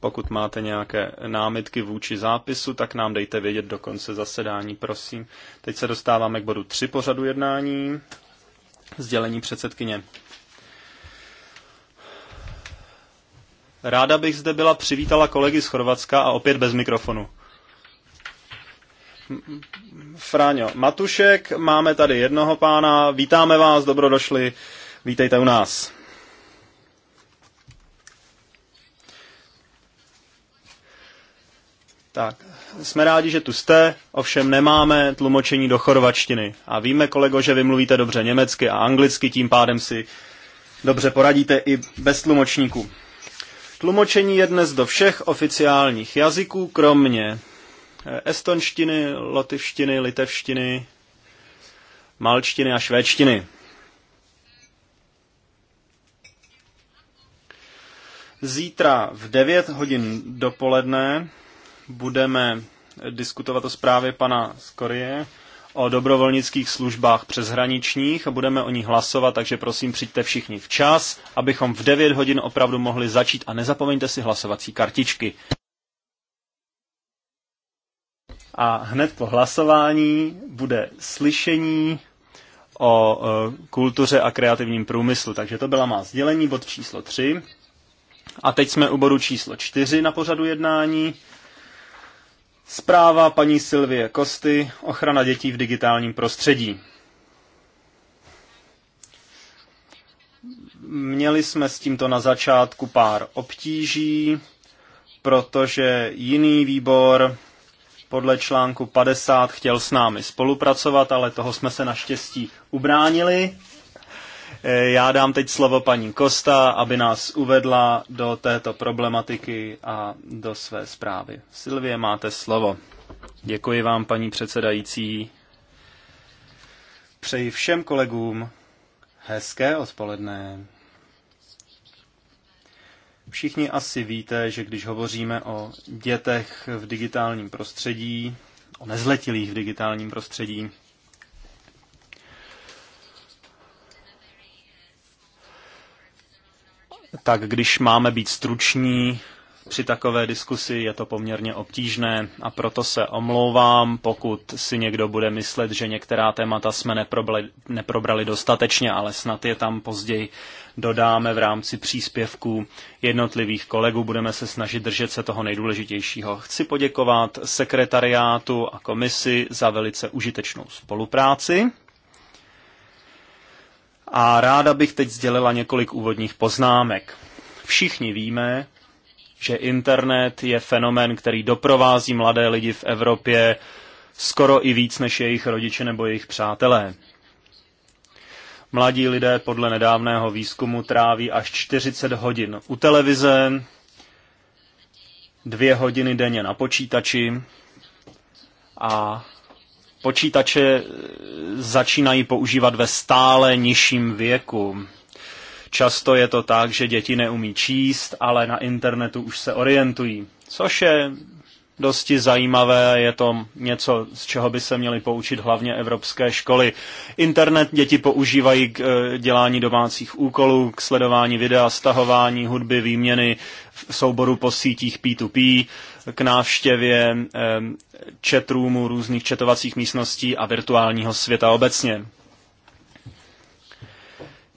Pokud máte nějaké námitky vůči zápisu, tak nám dejte vědět do konce zasedání, prosím. Teď se dostáváme k bodu 3 pořadu jednání. Sdělení předsedkyně. Ráda bych zde byla přivítala kolegy z Chorvatska a opět bez mikrofonu. Fráňo Matušek, máme tady jednoho pána. Vítáme vás, dobrodošli. Vítejte u nás. Tak, jsme rádi, že tu jste, ovšem nemáme tlumočení do chorvačtiny. A víme, kolego, že vy mluvíte dobře německy a anglicky, tím pádem si dobře poradíte i bez tlumočníků. Tlumočení je dnes do všech oficiálních jazyků, kromě eh, estonštiny, lotyštiny, litevštiny, malčtiny a švédštiny. Zítra v 9 hodin dopoledne budeme diskutovat o zprávě pana Skorie o dobrovolnických službách přeshraničních a budeme o ní hlasovat, takže prosím přijďte všichni včas, abychom v 9 hodin opravdu mohli začít a nezapomeňte si hlasovací kartičky. A hned po hlasování bude slyšení o e, kultuře a kreativním průmyslu. Takže to byla má sdělení, bod číslo 3. A teď jsme u bodu číslo 4 na pořadu jednání Zpráva paní Silvie Kosty, ochrana dětí v digitálním prostředí. Měli jsme s tímto na začátku pár obtíží, protože jiný výbor podle článku 50 chtěl s námi spolupracovat, ale toho jsme se naštěstí ubránili. Eh, já dám teď slovo paní Kosta, aby nás uvedla do této problematiky a do své zprávy. Silvie, máte slovo. Děkuji vám, paní předsedající. Přeji všem kolegům hezké odpoledne. Všichni asi víte, že když hovoříme o dětech v digitálním prostředí, o nezletilých v digitálním prostředí, tak když máme být struční při takové diskusi, je to poměrně obtížné a proto se omlouvám, pokud si někdo bude myslet, že některá témata jsme neprobrali, neprobrali dostatečně, ale snad je tam později dodáme v rámci příspěvků jednotlivých kolegů. Budeme se snažit držet se toho nejdůležitějšího. Chci poděkovat sekretariátu a komisi za velice užitečnou spolupráci a ráda bych teď sdělila několik úvodních poznámek. Všichni víme, že internet je fenomén, který doprovází mladé lidi v Evropě skoro i víc než jejich rodiče nebo jejich přátelé. Mladí lidé podle nedávného výzkumu tráví až 40 hodin u televize, dvě hodiny denně na počítači a Počítače eh, začínají používat ve stále nižším věku. Často je to tak, že děti neumí číst, ale na internetu už se orientují, což je dosti zajímavé, je to něco, z čeho by se měly poučit hlavně evropské školy. Internet děti používají k eh, dělání domácích úkolů, k sledování videa, stahování hudby, výměny v souboru po sítích P2P, k návštěvě eh, chatroomů, různých četovacích místností a virtuálního světa obecně.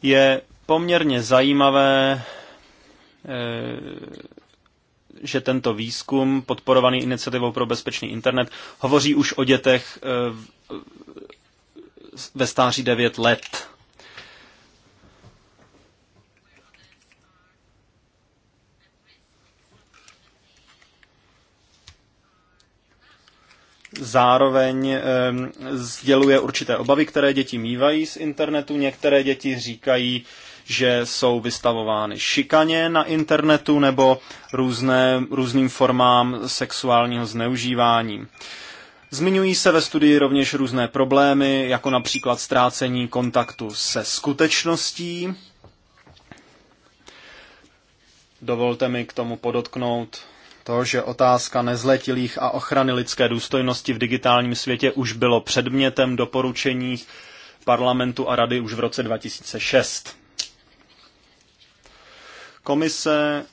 Je poměrně zajímavé eh, že tento výzkum, podporovaný iniciativou pro bezpečný internet, hovoří už o dětech eh, eh, ve stáří 9 let. zároveň eh, sděluje určité obavy, které děti mývají z internetu. Některé děti říkají, že jsou vystavovány šikaně na internetu nebo různé, různým formám sexuálního zneužívání. Zmiňují se ve studii rovněž různé problémy, jako například ztrácení kontaktu se skutečností. Dovolte mi k tomu podotknout to, že otázka nezletilých a ochrany lidské důstojnosti v digitálním světě už bylo předmětem doporučení parlamentu a rady už v roce 2006. Komise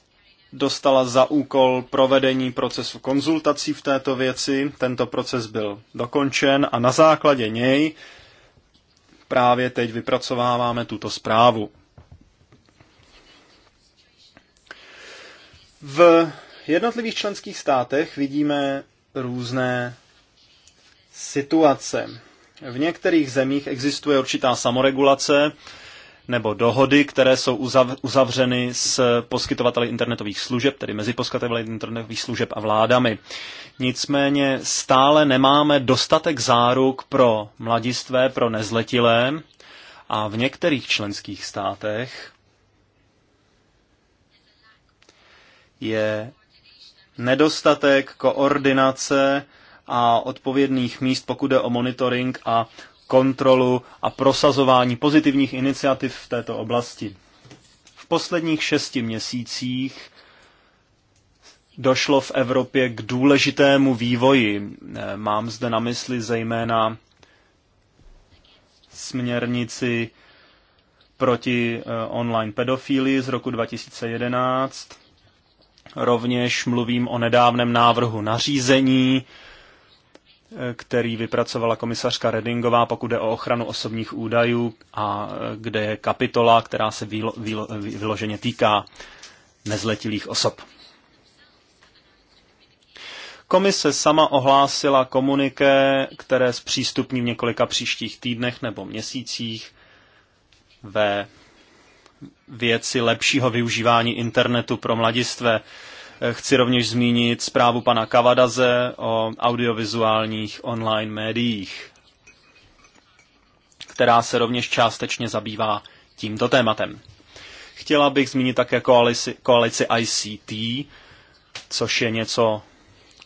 dostala za úkol provedení procesu konzultací v této věci. Tento proces byl dokončen a na základě něj právě teď vypracováváme tuto zprávu. V jednotlivých členských státech vidíme různé situace. V některých zemích existuje určitá samoregulace, nebo dohody, které jsou uzavřeny s poskytovateli internetových služeb, tedy mezi poskytovateli internetových služeb a vládami. Nicméně stále nemáme dostatek záruk pro mladistvé, pro nezletilé a v některých členských státech je nedostatek koordinace a odpovědných míst, pokud jde o monitoring a kontrolu a prosazování pozitivních iniciativ v této oblasti. V posledních šesti měsících došlo v Evropě k důležitému vývoji. Eh, mám zde na mysli zejména směrnici proti eh, online pedofilii z roku 2011. Rovněž mluvím o nedávném návrhu nařízení, který vypracovala komisařka Redingová, pokud jde o ochranu osobních údajů a e, kde je kapitola, která se výlo, výlo, vyloženě týká nezletilých osob. Komise sama ohlásila komuniké, které zpřístupní v několika příštích týdnech nebo měsících ve věci lepšího využívání internetu pro mladistvé. Chci rovněž zmínit zprávu pana Kavadaze o audiovizuálních online médiích, která se rovněž částečně zabývá tímto tématem. Chtěla bych zmínit také koalici, koalici ICT, což je něco,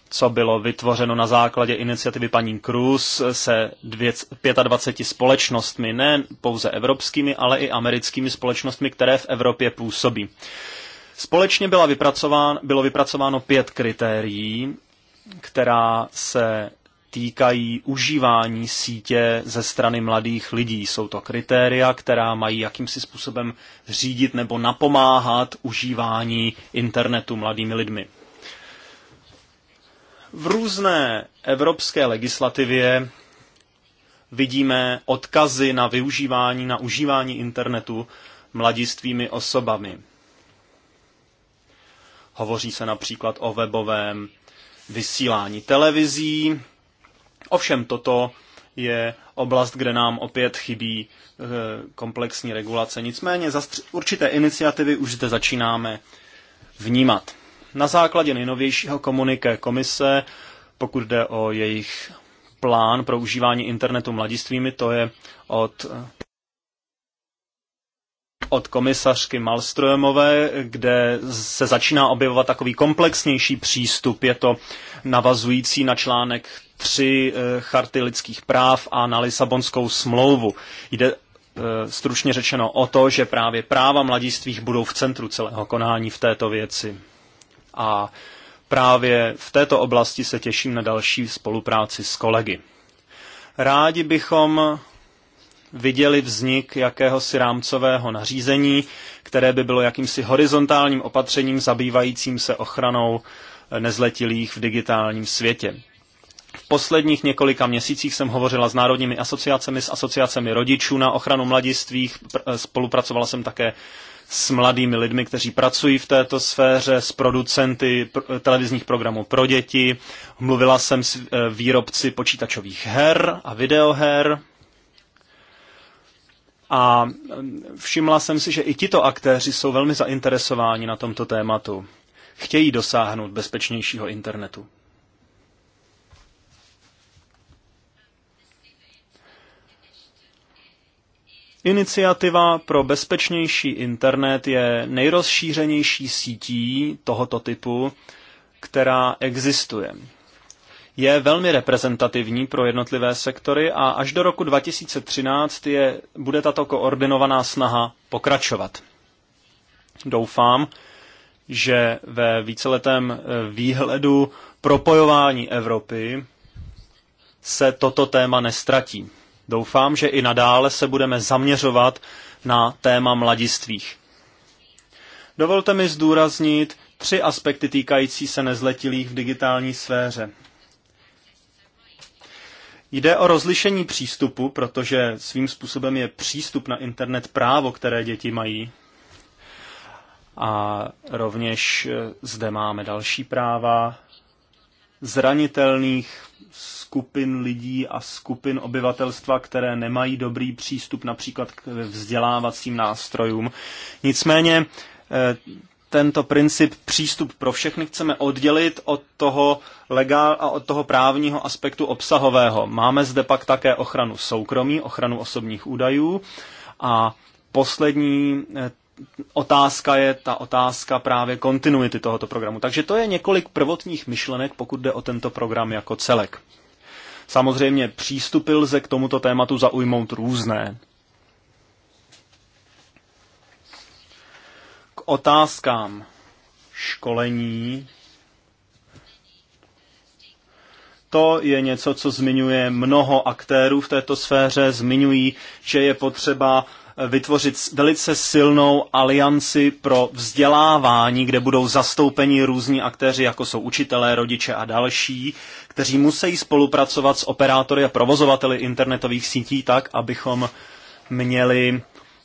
co bylo vytvořeno na základě iniciativy paní Cruz se 25 společnostmi, ne pouze evropskými, ale i americkými společnostmi, které v Evropě působí. Společně byla vypracován, bylo vypracováno pět kritérií, která se týkají užívání sítě ze strany mladých lidí. Jsou to kritéria, která mají jakýmsi způsobem řídit nebo napomáhat užívání internetu mladými lidmi. V různé evropské legislativě vidíme odkazy na využívání, na užívání internetu mladistvými osobami. Hovoří se například o webovém vysílání televizí. Ovšem toto je oblast, kde nám opět chybí eh, komplexní regulace. Nicméně za určité iniciativy už zde začínáme vnímat. Na základě nejnovějšího komuniké komise, pokud jde o jejich plán pro užívání internetu mladistvými, to je od eh, od komisařky Malströmové, kde se začíná objevovat takový komplexnější přístup. Je to navazující na článek 3 eh, Charty lidských práv a na Lisabonskou smlouvu. Jde eh, stručně řečeno o to, že právě práva mladistvých budou v centru celého konání v této věci. A právě v této oblasti se těším na další spolupráci s kolegy. Rádi bychom viděli vznik jakéhosi rámcového nařízení, které by bylo jakýmsi horizontálním opatřením zabývajícím se ochranou eh, nezletilých v digitálním světě. V posledních několika měsících jsem hovořila s národními asociacemi, s asociacemi rodičů na ochranu mladistvých, eh, spolupracovala jsem také s mladými lidmi, kteří pracují v této sféře, s producenty eh, televizních programů pro děti. Mluvila jsem s výrobci počítačových her a videoher, a všimla jsem si, že i tito aktéři jsou velmi zainteresováni na tomto tématu. Chtějí dosáhnout bezpečnějšího internetu. Iniciativa pro bezpečnější internet je nejrozšířenější sítí tohoto typu, která existuje je velmi reprezentativní pro jednotlivé sektory a až do roku 2013 je, bude tato koordinovaná snaha pokračovat. Doufám, že ve víceletém eh, výhledu propojování Evropy se toto téma nestratí. Doufám, že i nadále se budeme zaměřovat na téma mladistvých. Dovolte mi zdůraznit tři aspekty týkající se nezletilých v digitální sféře. Jde o rozlišení přístupu, protože svým způsobem je přístup na internet právo, které děti mají. A rovněž eh, zde máme další práva zranitelných skupin lidí a skupin obyvatelstva, které nemají dobrý přístup například k vzdělávacím nástrojům. Nicméně eh, tento princip přístup pro všechny chceme oddělit od toho legál a od toho právního aspektu obsahového. Máme zde pak také ochranu soukromí, ochranu osobních údajů a poslední eh, otázka je ta otázka právě kontinuity tohoto programu. Takže to je několik prvotních myšlenek, pokud jde o tento program jako celek. Samozřejmě přístupy lze k tomuto tématu zaujmout různé. otázkám školení. To je něco, co zmiňuje mnoho aktérů v této sféře. Zmiňují, že je potřeba vytvořit velice silnou alianci pro vzdělávání, kde budou zastoupeni různí aktéři, jako jsou učitelé, rodiče a další, kteří musí spolupracovat s operátory a provozovateli internetových sítí tak, abychom měli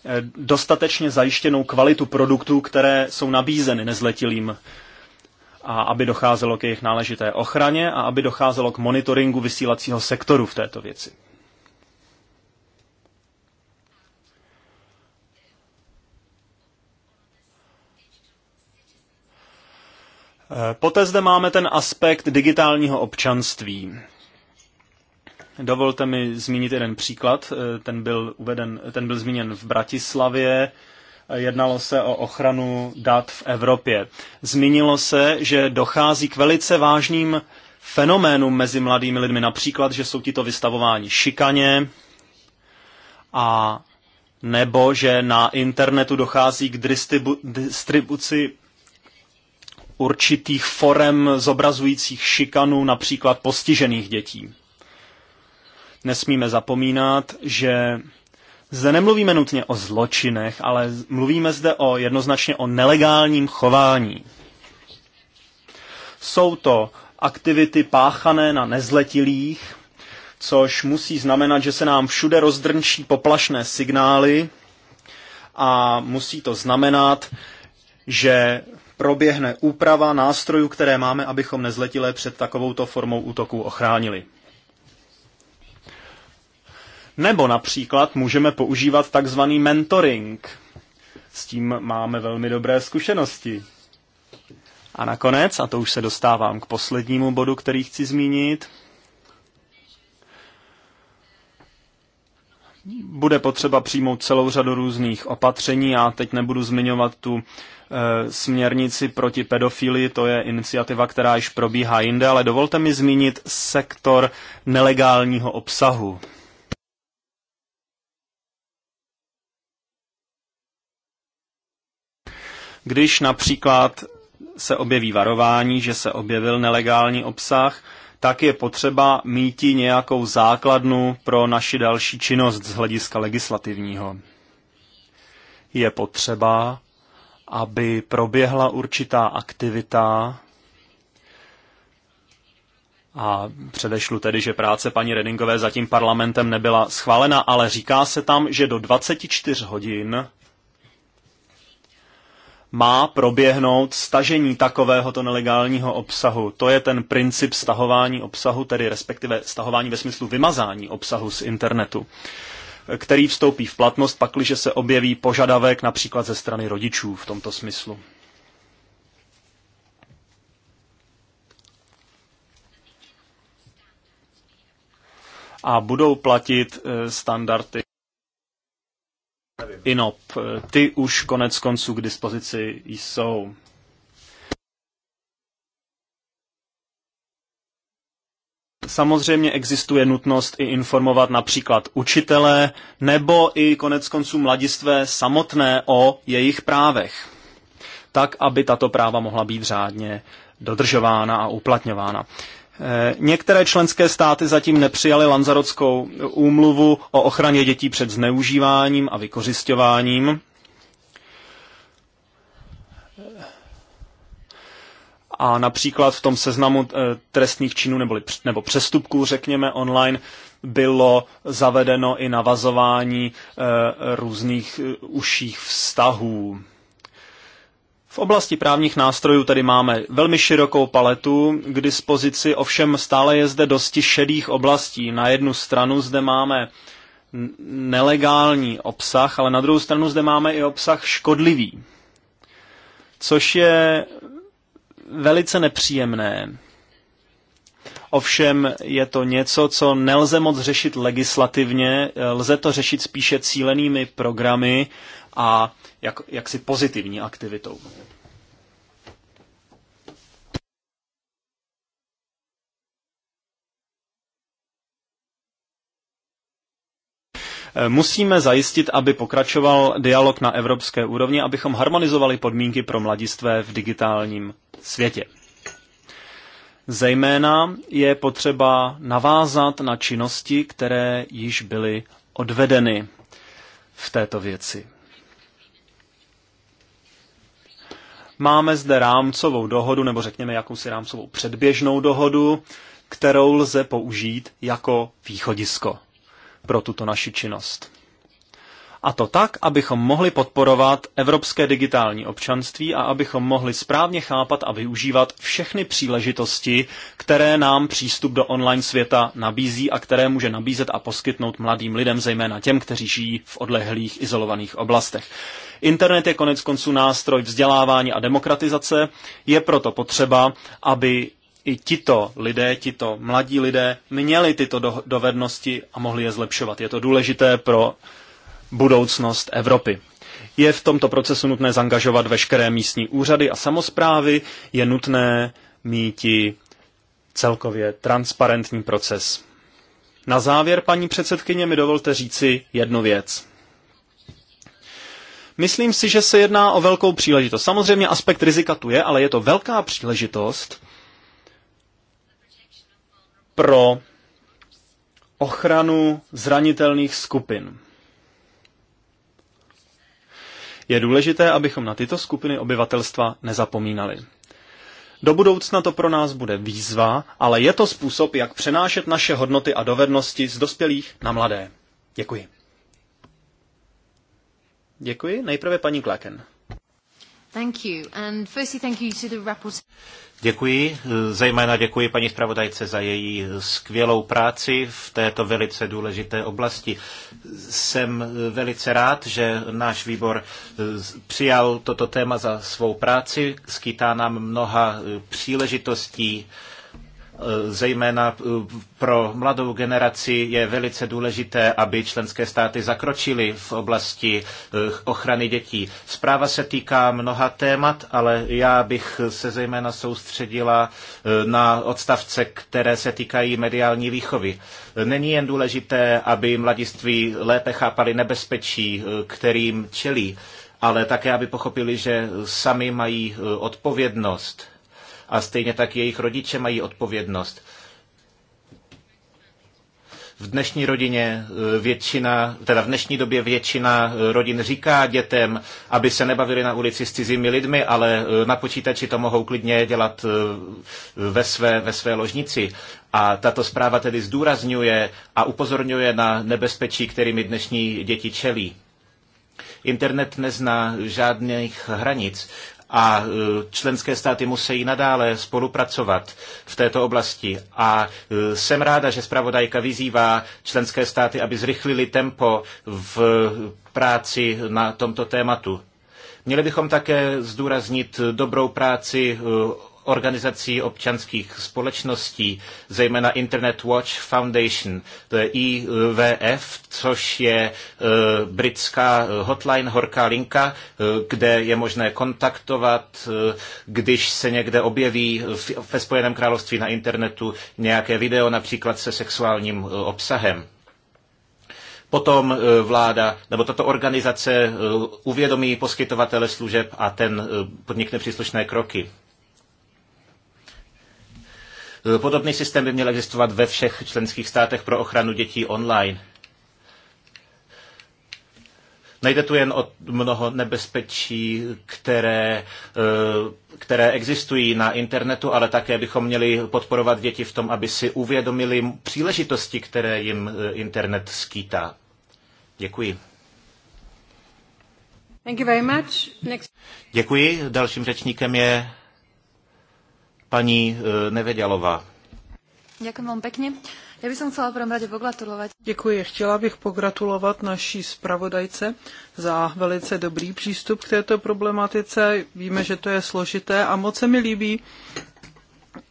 Eh, dostatečně zajištěnou kvalitu produktů, které jsou nabízeny nezletilým a aby docházelo k jejich náležité ochraně a aby docházelo k monitoringu vysílacího sektoru v této věci. Eh, poté zde máme ten aspekt digitálního občanství. Dovolte mi zmínit jeden příklad. Eh, ten byl, uveden, ten byl zmíněn v Bratislavě. Eh, jednalo se o ochranu dat v Evropě. Zmínilo se, že dochází k velice vážným fenoménům mezi mladými lidmi. Například, že jsou tito vystavováni šikaně a nebo že na internetu dochází k distribu, distribuci určitých forem zobrazujících šikanu, například postižených dětí nesmíme zapomínat, že zde nemluvíme nutně o zločinech, ale mluvíme zde o jednoznačně o nelegálním chování. Jsou to aktivity páchané na nezletilých, což musí znamenat, že se nám všude rozdrnčí poplašné signály a musí to znamenat, že proběhne úprava nástrojů, které máme, abychom nezletilé před takovouto formou útoku ochránili. Nebo například můžeme používat takzvaný mentoring. S tím máme velmi dobré zkušenosti. A nakonec, a to už se dostávám k poslednímu bodu, který chci zmínit, bude potřeba přijmout celou řadu různých opatření. Já teď nebudu zmiňovat tu e, směrnici proti pedofilii, to je iniciativa, která již probíhá jinde, ale dovolte mi zmínit sektor nelegálního obsahu. Když například se objeví varování, že se objevil nelegální obsah, tak je potřeba mít nějakou základnu pro naši další činnost z hlediska legislativního. Je potřeba, aby proběhla určitá aktivita a předešlu tedy, že práce paní Redingové zatím parlamentem nebyla schválena, ale říká se tam, že do 24 hodin má proběhnout stažení takovéhoto nelegálního obsahu. To je ten princip stahování obsahu, tedy respektive stahování ve smyslu vymazání obsahu z internetu, který vstoupí v platnost, pakliže se objeví požadavek například ze strany rodičů v tomto smyslu. A budou platit eh, standardy. INOP. Ty už konec konců k dispozici jsou. Samozřejmě existuje nutnost i informovat například učitele nebo i konec konců mladistvé samotné o jejich právech, tak aby tato práva mohla být řádně dodržována a uplatňována. Eh, některé členské státy zatím nepřijaly Lanzarotskou úmluvu o ochraně dětí před zneužíváním a vykořisťováním. A například v tom seznamu eh, trestných činů nebo, nebo přestupků, řekněme, online bylo zavedeno i navazování eh, různých uších vztahů v oblasti právních nástrojů tady máme velmi širokou paletu k dispozici, ovšem stále je zde dosti šedých oblastí. Na jednu stranu zde máme nelegální obsah, ale na druhou stranu zde máme i obsah škodlivý, což je velice nepříjemné Ovšem je to něco, co nelze moc řešit legislativně, lze to řešit spíše cílenými programy a jak, jaksi pozitivní aktivitou. Musíme zajistit, aby pokračoval dialog na evropské úrovni, abychom harmonizovali podmínky pro mladistvé v digitálním světě. Zejména je potřeba navázat na činnosti, které již byly odvedeny v této věci. Máme zde rámcovou dohodu, nebo řekněme jakousi rámcovou předběžnou dohodu, kterou lze použít jako východisko pro tuto naši činnost. A to tak, abychom mohli podporovat evropské digitální občanství a abychom mohli správně chápat a využívat všechny příležitosti, které nám přístup do online světa nabízí a které může nabízet a poskytnout mladým lidem, zejména těm, kteří žijí v odlehlých izolovaných oblastech. Internet je konec konců nástroj vzdělávání a demokratizace, je proto potřeba, aby i tito lidé, tito mladí lidé měli tyto dovednosti a mohli je zlepšovat. Je to důležité pro budoucnost Evropy. Je v tomto procesu nutné zangažovat veškeré místní úřady a samozprávy, je nutné i celkově transparentní proces. Na závěr, paní předsedkyně, mi dovolte říci jednu věc. Myslím si, že se jedná o velkou příležitost. Samozřejmě aspekt rizika tu je, ale je to velká příležitost pro ochranu zranitelných skupin. Je důležité, abychom na tyto skupiny obyvatelstva nezapomínali. Do budoucna to pro nás bude výzva, ale je to způsob, jak přenášet naše hodnoty a dovednosti z dospělých na mladé. Děkuji. Děkuji. Nejprve paní Klaken. Děkuji, zejména děkuji paní zpravodajce za její skvělou práci v této velice důležité oblasti. Jsem velice rád, že náš výbor eh, přijal toto téma za svou práci, skýtá nám mnoha eh, příležitostí Eh, zejména eh, pro mladou generaci je velice důležité, aby členské státy zakročily v oblasti eh, ochrany dětí. Zpráva se týká mnoha témat, ale já bych se zejména soustředila na odstavce, které se týkají mediální výchovy. Není jen důležité, aby mladiství lépe chápali nebezpečí, kterým čelí, ale také, aby pochopili, že sami mají odpovědnost a stejně tak jejich rodiče mají odpovědnost. V dnešní rodině eh, většina, teda v dnešní době většina eh, rodin říká dětem, aby se nebavili na ulici s cizími lidmi, ale eh, na počítači to mohou klidně dělat ve své, ve své ložnici. A tato zpráva tedy zdůrazňuje a upozorňuje na nebezpečí, kterými dnešní děti čelí. Internet nezná žádných hranic a e, členské státy musí nadále spolupracovat v této oblasti. A e, jsem ráda, že zpravodajka vyzývá členské státy, aby zrychlili tempo v práci na tomto tématu. Měli bychom také zdůraznit dobrou práci e, organizací občanských společností, zejména Internet Watch Foundation, to je IVF, což je e, britská hotline, horká linka, e, kde je možné kontaktovat, e, když se někde objeví ve Spojeném království na internetu nějaké video, například se sexuálním obsahem potom vláda nebo tato organizace uvědomí poskytovatele služeb a ten podnikne příslušné kroky. Podobný systém by měl existovat ve všech členských státech pro ochranu dětí online. Nejde tu jen o mnoho nebezpečí, které, eh, které existují na internetu, ale také bychom měli podporovat děti v tom, aby si uvědomili příležitosti, které jim eh, internet skýtá. Děkuji. Thank you very much. Next. Děkuji. Dalším řečníkem je paní eh, Nevedělová. Děkuji vám pěkně. Já bych chtěla prvom radě pogratulovat. Děkuji. Chtěla bych pogratulovat naší zpravodajce za velice dobrý přístup k této problematice. Víme, že to je složité a moc se mi líbí, eh,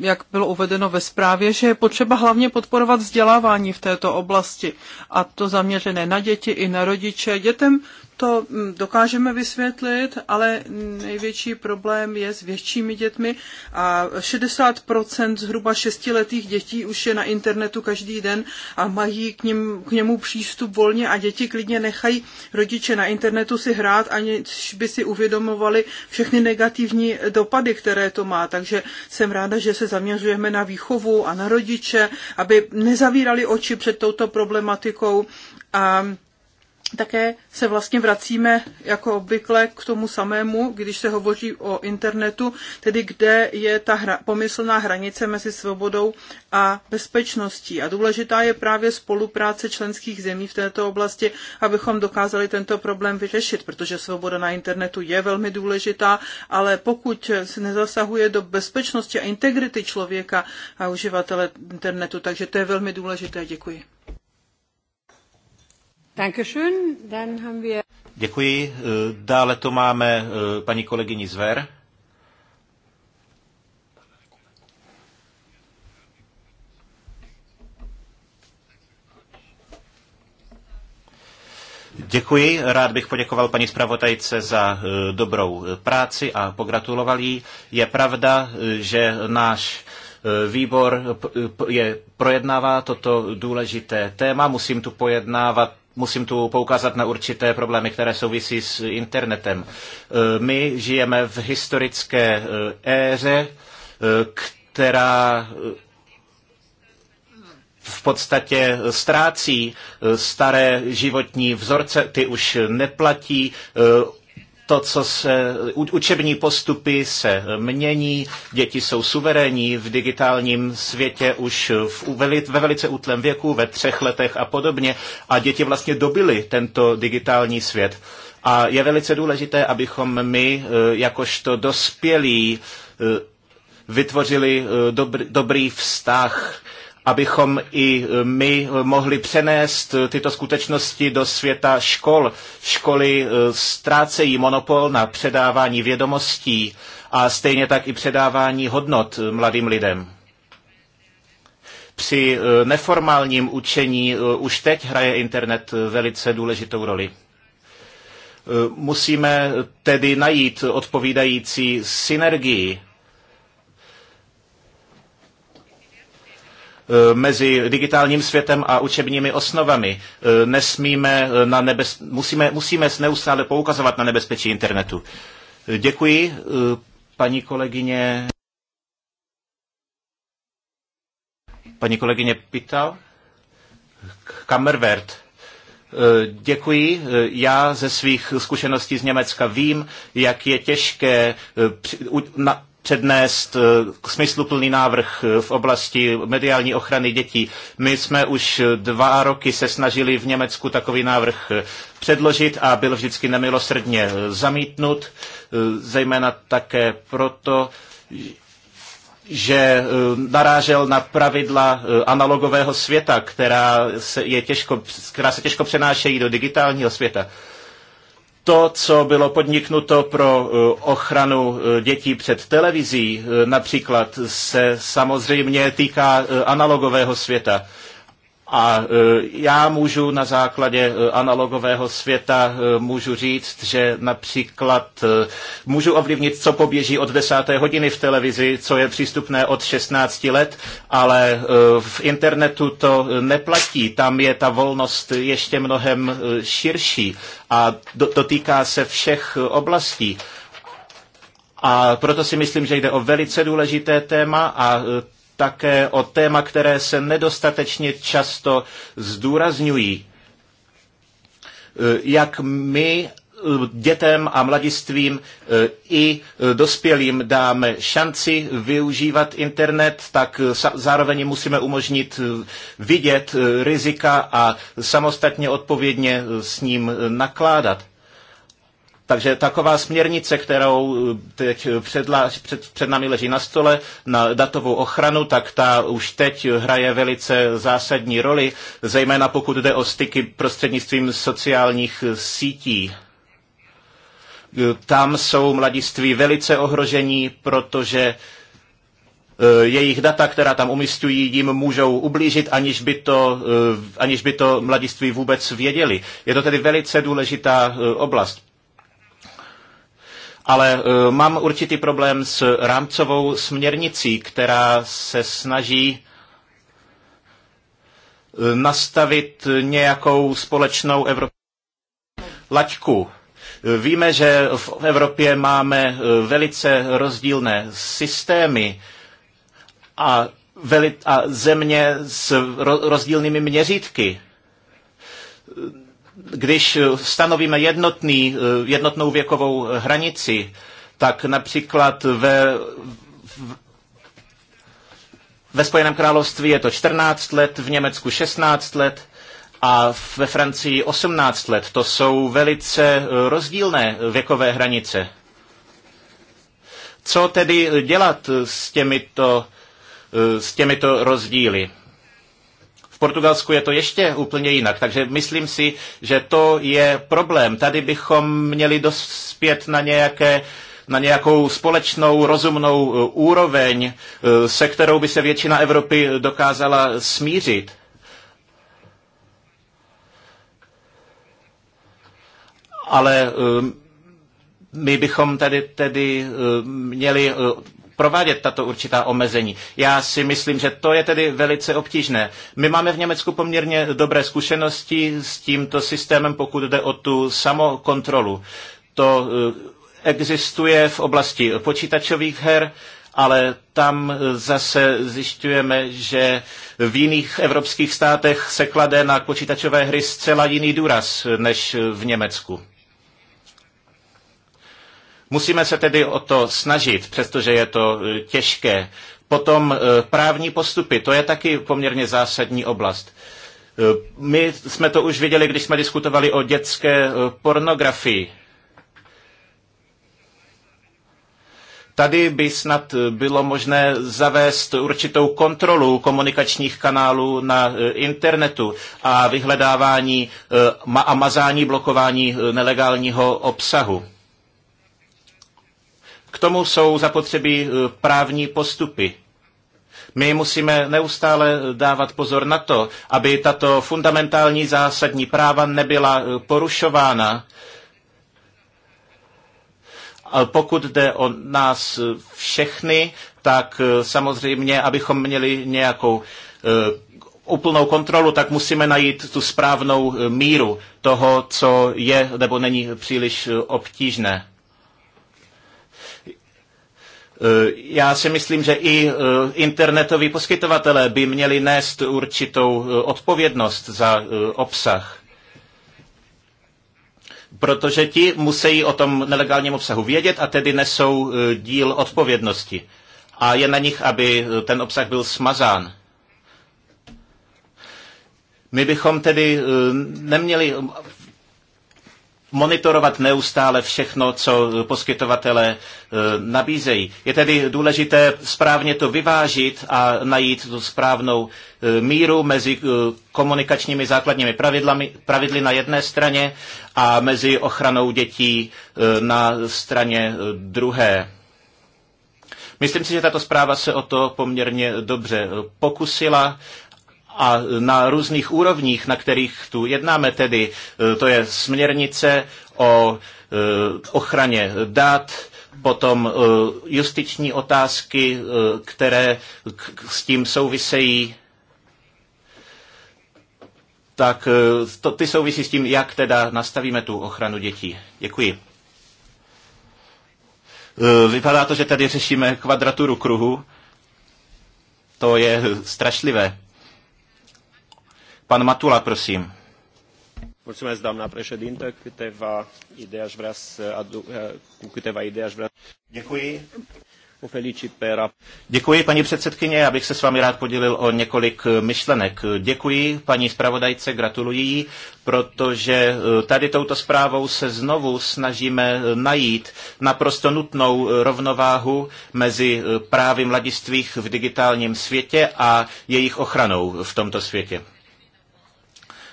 jak bylo uvedeno ve zprávě, že je potřeba hlavně podporovat vzdělávání v této oblasti a to zaměřené na děti i na rodiče. Dětem to mm, dokážeme vysvětlit, ale největší problém je s většími dětmi a 60% zhruba šestiletých dětí už je na internetu každý den a mají k, ním, k němu přístup volně a děti klidně nechají rodiče na internetu si hrát, aniž by si uvědomovali všechny negativní dopady, které to má. Takže jsem ráda, že se zaměřujeme na výchovu a na rodiče, aby nezavírali oči před touto problematikou a také se vlastně vracíme jako obvykle k tomu samému, když se hovoří o internetu, tedy kde je ta hra, pomyslná hranice mezi svobodou a bezpečností. A důležitá je právě spolupráce členských zemí v této oblasti, abychom dokázali tento problém vyřešit, protože svoboda na internetu je velmi důležitá, ale pokud se nezasahuje do bezpečnosti a integrity člověka a uživatele internetu, takže to je velmi důležité. Děkuji. Děkuji. Dále to máme eh, paní kolegyni Zver. Děkuji, rád bych poděkoval paní zpravodajce za eh, dobrou eh, práci a pogratuloval jí. Je pravda, že náš výbor je, projednává toto důležité téma. Musím tu pojednávat musím tu poukázat na určité problémy, které souvisí s internetem. E, my žijeme v historické e, éře, e, která v podstatě ztrácí staré životní vzorce, ty už neplatí, to, co se, učební postupy se mění, děti jsou suverénní v digitálním světě už v, ve velice útlém věku, ve třech letech a podobně a děti vlastně dobily tento digitální svět. A je velice důležité, abychom my, e, jakožto dospělí, e, vytvořili e, dobrý vztah abychom i e, my e, mohli přenést e, tyto skutečnosti do světa škol. Školy ztrácejí monopol na předávání vědomostí a stejně tak i předávání hodnot mladým lidem. Při neformálním učení už teď hraje internet velice důležitou roli. Musíme tedy najít odpovídající synergii Eh, mezi digitálním světem a učebními osnovami. Eh, nesmíme eh, na nebez... musíme, musíme neustále poukazovat na nebezpečí internetu. Děkuji, paní kolegyně. Paní kolegyně Pital? Kammerwert. Děkuji. Já ze svých zkušeností z Německa vím, jak je těžké přednést eh, smysluplný návrh eh, v oblasti mediální ochrany dětí. My jsme už dva roky se snažili v Německu takový návrh eh, předložit a byl vždycky nemilosrdně zamítnut, zejména také proto, že narážel na pravidla analogového světa, která se, je těžko, která se těžko přenášejí do digitálního světa to, co bylo podniknuto pro eh, ochranu eh, dětí před televizí, eh, například se samozřejmě týká analogového světa. A e, já můžu na základě e, analogového světa e, můžu říct, že například můžu ovlivnit, co poběží od 10. hodiny v televizi, co je přístupné od 16 let, ale v internetu to neplatí. Tam je ta volnost ještě mnohem širší a dotýká se všech oblastí. A proto si myslím, že jde o velice důležité téma a také o téma, které se nedostatečně často zdůrazňují. E, jak my e, dětem a mladistvím e, i dospělým dáme šanci využívat internet, tak zároveň musíme umožnit vidět rizika a samostatně odpovědně s ním nakládat. Takže taková směrnice, kterou eh, teď eh, před, před, před námi leží na stole na datovou ochranu, tak ta už teď hraje velice zásadní roli, zejména pokud jde o styky prostřednictvím sociálních eh, sítí. Tam jsou mladiství velice ohrožení, protože jejich data, která tam umistují, jim můžou ublížit, aniž by, to, aniž by to mladiství vůbec věděli. Je to tedy velice důležitá oblast ale eh, mám určitý problém s rámcovou směrnicí, která se snaží eh, nastavit nějakou společnou evropskou laťku. Eh, víme, že v Evropě máme velice rozdílné systémy a, veli- a země s rozdílnými měřítky když eh, stanovíme jednotný, eh, jednotnou věkovou eh, hranici, tak například ve, ve Spojeném království je to 14 let, v Německu 16 let a ve Francii 18 let. To jsou velice rozdílné věkové hranice. Co tedy dělat s těmito, s těmito rozdíly? Portugalsku je to ještě úplně jinak, takže myslím si, že to je problém. Tady bychom měli dospět na nějaké na nějakou společnou rozumnou e, úroveň, e, se kterou by se většina Evropy dokázala smířit. Ale e, my bychom tady tedy měli provádět tato určitá omezení. Já si myslím, že to je tedy velice obtížné. My máme v Německu poměrně dobré zkušenosti s tímto systémem, pokud jde o tu samokontrolu. To eh, existuje v oblasti počítačových her, ale tam eh, zase zjišťujeme, že v jiných evropských státech se klade na počítačové hry zcela jiný důraz eh, než v Německu. Musíme se tedy o to snažit, přestože je to e, těžké. Potom e, právní postupy, to je taky poměrně zásadní oblast. E, my jsme to už viděli, když jsme diskutovali o dětské pornografii. Tady by snad bylo možné zavést určitou kontrolu komunikačních kanálů na internetu a vyhledávání a mazání blokování nelegálního obsahu. K tomu jsou zapotřebí eh, právní postupy. My musíme neustále eh, dávat pozor na to, aby tato fundamentální zásadní práva nebyla eh, porušována. Pokud jde o nás všechny, tak samozřejmě, abychom měli nějakou úplnou kontrolu, tak musíme najít tu správnou míru toho, co je nebo není příliš obtížné. Eh, já si myslím, že i eh, internetoví poskytovatelé by měli nést určitou eh, odpovědnost za obsah. Protože ti musí o tom nelegálním obsahu vědět a tedy nesou díl odpovědnosti. A je na nich, aby ten obsah byl smazán. My bychom tedy neměli monitorovat neustále všechno, co poskytovatele e, nabízejí. Je tedy důležité správně to vyvážit a najít tu správnou e, míru mezi e, komunikačními základními pravidlami, pravidly na jedné straně a mezi ochranou dětí na straně druhé. Myslím si, že tato zpráva se o to poměrně dobře pokusila a na různých úrovních, na kterých tu jednáme, tedy e, to je směrnice o e, ochraně dat, potom e, justiční otázky, které s tím souvisejí, tak to, ty souvisí s tím, jak teda nastavíme tu ochranu dětí. Děkuji. Vypadá to, že tady řešíme kvadraturu kruhu. To je strašlivé. Pan Matula, prosím. Mulțumesc, doamna președintă. Câteva idei aș vrea să aduc, eh, cu câteva idei aș vrea. Děkuji. Děkuji, paní předsedkyně, já bych se s vámi rád podělil o několik eh, myšlenek. Děkuji paní zpravodajce, gratuluji jí, protože eh, tady touto zprávou se znovu snažíme najít naprosto nutnou rovnováhu mezi právy mladistvých v digitálním světě a jejich ochranou v tomto světě.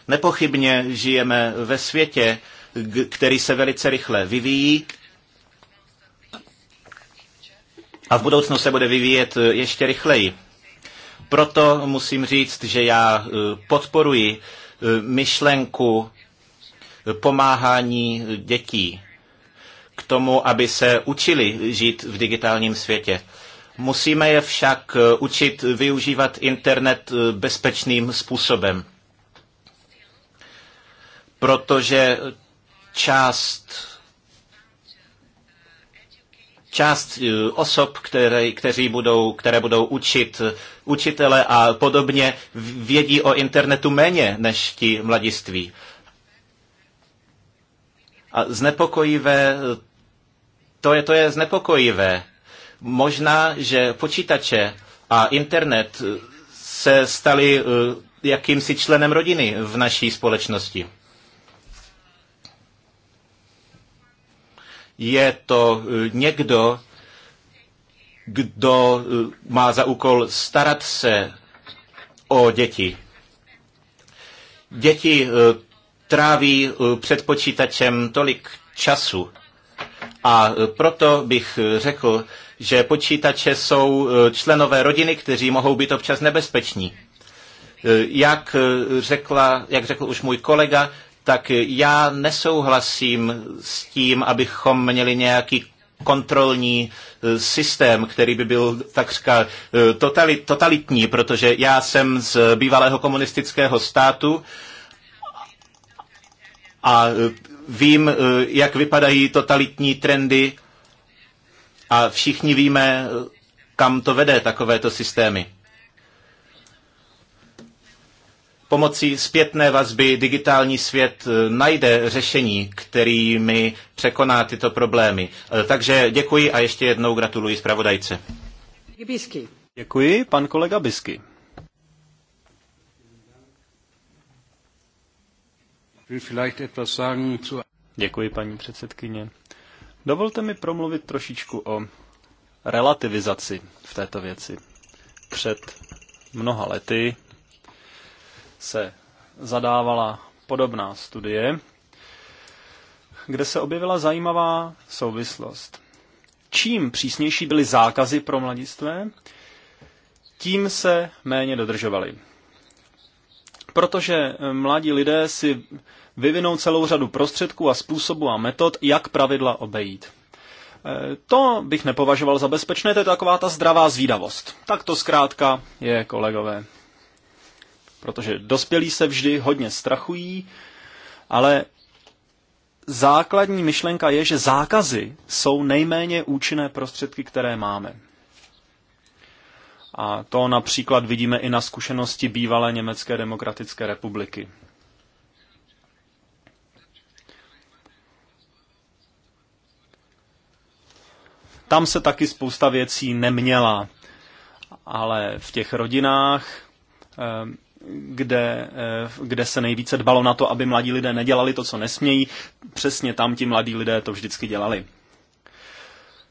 Nepochybně žijeme ve světě, který se velice rychle vyvíjí a v budoucnu se bude vyvíjet eh, ještě rychleji. Proto musím říct, že já eh, podporuji eh, myšlenku pomáhání dětí k tomu, aby se učili žít v digitálním světě. Musíme je však učit využívat internet bezpečným způsobem protože část část eh, osob, které, kteří budou, které budou učit eh, učitele a podobně, vědí o internetu méně než ti mladiství. A znepokojivé, to je, to je znepokojivé. Možná, že počítače a internet eh, se staly jakýmsi členem rodiny v naší společnosti. je to eh, někdo, kdo eh, má za úkol starat se o děti. Děti eh, tráví před počítačem tolik času. A proto bych řekl, že počítače jsou členové rodiny, kteří mohou být občas nebezpeční. Jak, řekla, jak řekl už můj kolega, tak já nesouhlasím s tím, abychom měli nějaký kontrolní e, systém, který by byl takřka e, totalit, totalitní, protože já jsem z bývalého komunistického státu a e, vím, jak vypadají totalitní trendy a všichni víme, kam to vede takovéto systémy. pomocí zpětné vazby digitální svět eh, najde řešení, kterými překoná tyto problémy. Eh, takže děkuji a ještě jednou gratuluji zpravodajce. Děkuji, pan kolega Bisky. Děkuji, paní předsedkyně. Dovolte mi promluvit trošičku o relativizaci v této věci. Před mnoha lety se zadávala podobná studie, kde se objevila zajímavá souvislost. Čím přísnější byly zákazy pro mladistvé, tím se méně dodržovaly. Protože eh, mladí lidé si vyvinou celou řadu prostředků a způsobů a metod, jak pravidla obejít. Eh, to bych nepovažoval za bezpečné, to je taková ta zdravá zvídavost. Tak to zkrátka je, kolegové. Protože dospělí se vždy hodně strachují, ale základní myšlenka je, že zákazy jsou nejméně účinné prostředky, které máme. A to například vidíme i na zkušenosti bývalé Německé demokratické republiky. Tam se taky spousta věcí neměla, ale v těch rodinách eh, kde, eh, kde se nejvíce dbalo na to, aby mladí lidé nedělali to, co nesmějí. Přesně tam ti mladí lidé to vždycky dělali.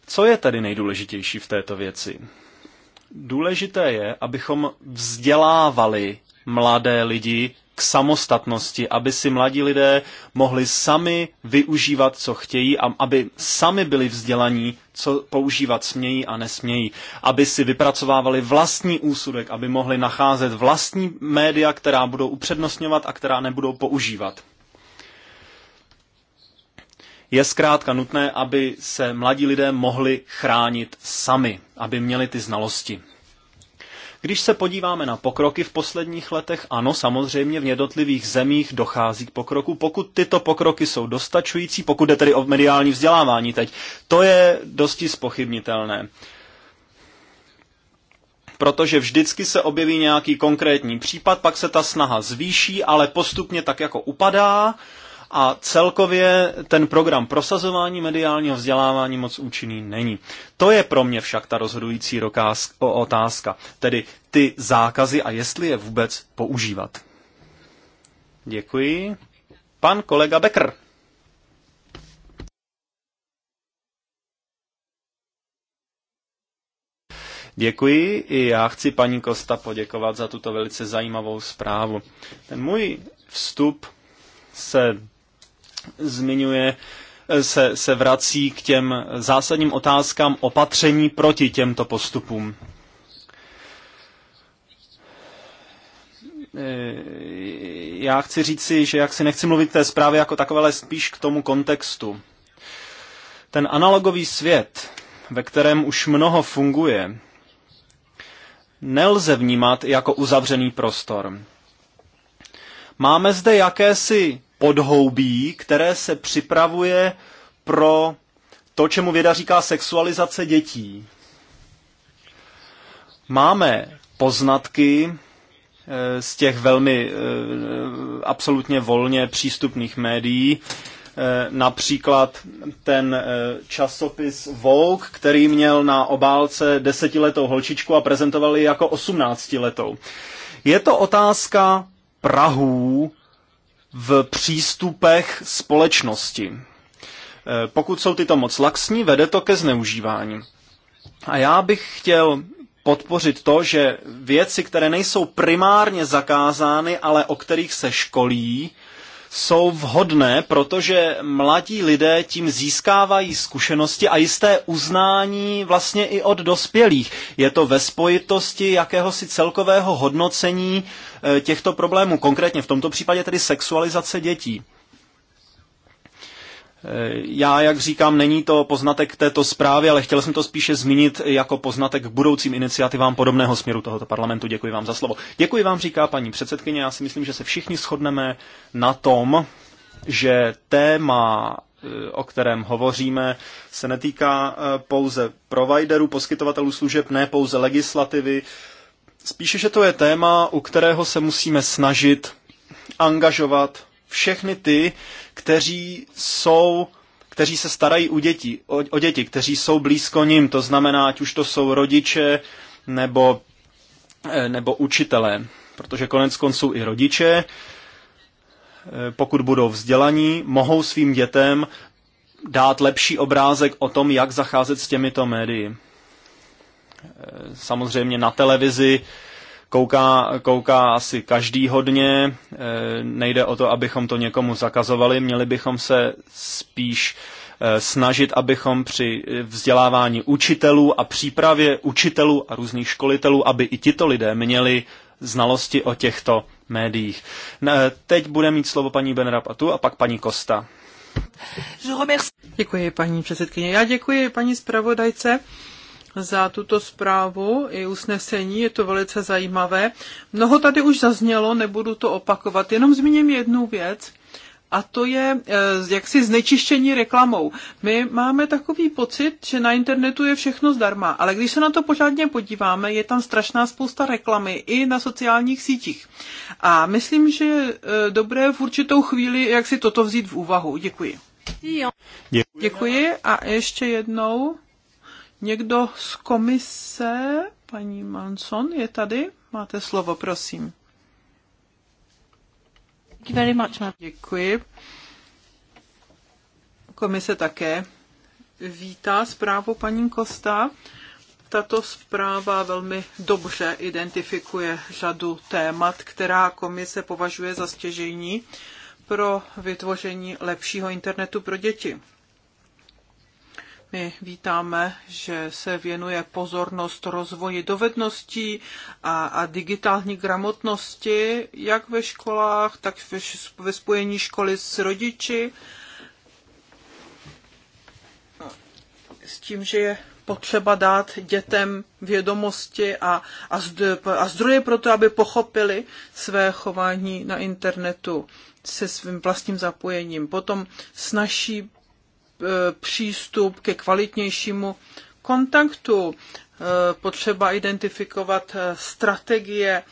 Co je tedy nejdůležitější v této věci? Důležité je, abychom vzdělávali mladé lidi k samostatnosti, aby si mladí lidé mohli sami využívat, co chtějí a aby sami byli vzdělaní, co používat smějí a nesmějí, aby si vypracovávali vlastní úsudek, aby mohli nacházet vlastní média, která budou upřednostňovat a která nebudou používat. Je zkrátka nutné, aby se mladí lidé mohli chránit sami, aby měli ty znalosti. Když se podíváme na pokroky v posledních letech, ano, samozřejmě v jednotlivých zemích dochází k pokroku, pokud tyto pokroky jsou dostačující, pokud jde tedy o mediální vzdělávání teď. To je dosti spochybnitelné protože vždycky se objeví nějaký konkrétní případ, pak se ta snaha zvýší, ale postupně tak jako upadá a celkově ten program prosazování mediálního vzdělávání moc účinný není. To je pro mě však ta rozhodující otázka, tedy ty zákazy a jestli je vůbec používat. Děkuji. Pan kolega Becker. Děkuji i já chci paní Kosta poděkovat za tuto velice zajímavou zprávu. Ten můj vstup se zmiňuje, eh, se, se vrací k těm zásadním otázkám opatření proti těmto postupům. Eh, já chci říci, že jak si nechci mluvit té zprávě jako takové, ale spíš k tomu kontextu. Ten analogový svět, ve kterém už mnoho funguje, nelze vnímat jako uzavřený prostor. Máme zde jakési podhoubí, které se připravuje pro to, čemu věda říká sexualizace dětí. Máme poznatky eh, z těch velmi eh, absolutně volně přístupných médií, eh, například ten časopis Vogue, který měl na obálce desetiletou holčičku a prezentovali ji jako osmnáctiletou. Je to otázka Prahů, v přístupech společnosti. E, pokud jsou tyto moc laxní, vede to ke zneužívání. A já bych chtěl podpořit to, že věci, které nejsou primárně zakázány, ale o kterých se školí, jsou vhodné, protože mladí lidé tím získávají zkušenosti a jisté uznání vlastně i od dospělých. Je to ve spojitosti jakéhosi celkového hodnocení eh, těchto problémů, konkrétně v tomto případě tedy sexualizace dětí. Já, jak říkám, není to poznatek této zprávy, ale chtěl jsem to spíše zmínit jako poznatek k budoucím iniciativám podobného směru tohoto parlamentu. Děkuji vám za slovo. Děkuji vám, říká paní předsedkyně. Já si myslím, že se všichni shodneme na tom, že téma eh, o kterém hovoříme, se netýká eh, pouze providerů, poskytovatelů služeb, ne pouze legislativy. Spíše, že to je téma, u kterého se musíme snažit angažovat všechny ty, kteří jsou kteří se starají u dětí, o, o děti, kteří jsou blízko ním, to znamená, ať už to jsou rodiče nebo, eh, nebo učitelé, protože konec konců i rodiče, eh, pokud budou vzdělaní, mohou svým dětem dát lepší obrázek o tom, jak zacházet s těmito médii. Eh, samozřejmě na televizi kouká, kouká asi každý hodně. E, nejde o to, abychom to někomu zakazovali, měli bychom se spíš e, snažit, abychom při vzdělávání učitelů a přípravě učitelů a různých školitelů, aby i tito lidé měli znalosti o těchto médiích. E, teď bude mít slovo paní Benrapatu a pak paní Kosta. Děkuji, paní předsedkyně. Já děkuji paní zpravodajce za tuto zprávu i usnesení, je to velice zajímavé. Mnoho tady už zaznělo, nebudu to opakovat, jenom zmíním jednu věc, a to je eh, jaksi znečištění reklamou. My máme takový pocit, že na internetu je všechno zdarma, ale když se na to pořádně podíváme, je tam strašná spousta reklamy i na sociálních sítích. A myslím, že je eh, dobré v určitou chvíli, jak si toto vzít v úvahu. Děkuji. Děkuji. Děkuji a ještě jednou. Někdo z komise, paní Manson, je tady? Máte slovo, prosím. Very much, Děkuji. Komise také vítá zprávu paní Kosta. Tato zpráva velmi dobře identifikuje řadu témat, která komise považuje za stěžejní pro vytvoření lepšího internetu pro děti. My vítáme, že se věnuje pozornost rozvoji dovedností a, a digitální gramotnosti, jak ve školách, tak ve, ve spojení školy s rodiči. S tím, že je potřeba dát dětem vědomosti a, a, a zdroje pro to, aby pochopili své chování na internetu se svým vlastním zapojením. Potom snaží E, přístup ke kvalitnějšímu kontaktu, e, potřeba identifikovat e, strategie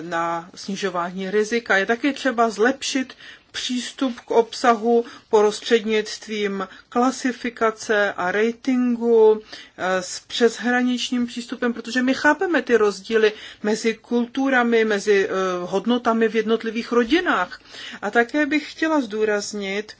na snižování rizika. Je také třeba zlepšit přístup k obsahu prostřednictvím klasifikace a ratingu s přeshraničním přístupem, protože my chápeme ty rozdíly mezi kulturami, mezi hodnotami v jednotlivých rodinách. A také bych chtěla zdůraznit,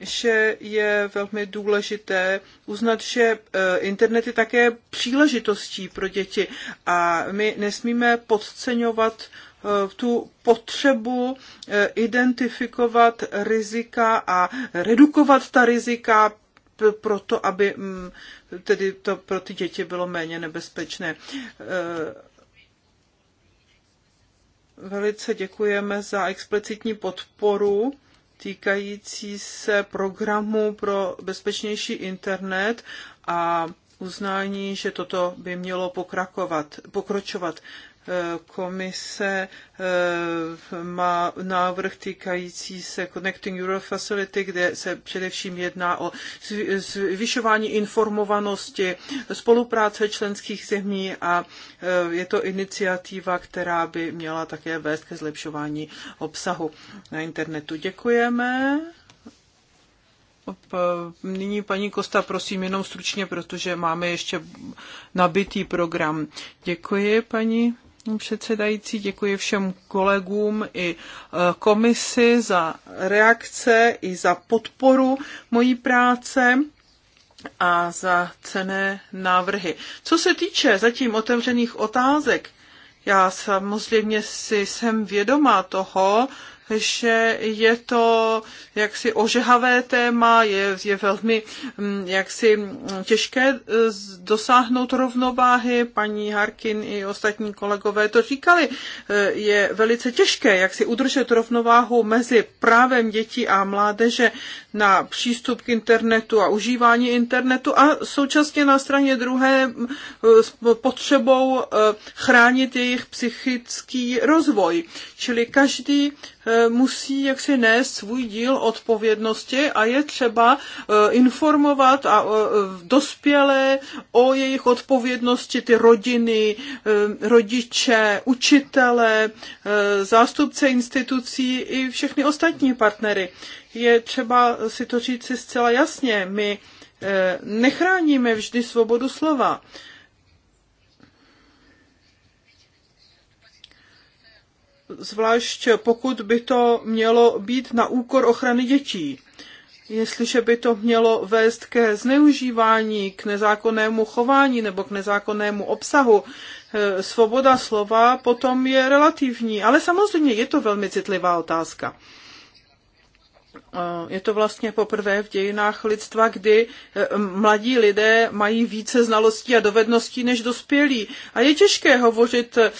že je velmi důležité uznat, že e, internet je také příležitostí pro děti a my nesmíme podceňovat e, tu potřebu e, identifikovat rizika a redukovat ta rizika proto, aby tedy to pro ty děti bylo méně nebezpečné. Velice děkujeme za explicitní podporu týkající se programu pro bezpečnější internet a uznání, že toto by mělo pokračovat komise eh, má návrh týkající se Connecting Europe Facility, kde se především jedná o zvyšování informovanosti, spolupráce členských zemí a eh, je to iniciativa, která by měla také vést ke zlepšování obsahu na internetu. Děkujeme. Eh, nyní paní Kosta, prosím jenom stručně, protože máme ještě nabitý program. Děkuji, paní předsedající, děkuji všem kolegům i e, komisi za reakce i za podporu mojí práce a za cené návrhy. Co se týče zatím otevřených otázek, já samozřejmě si jsem vědoma toho, že je to jaksi ožehavé téma, je, je velmi mm, jaksi mm, těžké e, dosáhnout rovnováhy. Paní Harkin i ostatní kolegové to říkali. E, je velice těžké, jak si udržet rovnováhu mezi právem dětí a mládeže na přístup k internetu a užívání internetu a současně na straně druhé e, potřebou chránit jejich psychický rozvoj. Čili každý E, musí jaksi nést svůj díl odpovědnosti a je třeba e, informovat a e, dospělé o jejich odpovědnosti ty rodiny, rodiče, učitele, zástupce institucí i všechny ostatní partnery. Je třeba si to říct si zcela jasně. My nechráníme vždy svobodu slova. zvlášť pokud by to mělo být na úkor ochrany dětí. Jestliže by to mělo vést ke zneužívání, k nezákonnému chování nebo k nezákonnému obsahu, eh, svoboda slova potom je relativní. Ale samozřejmě je to velmi citlivá otázka. Eh, je to vlastně poprvé v dějinách lidstva, kdy eh, mladí lidé mají více znalostí a dovedností než dospělí. A je těžké hovořit eh,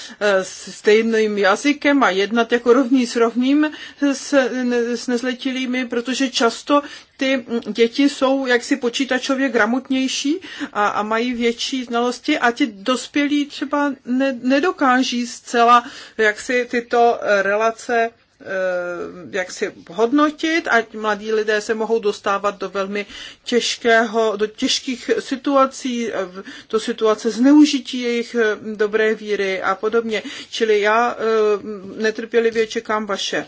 stejným jazykem a jednat jako rovní s rovným s, s nezletilými, protože často ty hm, děti jsou jaksi počítačově gramotnější a, a mají větší znalosti a ti dospělí třeba ne, nedokáží zcela jaksi tyto relace Eh, jak si hodnotit, ať mladí lidé se mohou dostávat do velmi těžkého, do těžkých situací, eh, do situace zneužití jejich eh, dobré víry a podobně. Čili já netrpělivě čekám vaše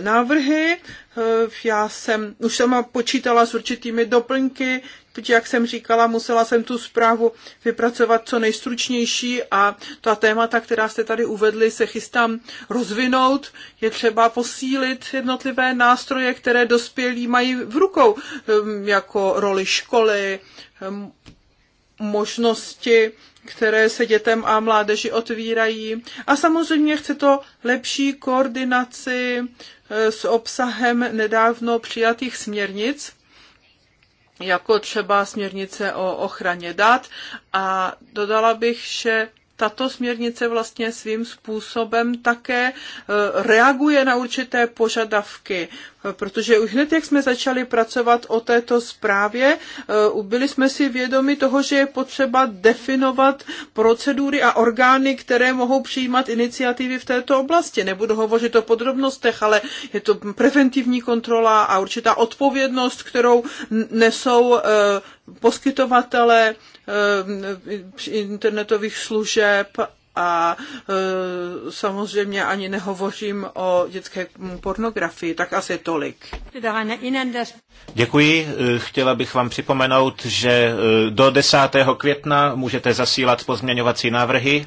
návrhy. Já jsem už sama počítala s určitými doplňky jak jsem říkala, musela jsem tu zprávu vypracovat co nejstručnější a ta témata, která jste tady uvedli, se chystám rozvinout. Je třeba posílit jednotlivé nástroje, které dospělí mají v rukou, um, jako roli školy, um, možnosti které se dětem a mládeži otvírají. A samozřejmě chce to lepší koordinaci eh, s obsahem nedávno přijatých směrnic, jako třeba směrnice o ochraně dat. A dodala bych, že tato směrnice vlastně svým způsobem také eh, reaguje na určité požadavky protože už hned, jak jsme začali pracovat o této zprávě, eh, byli jsme si vědomi toho, že je potřeba definovat procedury a orgány, které mohou přijímat iniciativy v této oblasti. Nebudu hovořit o podrobnostech, ale je to preventivní kontrola a určitá odpovědnost, kterou nesou eh, poskytovatele eh, internetových služeb a e, samozřejmě ani nehovořím o dětské pornografii, tak asi tolik. Děkuji. E, chtěla bych vám připomenout, že e, do 10. května můžete zasílat pozměňovací návrhy e,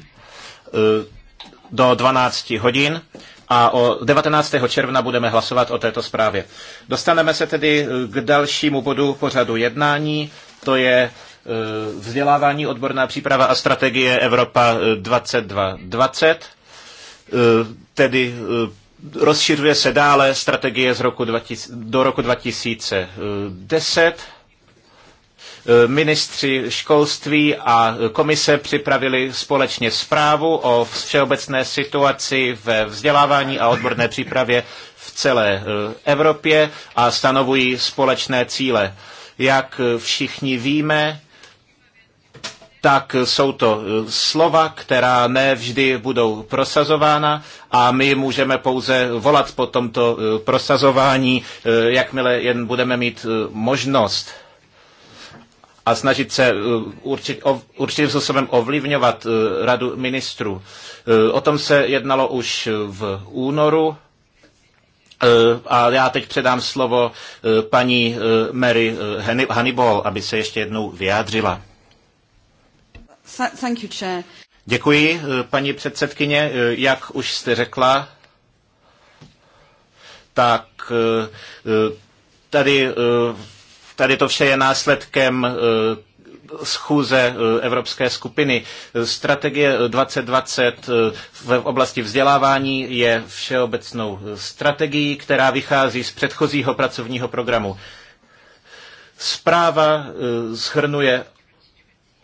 do 12 hodin a o 19. června budeme hlasovat o této zprávě. Dostaneme se tedy k dalšímu bodu pořadu jednání, to je Eh, vzdělávání, odborná příprava a strategie Evropa 2020. Eh, eh, tedy rozšiřuje se dále strategie z roku 20, do roku 2010. Ministři školství a komise připravili společně zprávu o všeobecné situaci ve vzdělávání a odborné přípravě v celé Evropě a stanovují společné cíle. Jak všichni víme, tak jsou to eh, slova, která ne vždy budou prosazována a my můžeme pouze volat po tomto eh, prosazování, eh, jakmile jen budeme mít možnost a snažit se určit, určitým způsobem ovlivňovat radu ministrů. O tom se jednalo už v únoru a já teď předám slovo paní Mary Hannibal, aby se ještě jednou vyjádřila. Thank you, Chair. Děkuji, paní předsedkyně. Jak už jste řekla, tak tady, tady to vše je následkem schůze Evropské skupiny. Strategie 2020 v oblasti vzdělávání je všeobecnou strategií, která vychází z předchozího pracovního programu. Zpráva eh, shrnuje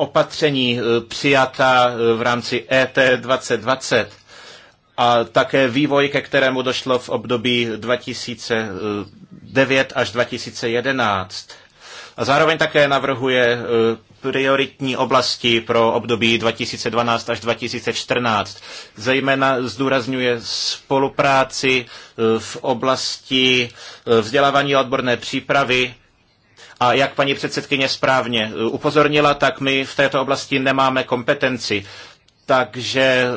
opatření eh, přijatá eh, v rámci e ET 2020 a také vývoj, ke kterému došlo v období 2009 až 2011. A zároveň také navrhuje eh, prioritní oblasti pro období 2012 až 2014. Zejména zdůrazňuje spolupráci v oblasti vzdělávání a odborné přípravy, a jak paní předsedkyně správně eh, upozornila, tak my v této oblasti nemáme kompetenci takže eh,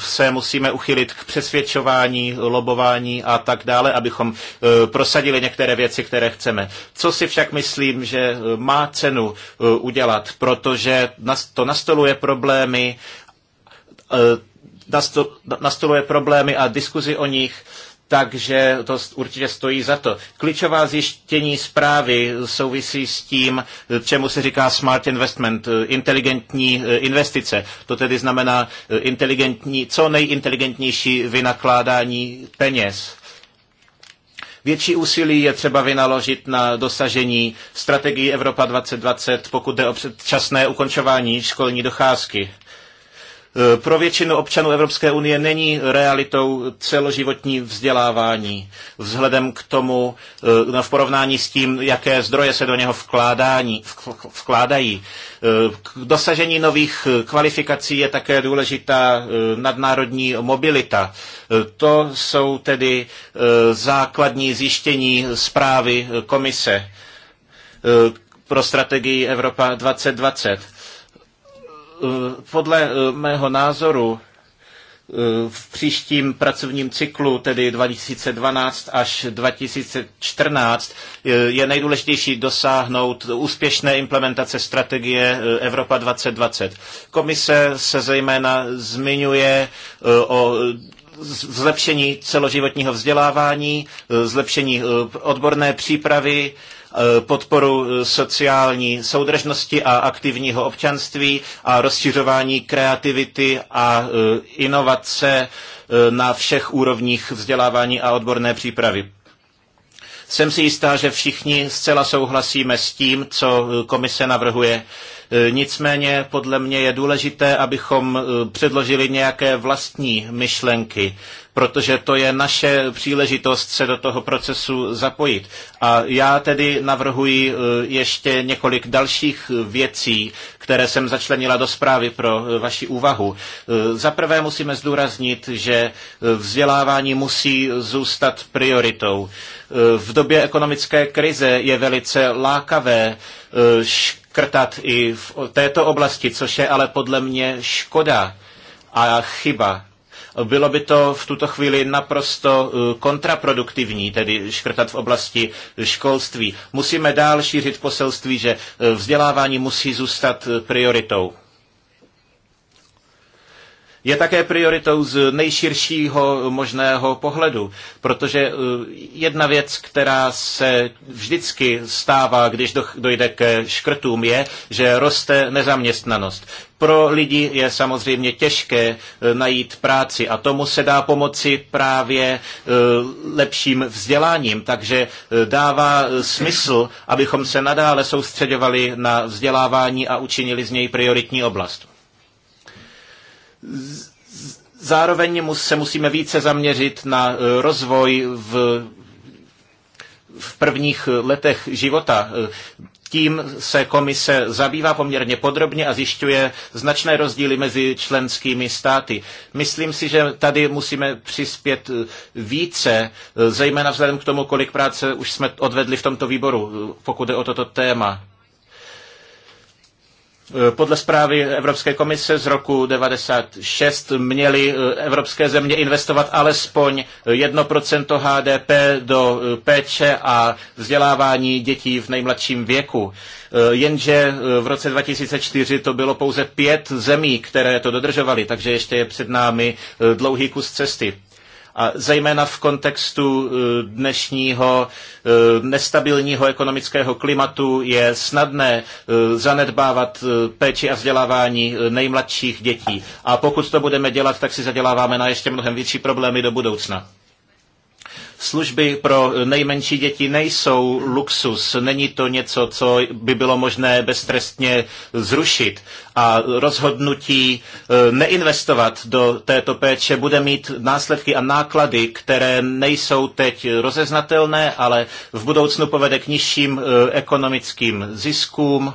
se musíme uchylit k přesvědčování, lobování a tak dále, abychom eh, prosadili některé věci, které chceme. Co si však myslím, že má cenu udělat, protože to nastoluje problémy, nastoluje problémy a diskuzi o nich takže to určitě stojí za to. Klíčová zjištění zprávy souvisí s tím, čemu se říká smart investment, eh, inteligentní eh, investice. To tedy znamená eh, inteligentní, co nejinteligentnější vynakládání peněz. Větší úsilí je třeba vynaložit na dosažení strategii Evropa 2020, pokud jde o předčasné ukončování školní docházky. Eh, pro většinu občanů Evropské unie není realitou celoživotní vzdělávání vzhledem k tomu, eh, no, v porovnání s tím, jaké zdroje se do něho vkládání, vkládají. Eh, k dosažení nových kvalifikací je také důležitá nadnárodní mobilita. To jsou tedy základní zjištění zprávy komise pro strategii Evropa 2020. Eh, podle eh, mého názoru eh, v příštím pracovním cyklu, tedy 2012 až 2014, je nejdůležitější dosáhnout úspěšné implementace strategie Evropa 2020. Komise se zejména zmiňuje o zlepšení celoživotního vzdělávání, zlepšení odborné přípravy, Eh, podporu eh, sociální soudržnosti a aktivního občanství a rozšiřování kreativity a eh, inovace na všech úrovních vzdělávání a odborné přípravy. Jsem si jistá, že všichni zcela souhlasíme s tím, co komise navrhuje. Nicméně podle mě je důležité, abychom předložili nějaké vlastní myšlenky, protože to je naše příležitost se do toho procesu zapojit. A já tedy navrhuji e, ještě několik dalších věcí, které jsem začlenila do zprávy pro e, vaši úvahu. E, Za prvé musíme zdůraznit, že vzdělávání musí zůstat prioritou. V době ekonomické krize je velice lákavé škrtat i v této oblasti, což je ale podle mě škoda a chyba. Bylo by to v tuto chvíli naprosto eh, kontraproduktivní, tedy škrtat v oblasti školství. Musíme dál šířit poselství, že eh, vzdělávání musí zůstat eh, prioritou je také prioritou z nejširšího možného pohledu, protože eh, jedna věc, která se vždycky stává, když dojde ke škrtům, je, že roste nezaměstnanost. Pro lidi je samozřejmě těžké eh, najít práci a tomu se dá pomoci právě eh, lepším vzděláním, takže dává smysl, abychom se nadále soustředovali na vzdělávání a učinili z něj prioritní oblast. Zároveň se musíme více zaměřit na eh, rozvoj v, v prvních eh, letech života. Eh, tím se komise zabývá poměrně podrobně a zjišťuje značné rozdíly mezi členskými státy. Myslím si, že tady musíme přispět více, zejména vzhledem k tomu, kolik práce už jsme odvedli v tomto výboru, pokud je o toto téma. Eh, podle zprávy Evropské komise z roku 96 měly eh, evropské země investovat alespoň 1% HDP do eh, péče a vzdělávání dětí v nejmladším věku. Jenže v roce 2004 to bylo pouze pět zemí, které to dodržovaly, takže ještě je před námi dlouhý kus cesty. A zejména v kontextu eh, dnešního eh, nestabilního ekonomického klimatu je snadné eh, zanedbávat péči a vzdělávání nejmladších dětí. A pokud to budeme dělat, tak si zaděláváme na ještě mnohem větší problémy do budoucna. Služby pro nejmenší děti nejsou luxus, není to něco, co by bylo možné beztrestně zrušit. A rozhodnutí e, neinvestovat do této péče bude mít následky a náklady, které nejsou teď rozeznatelné, ale v budoucnu povede k nižším e, ekonomickým ziskům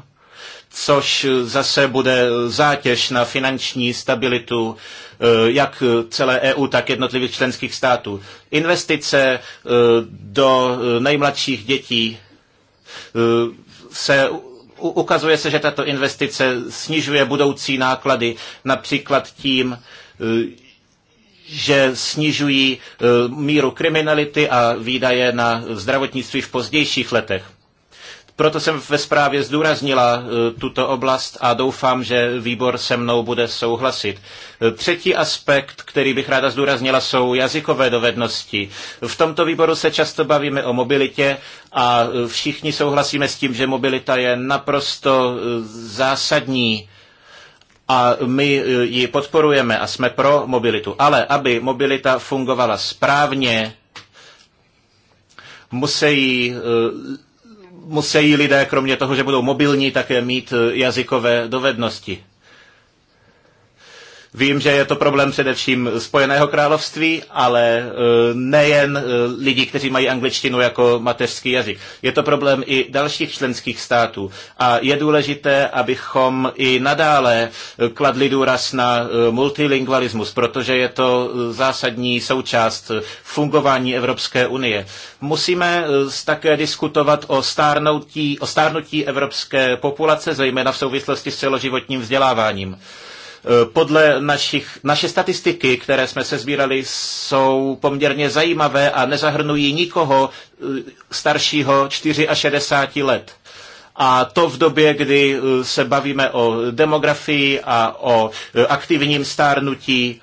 což zase bude zátěž na finanční stabilitu Eh, jak eh, celé EU, tak jednotlivých členských států. Investice eh, do nejmladších dětí se ukazuje se, že tato investice snižuje budoucí náklady, například tím, že snižují míru kriminality a výdaje na zdravotnictví v pozdějších letech. Proto jsem ve zprávě zdůraznila e, tuto oblast a doufám, že výbor se mnou bude souhlasit. E, třetí aspekt, který bych ráda zdůraznila, jsou jazykové dovednosti. V tomto výboru se často bavíme o mobilitě a e, všichni souhlasíme s tím, že mobilita je naprosto zásadní a my ji podporujeme a jsme pro mobilitu. Ale aby mobilita fungovala správně, musí musí lidé, kromě toho, že budou mobilní, také mít eh, jazykové dovednosti. Vím, že je to problém především Spojeného království, ale e, nejen e, lidí, kteří mají angličtinu jako mateřský jazyk. Je to problém i dalších členských států. A je důležité, abychom i nadále e, kladli důraz na multilingualismus, protože je to zásadní součást fungování Evropské unie. Musíme také diskutovat o stárnutí, o stárnutí evropské populace, zejména v souvislosti s celoživotním vzděláváním. Eh, podle našich, naše statistiky, které jsme se sbírali, jsou poměrně zajímavé a nezahrnují nikoho eh, staršího 64 let. A to v době, kdy eh, se bavíme o demografii a o aktivním stárnutí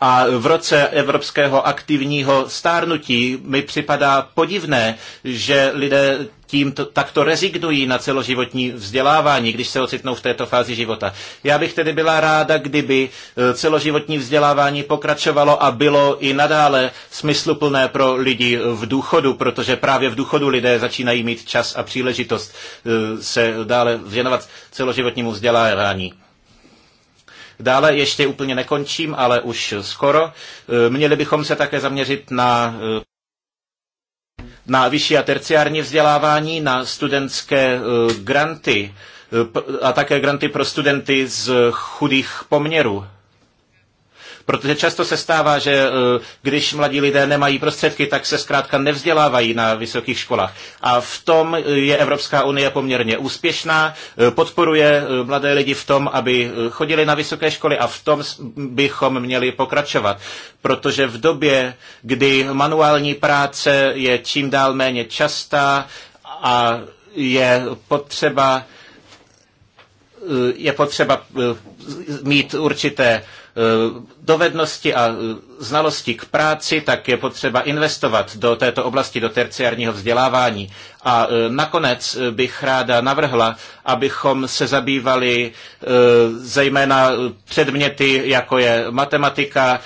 a v roce evropského aktivního stárnutí mi připadá podivné, že lidé tím to, takto rezignují na celoživotní vzdělávání, když se ocitnou v této fázi života. Já bych tedy byla ráda, kdyby e, celoživotní vzdělávání pokračovalo a bylo i nadále smysluplné pro lidi v důchodu, protože právě v důchodu lidé začínají mít čas a příležitost e, se dále věnovat celoživotnímu vzdělávání. Dále ještě úplně nekončím, ale už skoro. Eh, měli bychom se také zaměřit na eh, na vyšší a terciární vzdělávání, na studentské eh, granty a také granty pro studenty z chudých poměrů. Protože často se stává, že eh, když mladí lidé nemají prostředky, tak se zkrátka nevzdělávají na vysokých školách. A v tom eh, je Evropská unie poměrně úspěšná, eh, podporuje mladé lidi v tom, aby chodili na vysoké školy a v tom bychom měli pokračovat. Protože v době, kdy manuální práce je čím dál méně častá a je potřeba je potřeba mít určité dovednosti a uh, znalosti k práci, tak je potřeba investovat do této oblasti, do terciárního vzdělávání. A uh, nakonec uh, bych ráda navrhla, abychom se zabývali zejména předměty, jako je matematika,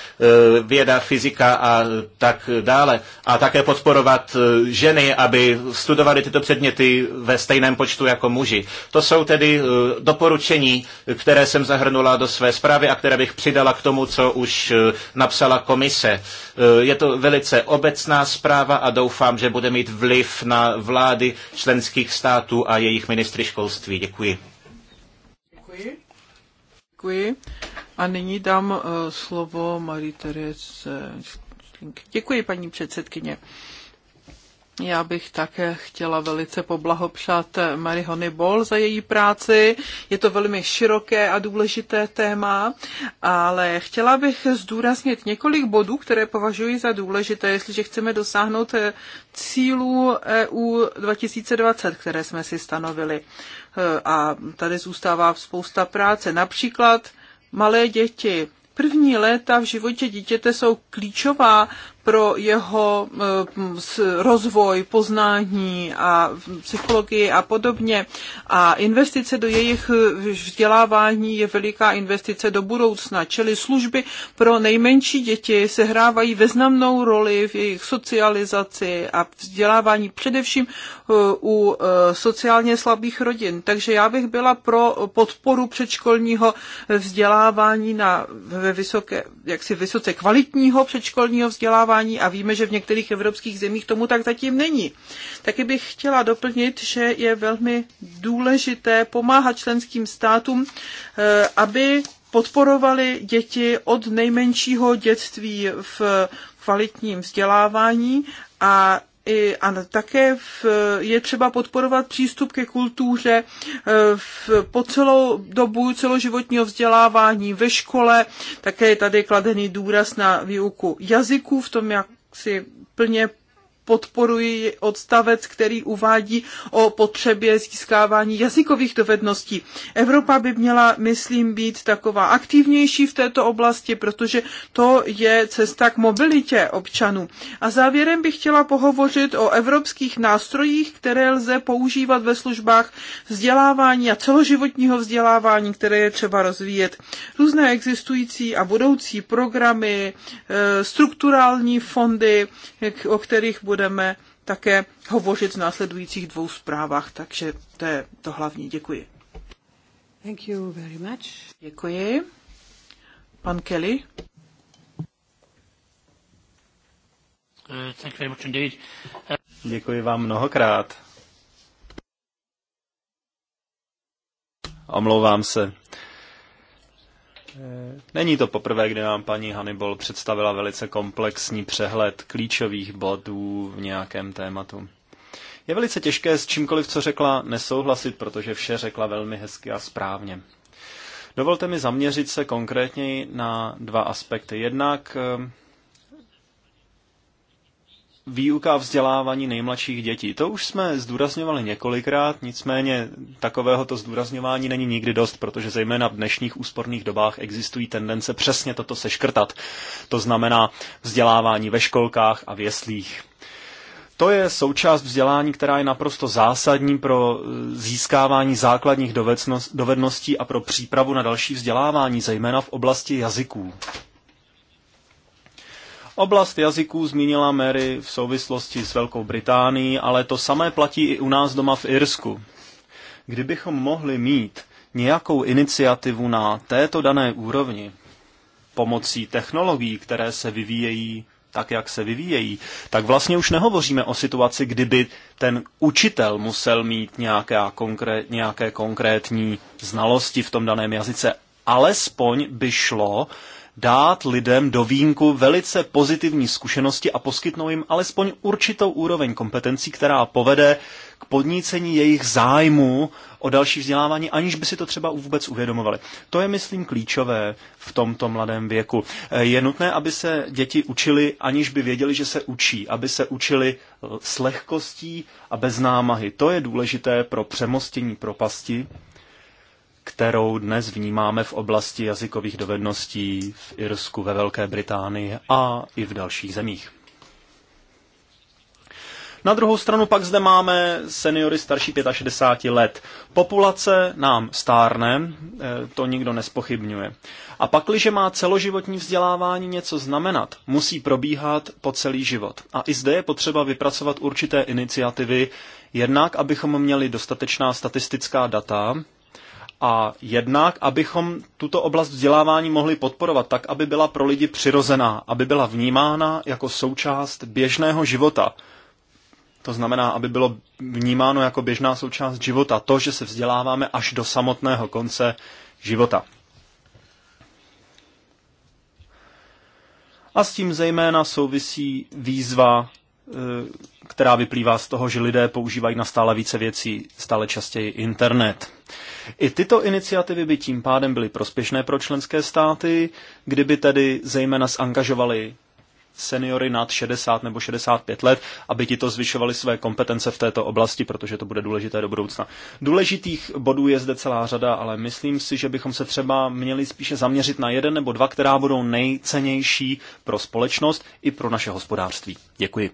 věda, fyzika a tak dále. A také podporovat ženy, aby studovali tyto předměty ve stejném počtu jako muži. To jsou tedy doporučení, které jsem zahrnula do své zprávy a které bych přidala k tomu, co už eh, napsala komise. Eh, je to velice obecná zpráva a doufám, že bude mít vliv na vlády členských států a jejich ministry školství. Děkuji. Děkuji. Děkuji. A nyní dám eh, slovo Marie Therese Děkuji, paní předsedkyně. Já bych také chtěla velice poblahopřát Mary Honeyball za její práci. Je to velmi široké a důležité téma, ale chtěla bych zdůraznit několik bodů, které považuji za důležité, jestliže chceme dosáhnout cílů EU 2020, které jsme si stanovili. A tady zůstává spousta práce. Například malé děti, První léta v životě dítěte jsou klíčová pro jeho eh, rozvoj, poznání a psychologii a podobně. A investice do jejich vzdělávání je veliká investice do budoucna, čili služby pro nejmenší děti se hrávají významnou roli v jejich socializaci a vzdělávání především eh, u eh, sociálně slabých rodin. Takže já bych byla pro podporu předškolního vzdělávání na, vysoké, jaksi vysoce kvalitního předškolního vzdělávání vzdělávání a víme, že v některých evropských zemích tomu tak zatím není. Taky bych chtěla doplnit, že je velmi důležité pomáhat členským státům, eh, aby podporovali děti od nejmenšího dětství v kvalitním vzdělávání a i, a také v, je třeba podporovat přístup ke kultuře eh, v, po celou dobu celoživotního vzdělávání ve škole. Také je tady kladený důraz na výuku jazyků, v tom jak si plně podporuji odstavec, který uvádí o potřebě získávání jazykových dovedností. Evropa by měla, myslím, být taková aktivnější v této oblasti, protože to je cesta k mobilitě občanů. A závěrem bych chtěla pohovořit o evropských nástrojích, které lze používat ve službách vzdělávání a celoživotního vzdělávání, které je třeba rozvíjet. Různé existující a budoucí programy, eh, strukturální fondy, eh, o kterých budeme také hovořit v následujících dvou zprávách, takže to je to hlavní. Děkuji. Thank you very much. Děkuji. Pan Kelly. Uh, thank you very much indeed. Uh... Děkuji vám mnohokrát. Omlouvám se. Není to poprvé, kdy nám paní Hannibal představila velice komplexní přehled klíčových bodů v nějakém tématu. Je velice těžké s čímkoliv, co řekla, nesouhlasit, protože vše řekla velmi hezky a správně. Dovolte mi zaměřit se konkrétněji na dva aspekty. Jednak výuka a vzdělávání nejmladších dětí. To už jsme zdůrazňovali několikrát, nicméně takového to zdůrazňování není nikdy dost, protože zejména v dnešních úsporných dobách existují tendence přesně toto seškrtat. To znamená vzdělávání ve školkách a v jeslích. To je součást vzdělání, která je naprosto zásadní pro eh, získávání základních dovedností a pro přípravu na další vzdělávání, zejména v oblasti jazyků. Oblast jazyků zmínila Mary v souvislosti s Velkou Británií, ale to samé platí i u nás doma v Irsku. Kdybychom mohli mít nějakou iniciativu na této dané úrovni pomocí technologií, které se vyvíjejí tak, jak se vyvíjejí, tak vlastně už nehovoříme o situaci, kdyby ten učitel musel mít nějaké, konkré, nějaké konkrétní znalosti v tom daném jazyce. Alespoň by šlo dát lidem do výjimku velice pozitivní zkušenosti a poskytnout jim alespoň určitou úroveň kompetencí, která povede k podnícení jejich zájmu o další vzdělávání, aniž by si to třeba vůbec uvědomovali. To je, myslím, klíčové v tomto mladém věku. Eh, je nutné, aby se děti učili, aniž by věděli, že se učí, aby se učili s lehkostí a bez námahy. To je důležité pro přemostění propasti kterou dnes vnímáme v oblasti jazykových dovedností v Irsku, ve Velké Británii a i v dalších zemích. Na druhou stranu pak zde máme seniory starší 65 let. Populace nám stárne, eh, to nikdo nespochybňuje. A pak, když má celoživotní vzdělávání něco znamenat, musí probíhat po celý život. A i zde je potřeba vypracovat určité iniciativy, jednak abychom měli dostatečná statistická data, a jednak, abychom tuto oblast vzdělávání mohli podporovat tak, aby byla pro lidi přirozená, aby byla vnímána jako součást běžného života. To znamená, aby bylo vnímáno jako běžná součást života to, že se vzděláváme až do samotného konce života. A s tím zejména souvisí výzva, eh, která vyplývá z toho, že lidé používají na stále více věcí, stále častěji internet. I tyto iniciativy by tím pádem byly prospěšné pro členské státy, kdyby tedy zejména zangažovali seniory nad 60 nebo 65 let, aby ti to zvyšovali své kompetence v této oblasti, protože to bude důležité do budoucna. Důležitých bodů je zde celá řada, ale myslím si, že bychom se třeba měli spíše zaměřit na jeden nebo dva, která budou nejcennější pro společnost i pro naše hospodářství. Děkuji.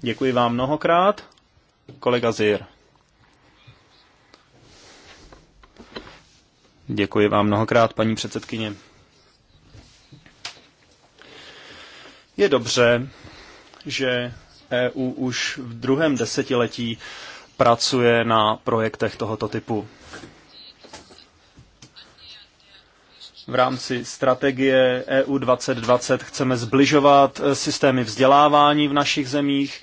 Děkuji vám mnohokrát. Kolega Zir. Děkuji vám mnohokrát, paní předsedkyně. Je dobře, že EU už v druhém desetiletí pracuje na projektech tohoto typu. V rámci strategie EU 2020 chceme zbližovat systémy vzdělávání v našich zemích,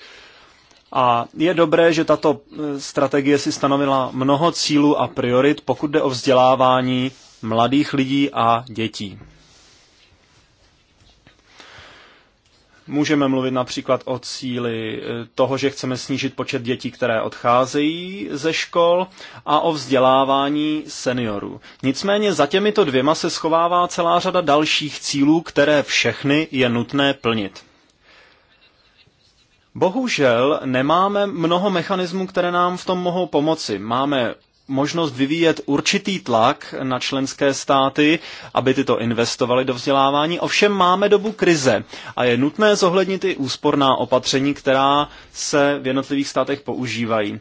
a je dobré, že tato eh, strategie si stanovila mnoho cílů a priorit, pokud jde o vzdělávání mladých lidí a dětí. Můžeme mluvit například o cíli eh, toho, že chceme snížit počet dětí, které odcházejí ze škol, a o vzdělávání seniorů. Nicméně za těmito dvěma se schovává celá řada dalších cílů, které všechny je nutné plnit. Bohužel nemáme mnoho mechanismů, které nám v tom mohou pomoci. Máme možnost vyvíjet určitý tlak na členské státy, aby tyto investovaly do vzdělávání. Ovšem máme dobu krize a je nutné zohlednit i úsporná opatření, která se v jednotlivých státech používají. E,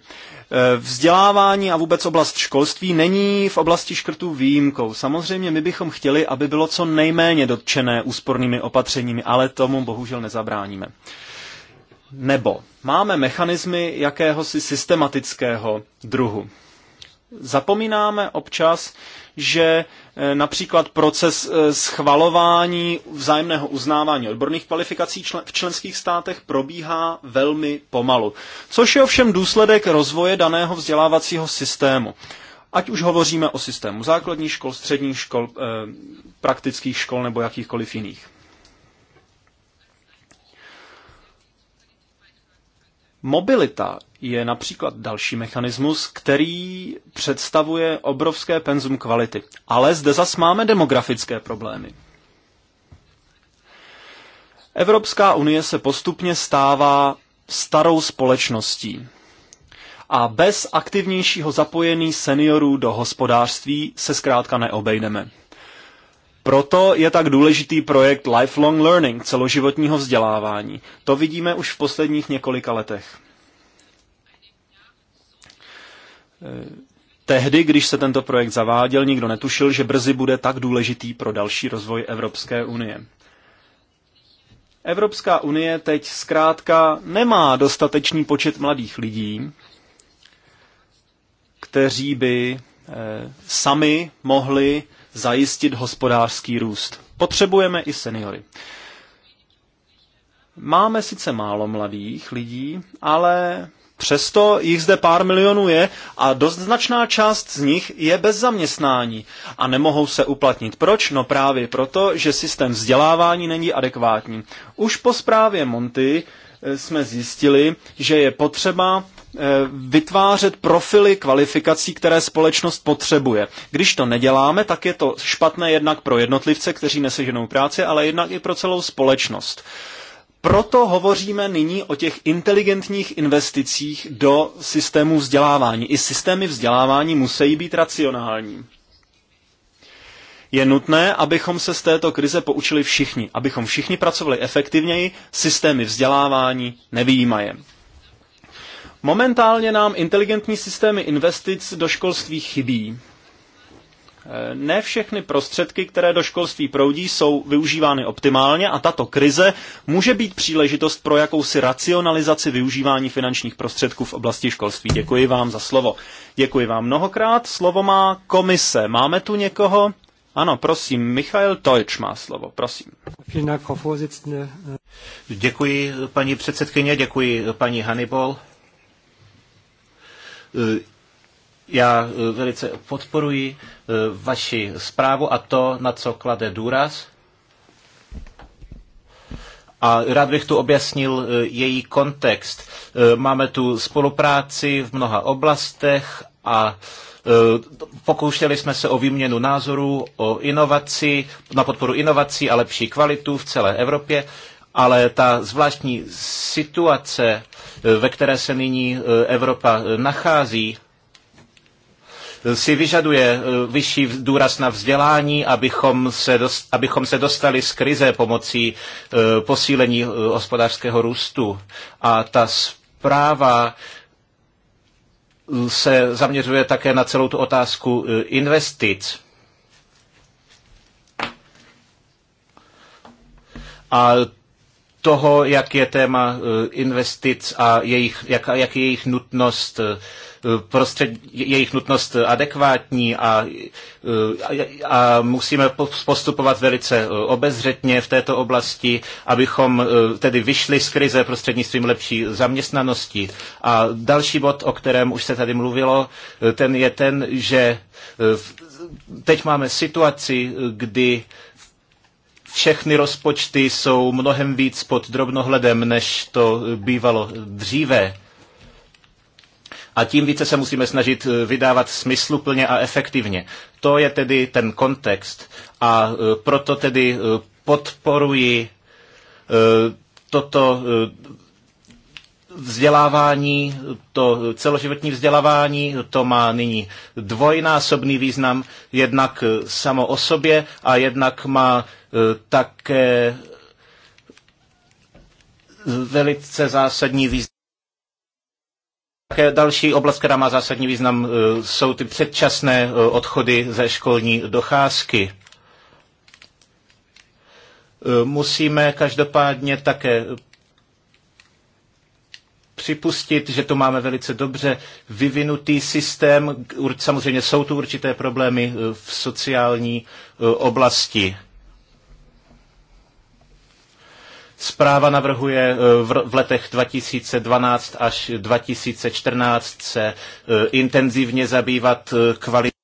vzdělávání a vůbec oblast školství není v oblasti škrtů výjimkou. Samozřejmě my bychom chtěli, aby bylo co nejméně dotčené úspornými opatřeními, ale tomu bohužel nezabráníme. Nebo máme mechanismy jakéhosi systematického druhu. Zapomínáme občas, že e, například proces e, schvalování vzájemného uznávání odborných kvalifikací v členských státech probíhá velmi pomalu, což je ovšem důsledek rozvoje daného vzdělávacího systému. Ať už hovoříme o systému základních škol, středních škol, e, praktických škol nebo jakýchkoliv jiných. Mobilita je například další mechanismus, který představuje obrovské penzum kvality. Ale zde zas máme demografické problémy. Evropská unie se postupně stává starou společností. A bez aktivnějšího zapojení seniorů do hospodářství se zkrátka neobejdeme. Proto je tak důležitý projekt Lifelong Learning, celoživotního vzdělávání. To vidíme už v posledních několika letech. Eh, tehdy, když se tento projekt zaváděl, nikdo netušil, že brzy bude tak důležitý pro další rozvoj Evropské unie. Evropská unie teď zkrátka nemá dostatečný počet mladých lidí, kteří by eh, sami mohli zajistit hospodářský růst. Potřebujeme i seniory. Máme sice málo mladých lidí, ale Přesto jich zde pár milionů je a dost značná část z nich je bez zaměstnání a nemohou se uplatnit. Proč? No právě proto, že systém vzdělávání není adekvátní. Už po zprávě Monty eh, jsme zjistili, že je potřeba Eh, vytvářet profily kvalifikací, které společnost potřebuje. Když to neděláme, tak je to špatné jednak pro jednotlivce, kteří neseženou práci, ale jednak i pro celou společnost. Proto hovoříme nyní o těch inteligentních investicích do systému vzdělávání. I systémy vzdělávání musí být racionální. Je nutné, abychom se z této krize poučili všichni, abychom všichni pracovali efektivněji, systémy vzdělávání nevýjímajem. Momentálně nám inteligentní systémy investic do školství chybí. Eh, ne všechny prostředky, které do školství proudí, jsou využívány optimálně a tato krize může být příležitost pro jakousi racionalizaci využívání finančních prostředků v oblasti školství. Děkuji vám za slovo. Děkuji vám mnohokrát. Slovo má komise. Máme tu někoho? Ano, prosím, Michael Tojč má slovo, prosím. Děkuji, paní předsedkyně, děkuji, paní Hannibal. Eh, já eh, velice podporuji eh, vaši zprávu a to, na co klade důraz. A rád bych tu objasnil její kontext. Máme tu spolupráci v mnoha oblastech a Pokoušeli jsme se o výměnu názorů, o inovaci, na podporu inovací a lepší kvalitu v celé Evropě, ale ta zvláštní situace Eh, ve které se nyní eh, Evropa eh, nachází, si vyžaduje vyšší důraz na vzdělání, abychom se, dost, abychom se dostali z krize pomocí posílení hospodářského růstu. A ta zpráva se zaměřuje také na celou tu otázku investic. A toho, jak je téma eh, investic a jejich, jak, jak je jejich nutnost eh, prostřed, jejich nutnost adekvátní a, eh, a, a musíme postupovat velice obezřetně v této oblasti, abychom tedy vyšli z krize prostřednictvím lepší zaměstnanosti. A další bod, o kterém už se tady mluvilo, ten je ten, že teď máme situaci, kdy všechny rozpočty jsou mnohem víc pod drobnohledem, než to bývalo dříve. A tím více se musíme snažit vydávat smysluplně a efektivně. To je tedy ten kontext. A e, proto tedy e, podporuji e, toto vzdělávání, to celoživotní vzdělávání, to má nyní dvojnásobný význam, jednak samo o sobě a jednak má také velice zásadní význam. Také další oblast, která má zásadní význam, e, jsou ty předčasné e, odchody ze školní docházky. E, musíme každopádně také připustit, že to máme velice dobře vyvinutý systém. Samozřejmě jsou tu určité problémy v sociální oblasti. Zpráva navrhuje eh, v letech 2012 až 2014 se eh, intenzivně zabývat eh, kvalitou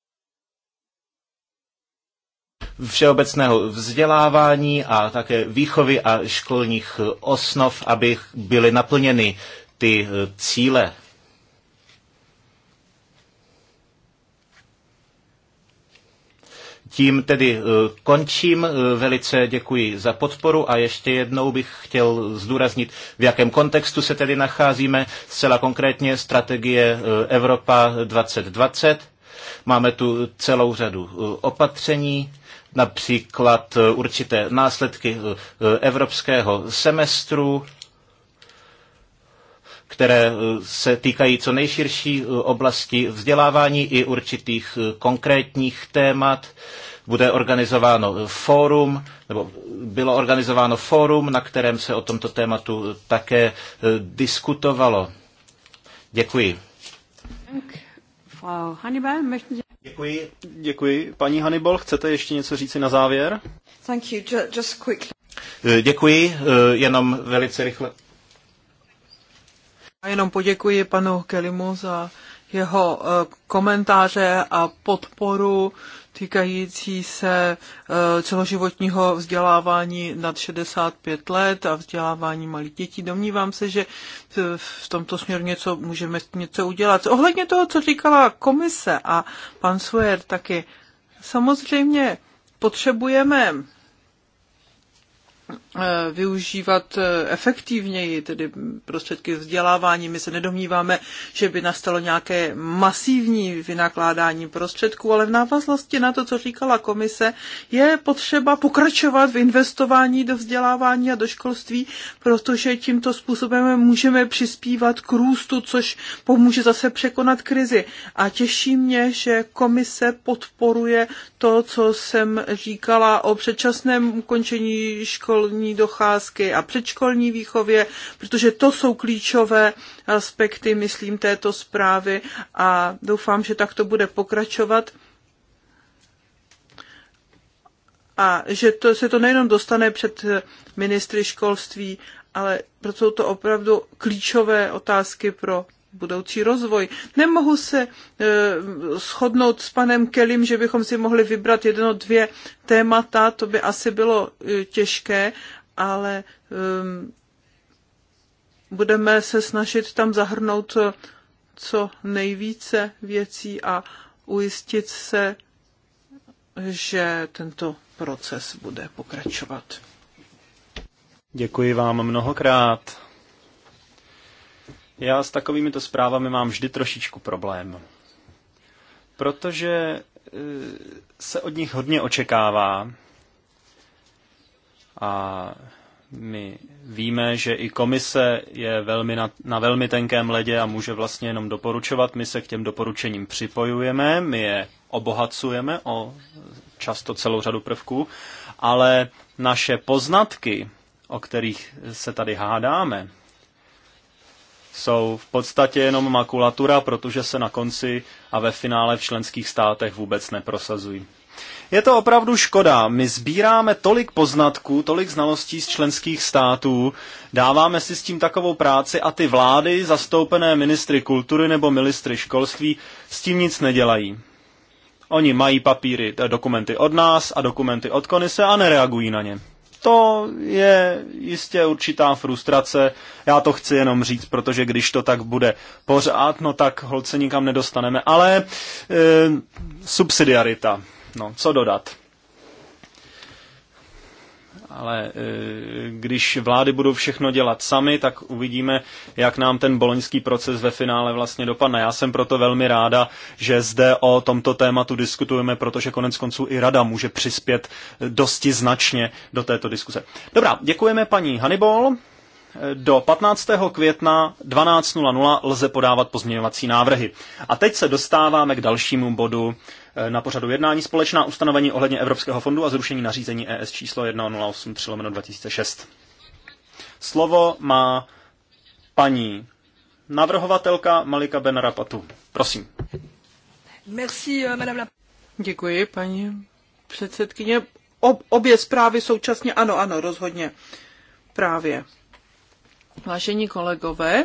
všeobecného vzdělávání a také výchovy a školních osnov, aby byly naplněny ty cíle Tím tedy eh, končím. Eh, velice děkuji za podporu a ještě jednou bych chtěl zdůraznit, v jakém kontextu se tedy nacházíme. Zcela konkrétně strategie eh, Evropa 2020. Máme tu celou řadu opatření, například určité následky evropského semestru, které eh, se týkají co nejširší eh, oblasti vzdělávání i určitých eh, konkrétních témat. Bude organizováno fórum, nebo bylo organizováno fórum, na kterém se o tomto tématu také diskutovalo. Děkuji. Děkuji. Děkuji. Paní Hannibal, chcete ještě něco říci na závěr? Děkuji, jenom velice rychle a jenom poděkuji panu Kelimu za jeho eh, komentáře a podporu týkající se eh, celoživotního vzdělávání nad 65 let a vzdělávání malých dětí. Domnívám se, že eh, v tomto směru něco můžeme něco udělat. Ohledně toho, co říkala komise a pan Suer taky, samozřejmě potřebujeme Eh, využívat eh, efektivněji, tedy prostředky vzdělávání. My se nedomníváme, že by nastalo nějaké masivní vynakládání prostředků, ale v návaznosti na to, co říkala komise, je potřeba pokračovat v investování do vzdělávání a do školství, protože tímto způsobem můžeme přispívat k růstu, což pomůže zase překonat krizi. A těší mě, že komise podporuje to, co jsem říkala o předčasném ukončení školy školní docházky a předškolní výchově, protože to jsou klíčové aspekty, myslím, této zprávy a doufám, že tak to bude pokračovat. A že to, se to nejenom dostane před ministry školství, ale proto jsou to opravdu klíčové otázky pro budoucí rozvoj. Nemohu se e, shodnout s panem Kelim, že bychom si mohli vybrat jedno, dvě témata, to by asi bylo e, těžké, ale e, budeme se snažit tam zahrnout e, co nejvíce věcí a ujistit se, že tento proces bude pokračovat. Děkuji vám mnohokrát. Já s takovýmito zprávami mám vždy trošičku problém. Protože e, se od nich hodně očekává a my víme, že i komise je velmi na, na velmi tenkém ledě a může vlastně jenom doporučovat. My se k těm doporučením připojujeme, my je obohacujeme o často celou řadu prvků, ale naše poznatky, o kterých se tady hádáme, jsou v podstatě jenom makulatura, protože se na konci a ve finále v členských státech vůbec neprosazují. Je to opravdu škoda. My sbíráme tolik poznatků, tolik znalostí z členských států, dáváme si s tím takovou práci a ty vlády, zastoupené ministry kultury nebo ministry školství, s tím nic nedělají. Oni mají papíry, eh, dokumenty od nás a dokumenty od konise a nereagují na ně to je jistě určitá frustrace. Já to chci jenom říct, protože když to tak bude pořád, no tak holce nikam nedostaneme. Ale e, subsidiarita, no co dodat. Ale e, když vlády budou všechno dělat sami, tak uvidíme, jak nám ten boloňský proces ve finále vlastně dopadne. Já jsem proto velmi ráda, že zde o tomto tématu diskutujeme, protože konec konců i rada může přispět e, dosti značně do této diskuse. Dobrá, děkujeme paní Hannibal. E, do 15. května 12.00 lze podávat pozměňovací návrhy. A teď se dostáváme k dalšímu bodu Eh, na pořadu jednání společná ustanovení ohledně Evropského fondu a zrušení nařízení ES číslo 1083 2006. Slovo má paní navrhovatelka Malika Benarapatu. Prosím. Merci, eh, madame la... Děkuji, paní předsedkyně. Ob, obě zprávy současně, ano, ano, rozhodně. Právě. Vážení kolegové,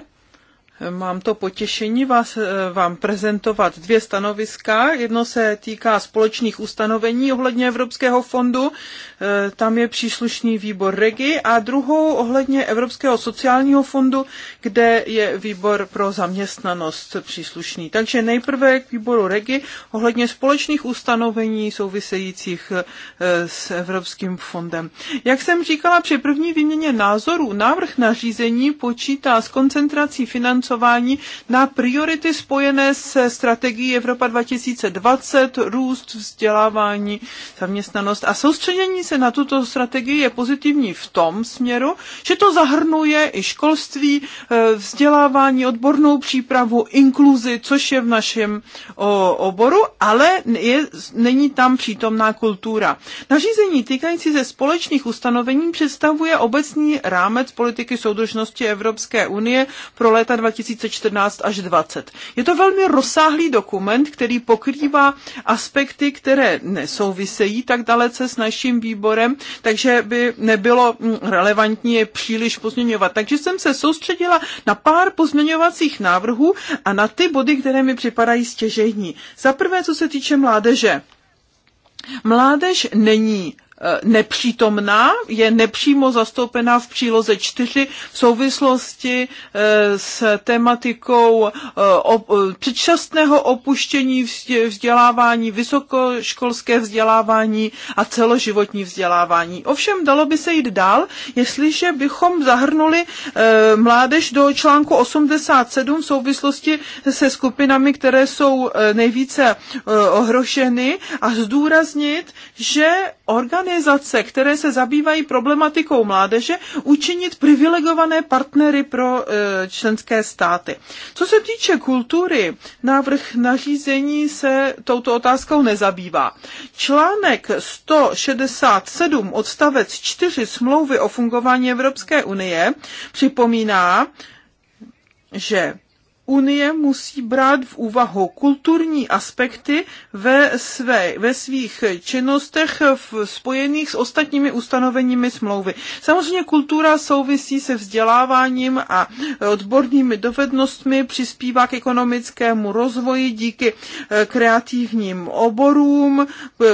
Mám to potěšení vás, eh, vám prezentovat dvě stanoviska. Jedno se týká společných ustanovení ohledně Evropského fondu, eh, tam je příslušný výbor REGI, a druhou ohledně Evropského sociálního fondu, kde je výbor pro zaměstnanost příslušný. Takže nejprve k výboru REGI ohledně společných ustanovení souvisejících eh, s Evropským fondem. Jak jsem říkala při první výměně názorů, návrh nařízení počítá s koncentrací financování financování na priority spojené se strategií Evropa 2020, růst, vzdělávání, zaměstnanost. A soustředění se na tuto strategii je pozitivní v tom směru, že to zahrnuje i školství, e, vzdělávání, odbornou přípravu, inkluzi, což je v našem oboru, ale je, není tam přítomná kultura. Nařízení týkající se společných ustanovení představuje obecný rámec politiky soudržnosti Evropské unie pro léta 2020 2014 až 2020. Je to velmi rozsáhlý dokument, který pokrývá aspekty, které nesouvisejí tak dalece s naším výborem, takže by nebylo mm, relevantní je příliš pozměňovat. Takže jsem se soustředila na pár pozměňovacích návrhů a na ty body, které mi připadají stěžejní. Za prvé, co se týče mládeže. Mládež není Eh, nepřítomná, je nepřímo zastoupená v příloze 4 v souvislosti eh, s tematikou eh, předčasného opuštění vzdělávání, vysokoškolské vzdělávání a celoživotní vzdělávání. Ovšem dalo by se jít dál, jestliže bychom zahrnuli mládež do článku 87 v souvislosti se skupinami, které jsou nejvíce ohroženy a zdůraznit, že orgány organizace, které se zabývají problematikou mládeže, učinit privilegované partnery pro e, členské státy. Co se týče kultury, návrh nařízení se touto otázkou nezabývá. Článek 167 odstavec 4 smlouvy o fungování Evropské unie připomíná, že Unie musí brát v úvahu kulturní aspekty ve, své, ve svých činnostech v spojených s ostatními ustanoveními smlouvy. Samozřejmě kultura souvisí se vzděláváním a odbornými dovednostmi, přispívá k ekonomickému rozvoji díky eh, kreativním oborům,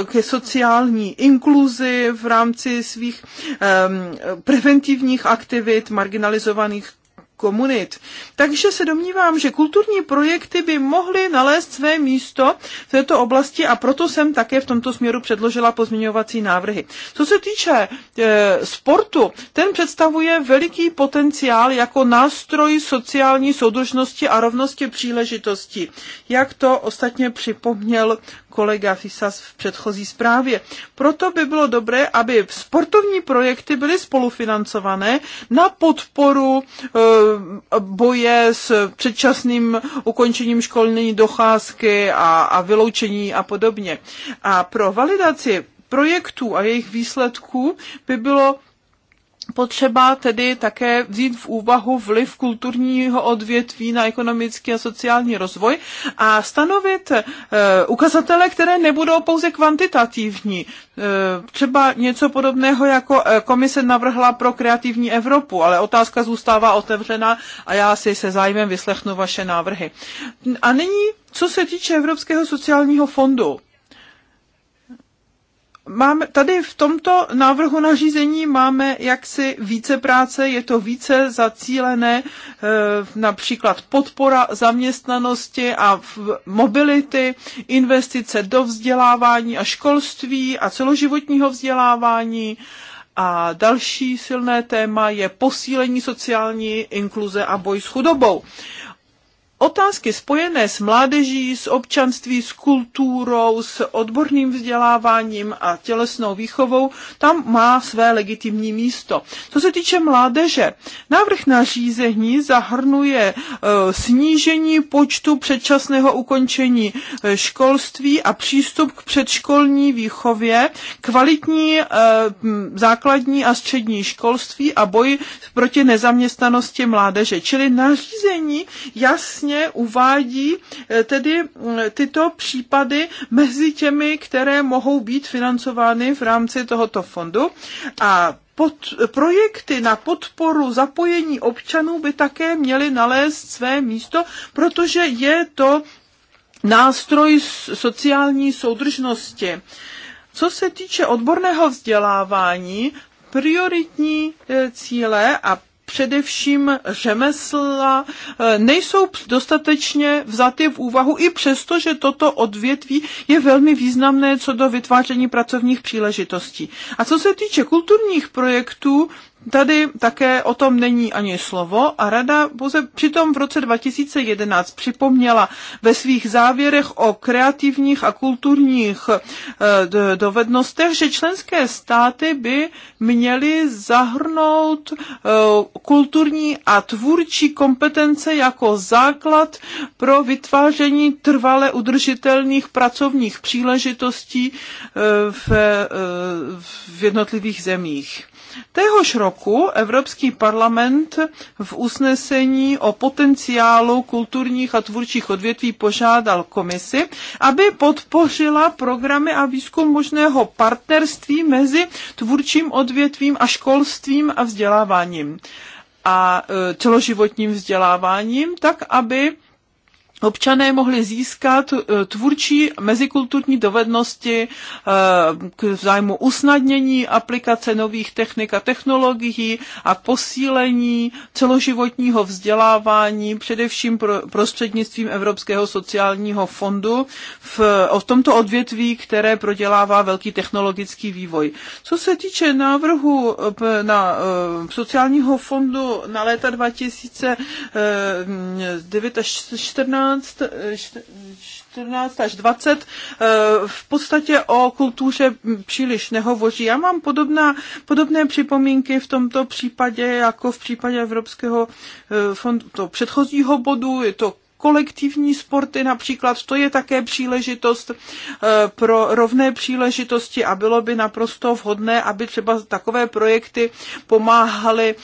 ke sociální inkluzi v rámci svých um, preventivních aktivit marginalizovaných komunit. Takže se domnívám, že kulturní projekty by mohly nalézt své místo v této oblasti a proto jsem také v tomto směru předložila pozměňovací návrhy. Co se týče e, sportu, ten představuje veliký potenciál jako nástroj sociální soudržnosti a rovnosti příležitostí, jak to ostatně připomněl kolega Fisas v předchozí zprávě. Proto by bylo dobré, aby sportovní projekty byly spolufinancované na podporu eh, boje s předčasným ukončením školní docházky a, a vyloučení a podobně. A pro validaci projektů a jejich výsledků by bylo potřeba tedy také vzít v úvahu vliv kulturního odvětví na ekonomický a sociální rozvoj a stanovit eh, ukazatele, které nebudou pouze kvantitativní. Eh, třeba něco podobného, jako eh, komise navrhla pro kreativní Evropu, ale otázka zůstává otevřena a já si se zájmem vyslechnu vaše návrhy. A nyní, co se týče Evropského sociálního fondu. Máme, tady v tomto návrhu nařízení máme jaksi více práce, je to více zacílené, e, například podpora zaměstnanosti a mobility, investice do vzdělávání a školství a celoživotního vzdělávání. A další silné téma je posílení sociální inkluze a boj s chudobou otázky spojené s mládeží, s občanství, s kulturou, s odborným vzděláváním a tělesnou výchovou, tam má své legitimní místo. Co se týče mládeže, návrh na řízení zahrnuje e, snížení počtu předčasného ukončení e, školství a přístup k předškolní výchově, kvalitní e, základní a střední školství a boj proti nezaměstnanosti mládeže. Čili nařízení jasně vlastně uvádí eh, tedy mm, tyto případy mezi těmi, které mohou být financovány v rámci tohoto fondu. A pod, projekty na podporu zapojení občanů by také měly nalézt své místo, protože je to nástroj sociální soudržnosti. Co se týče odborného vzdělávání, prioritní eh, cíle a především řemesla eh, nejsou dostatečně vzaty v úvahu, i přesto, že toto odvětví je velmi významné co do vytváření pracovních příležitostí. A co se týče kulturních projektů, Tady také o tom není ani slovo a rada pouze přitom v roce 2011 připomněla ve svých závěrech o kreativních a kulturních eh, dovednostech, že členské státy by měly zahrnout eh, kulturní a tvůrčí kompetence jako základ pro vytváření trvale udržitelných pracovních příležitostí eh, v, v jednotlivých zemích. Téhož roku Evropský parlament v usnesení o potenciálu kulturních a tvůrčích odvětví požádal komisi, aby podpořila programy a výzkum možného partnerství mezi tvůrčím odvětvím a školstvím a vzděláváním a e, celoživotním vzděláváním, tak aby občané mohli získat eh, tvůrčí mezikulturní dovednosti eh, k zájmu usnadnění aplikace nových technik a technologií a posílení celoživotního vzdělávání, především prostřednictvím Evropského sociálního fondu v, v tomto odvětví, které prodělává velký technologický vývoj. Co se týče návrhu eh, na sociálního fondu na léta 2009 až 2014, 14, 14 až 20 eh, v podstatě o kultuře příliš nehovoří. Já mám podobná, podobné připomínky v tomto případě jako v případě Evropského eh, fondu, to předchozího bodu, je to kolektivní sporty například, to je také příležitost eh, pro rovné příležitosti a bylo by naprosto vhodné, aby třeba takové projekty pomáhaly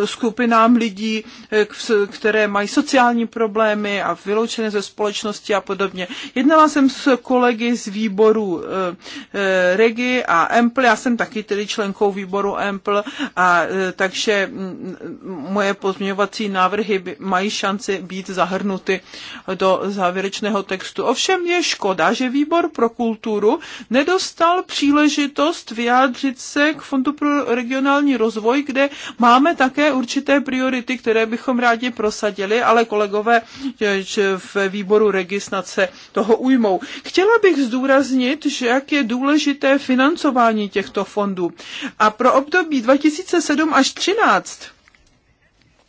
eh, skupinám lidí, eh, které mají sociální problémy a vyloučené ze společnosti a podobně. Jednala jsem s kolegy z výboru Regi a Empl, já jsem taky tedy členkou výboru Empl, a takže mm, mm, moje pozměňovací návrhy mají šanci být zahrnuty zahrnuty do závěrečného textu. Ovšem je škoda, že výbor pro kulturu nedostal příležitost vyjádřit se k Fondu pro regionální rozvoj, kde máme také určité priority, které bychom rádi prosadili, ale kolegové v výboru registrace toho ujmou. Chtěla bych zdůraznit, že jak je důležité financování těchto fondů. A pro období 2007 až 2013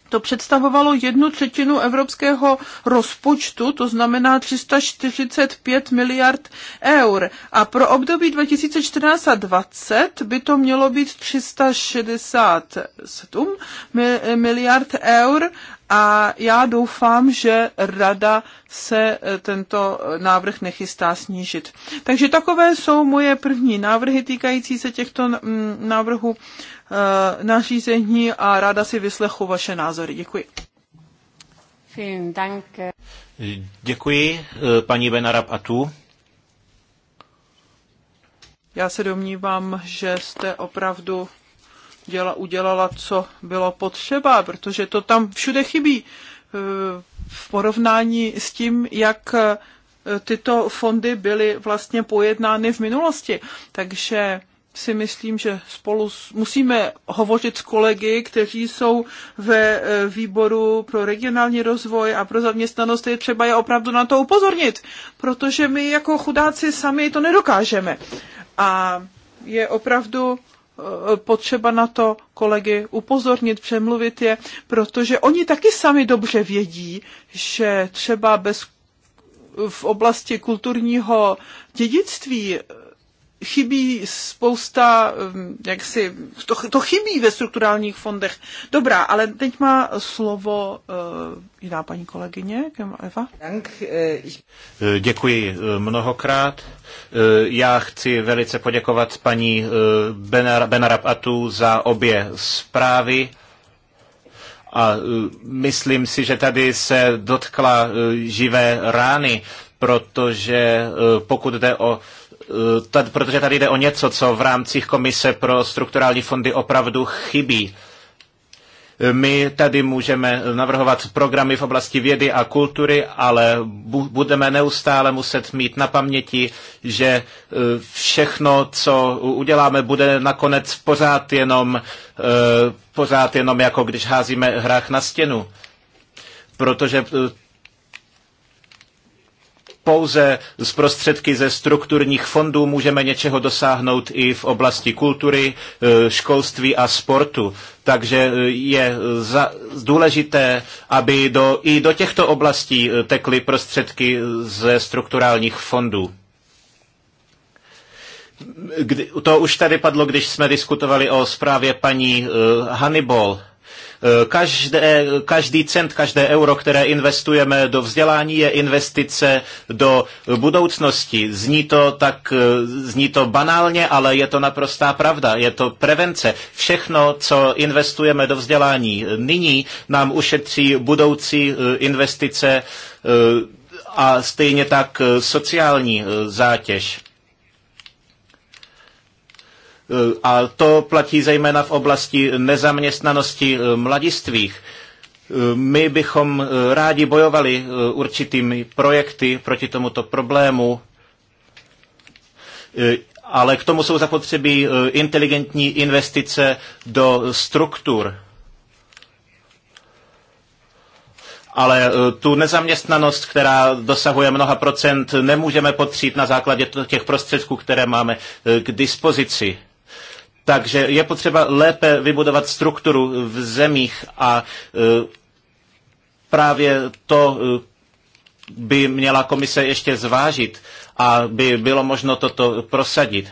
to představovalo jednu třetinu evropského rozpočtu, to znamená 345 miliard eur. A pro období 2014 a 2020 by to mělo být 367 miliard eur a já doufám, že rada se e, tento návrh nechystá snížit. Takže takové jsou moje první návrhy týkající se těchto návrhů e, nařízení a ráda si vyslechu vaše názory. Děkuji. Děkuji, e, paní Benarab Atu. Já se domnívám, že jste opravdu děla, udělala, co bylo potřeba, protože to tam všude chybí eh, v porovnání s tím, jak eh, tyto fondy byly vlastně pojednány v minulosti. Takže si myslím, že spolu s, musíme hovořit s kolegy, kteří jsou ve eh, výboru pro regionální rozvoj a pro zaměstnanost, je třeba je opravdu na to upozornit, protože my jako chudáci sami to nedokážeme. A je opravdu Eh, potřeba na to kolegy upozornit, přemluvit je, protože oni taky sami dobře vědí, že třeba bez v oblasti kulturního dědictví chybí spousta, mm, jak si, to, to chybí ve strukturálních fondech. Dobrá, ale teď má slovo uh, jiná paní kolegyně, Eva. Eh, eh, děkuji mnohokrát. Já chci velice poděkovat paní Benarabatu za obě zprávy. A myslím si, že tady se dotkla živé rány, protože pokud jde o Eh, tady, protože tady jde o něco, co v rámci Komise pro strukturální fondy opravdu chybí. Eh, my tady můžeme navrhovat programy v oblasti vědy a kultury, ale budeme neustále muset mít na paměti, že eh, všechno, co uděláme, bude nakonec pořád jenom, pořád jenom jako když házíme hrách na stěnu. Protože pouze z prostředky ze strukturních fondů můžeme něčeho dosáhnout i v oblasti kultury, e, školství a sportu. Takže e, je za, důležité, aby do, i do těchto oblastí e, tekly prostředky ze strukturálních fondů. Kdy, to už tady padlo, když jsme diskutovali o zprávě paní uh, Hannibal. Uh, Eh, každé, každý cent, každé euro, které investujeme do vzdělání, je investice do budoucnosti. Zní to tak, eh, zní to banálně, ale je to naprostá pravda. Je to prevence. Všechno, co investujeme do vzdělání nyní, nám ušetří budoucí eh, investice a stejně tak sociální zátěž. Eh, a to platí zejména v oblasti nezaměstnanosti eh, mladistvých. Eh, my bychom rádi bojovali určitými projekty proti tomuto problému, ale k tomu jsou zapotřebí inteligentní investice do struktur. Ale tu nezaměstnanost, která dosahuje mnoha procent, nemůžeme potřít na základě těch prostředků, které máme k dispozici. Takže je potřeba lépe vybudovat strukturu v zemích a e, právě to e, by měla komise ještě zvážit a by bylo možno toto prosadit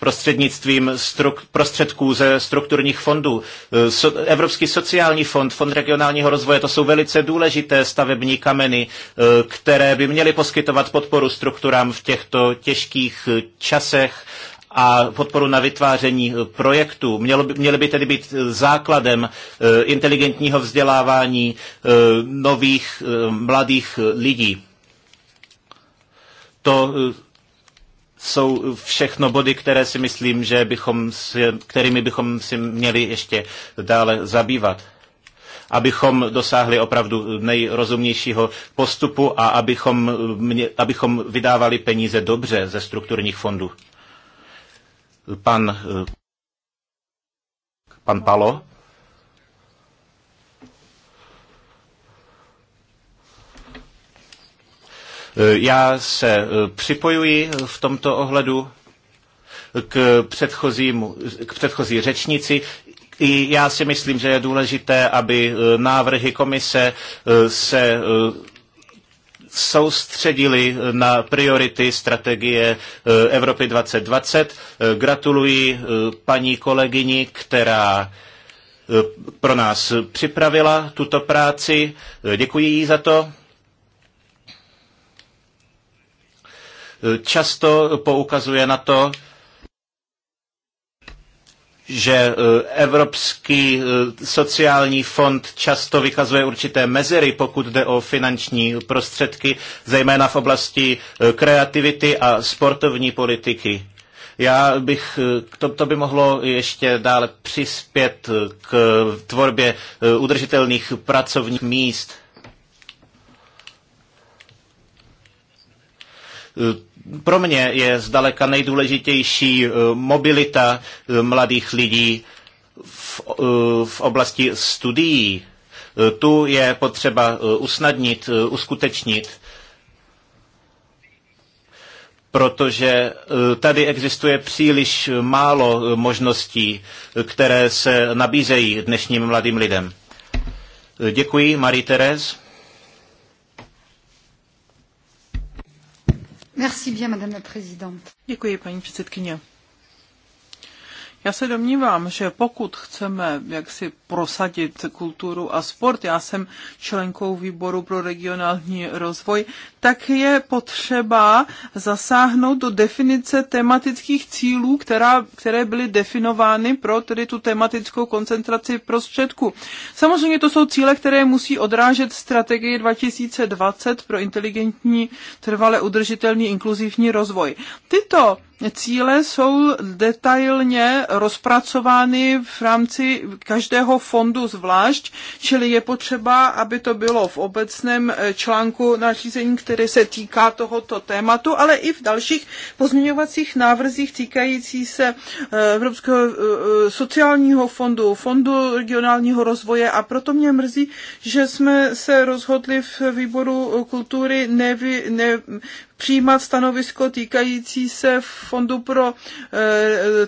prostřednictvím struk, prostředků ze strukturních fondů. E, so, Evropský sociální fond, Fond regionálního rozvoje, to jsou velice důležité stavební kameny, které by měly poskytovat podporu strukturám v těchto těžkých časech a podporu na vytváření e, projektů. Mělo by, měly by tedy být e, základem e, inteligentního vzdělávání nových mladých lidí. To jsou všechno body, které si myslím, že bychom si, kterými bychom si měli ještě dále zabývat abychom dosáhli opravdu nejrozumnějšího postupu a abychom, mě, abychom vydávali peníze dobře ze strukturních fondů. Pan, pan Palo. Já se eh, připojuji v tomto ohledu k, předchozímu, k předchozí řečnici. I já si myslím, že je důležité, aby eh, návrhy komise eh, se soustředili na priority strategie eh, Evropy 2020. Eh, gratuluji eh, paní kolegyni, která pro nás připravila tuto práci. Děkuji jí za to. Často poukazuje na to, že eh, Evropský eh, sociální fond často vykazuje určité mezery, pokud jde o finanční prostředky, zejména v oblasti eh, kreativity a sportovní politiky. Já bych, to, to by mohlo ještě dále přispět k tvorbě udržitelných pracovních míst pro mě je zdaleka nejdůležitější eh, mobilita eh, mladých lidí v, eh, v oblasti studií. Tu je potřeba usnadnit, uskutečnit, protože tady existuje příliš málo možností, které se nabízejí dnešním mladým lidem. Děkuji, Marie Therese. Děkuji, paní předsedkyně. Já se domnívám, že pokud chceme jaksi prosadit kulturu a sport, já jsem členkou výboru pro regionální rozvoj, tak je potřeba zasáhnout do definice tematických cílů, která, které byly definovány pro tedy tu tematickou koncentraci prostředků. Samozřejmě to jsou cíle, které musí odrážet strategii 2020 pro inteligentní, trvale udržitelný, inkluzivní rozvoj. Tyto cíle jsou detailně rozpracovány v rámci každého fondu zvlášť, čili je potřeba, aby to bylo v obecném eh, článku nařízení, který se týká tohoto tématu, ale i v dalších pozměňovacích návrzích týkající se eh, Evropského eh, eh, sociálního fondu, fondu regionálního rozvoje a proto mě mrzí, že jsme se rozhodli v výboru kultury nevy, ne, přijímat stanovisko týkající se Fondu pro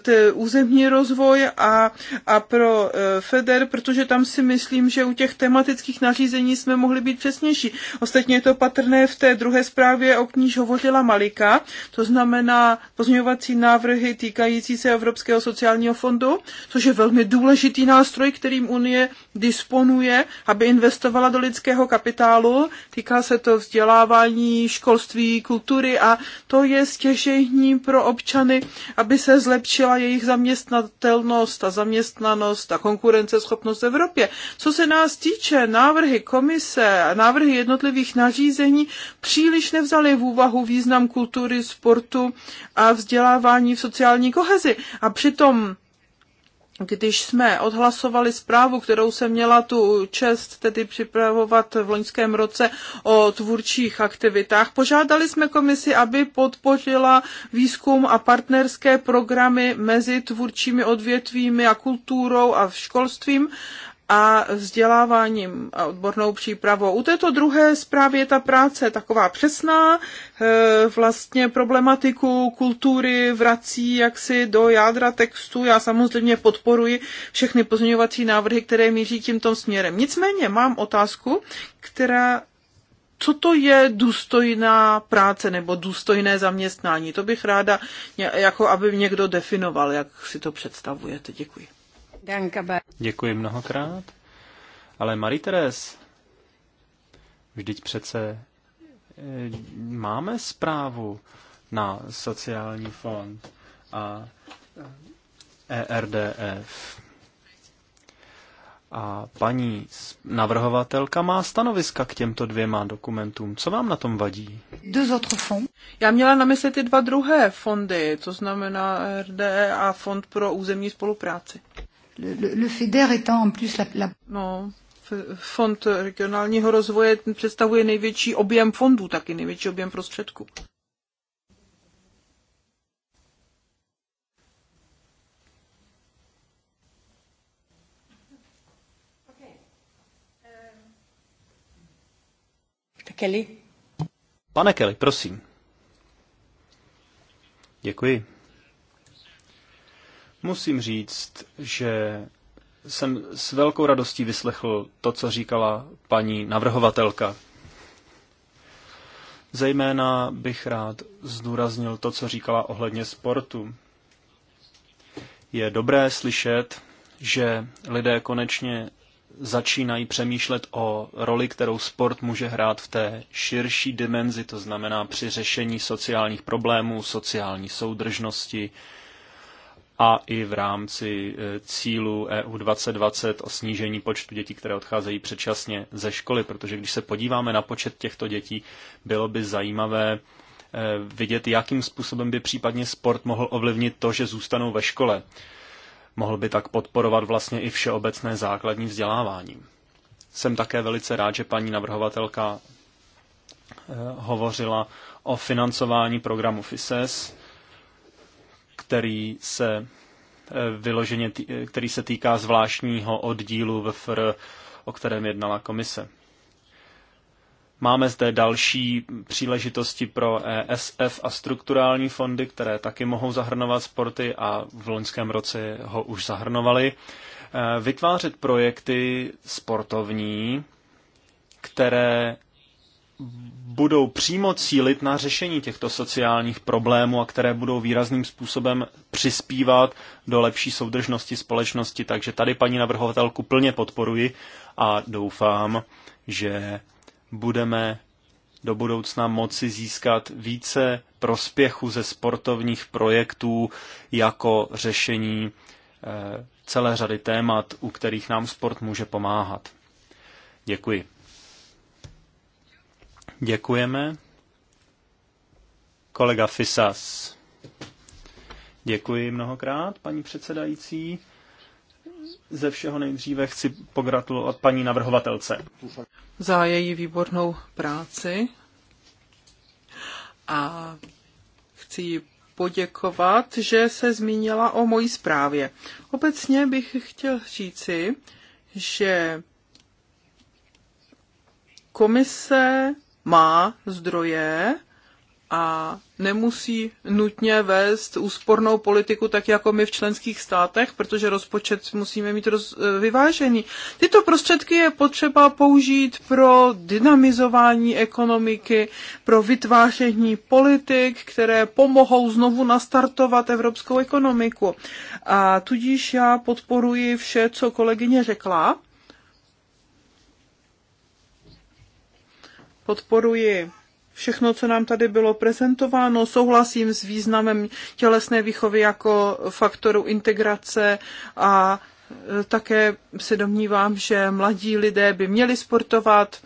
e, územní rozvoj a, a pro e, FEDER, protože tam si myslím, že u těch tematických nařízení jsme mohli být přesnější. Ostatně je to patrné v té druhé zprávě, o kníž hovořila Malika, to znamená pozměňovací návrhy týkající se Evropského sociálního fondu, což je velmi důležitý nástroj, kterým Unie disponuje, aby investovala do lidského kapitálu. Týká se to vzdělávání, školství, kultury, kultury a to je stěžení pro občany, aby se zlepšila jejich zaměstnatelnost a zaměstnanost a konkurenceschopnost v Evropě. Co se nás týče, návrhy komise a návrhy jednotlivých nařízení příliš nevzaly v úvahu význam kultury, sportu a vzdělávání v sociální kohezi. A přitom když jsme odhlasovali zprávu, kterou se měla tu čest tedy připravovat v loňském roce o tvůrčích aktivitách, požádali jsme komisi, aby podpořila výzkum a partnerské programy mezi tvůrčími odvětvími a kulturou a školstvím a vzděláváním a odbornou přípravou. U této druhé zprávy je ta práce taková přesná, e, vlastně problematiku kultury vrací jaksi do jádra textu. Já samozřejmě podporuji všechny pozměňovací návrhy, které míří tímto směrem. Nicméně mám otázku, která co to je důstojná práce nebo důstojné zaměstnání? To bych ráda, jako aby někdo definoval, jak si to představujete. Děkuji. Děkuji mnohokrát. Ale Marie Teres, vždyť přece eh, máme zprávu na sociální fond a ERDF. Eh, e a paní navrhovatelka má stanoviska k těmto dvěma dokumentům. Co vám na tom vadí? Já měla na mysli ty dva druhé fondy, to znamená RDE a Fond pro územní spolupráci le, le FEDER étant en plus la... la... No, fond regionálního rozvoje představuje největší objem fondů, taky největší objem prostředků. Kelly. Pane Kelly, prosím. Děkuji. Musím říct, že jsem s velkou radostí vyslechl to, co říkala paní navrhovatelka. Zejména bych rád zdůraznil to, co říkala ohledně sportu. Je dobré slyšet, že lidé konečně začínají přemýšlet o roli, kterou sport může hrát v té širší dimenzi, to znamená při řešení sociálních problémů, sociální soudržnosti, a i v rámci cílu EU 2020 o snížení počtu dětí, které odcházejí předčasně ze školy, protože když se podíváme na počet těchto dětí, bylo by zajímavé e, vidět, jakým způsobem by případně sport mohl ovlivnit to, že zůstanou ve škole. Mohl by tak podporovat vlastně i všeobecné základní vzdělávání. Jsem také velice rád, že paní navrhovatelka e, hovořila o financování programu FISES, e který se eh, vyloženě, eh, který se týká zvláštního oddílu ve FR, o kterém jednala komise. Máme zde další příležitosti pro ESF a strukturální fondy, které taky mohou zahrnovat sporty a v loňském roce ho už zahrnovali. Eh, vytvářet projekty sportovní, které budou přímo cílit na řešení těchto sociálních problémů a které budou výrazným způsobem přispívat do lepší soudržnosti společnosti. Takže tady paní navrhovatelku plně podporuji a doufám, že budeme do budoucna moci získat více prospěchu ze sportovních projektů jako řešení eh, celé řady témat, u kterých nám sport může pomáhat. Děkuji. Děkujeme. Kolega Fisas. Děkuji mnohokrát, paní předsedající. Ze všeho nejdříve chci pogratulovat paní navrhovatelce. Za její výbornou práci a chci jí poděkovat, že se zmínila o mojí zprávě. Obecně bych chtěl říci, že komise má zdroje a nemusí nutně vést úspornou politiku tak jako my v členských státech, protože rozpočet musíme mít roz, e, vyvážený. Tyto prostředky je potřeba použít pro dynamizování ekonomiky, pro vytváření politik, které pomohou znovu nastartovat evropskou ekonomiku. A tudíž já podporuji vše, co kolegyně řekla podporuji všechno, co nám tady bylo prezentováno. Souhlasím s významem tělesné výchovy jako faktoru integrace a e, také se domnívám, že mladí lidé by měli sportovat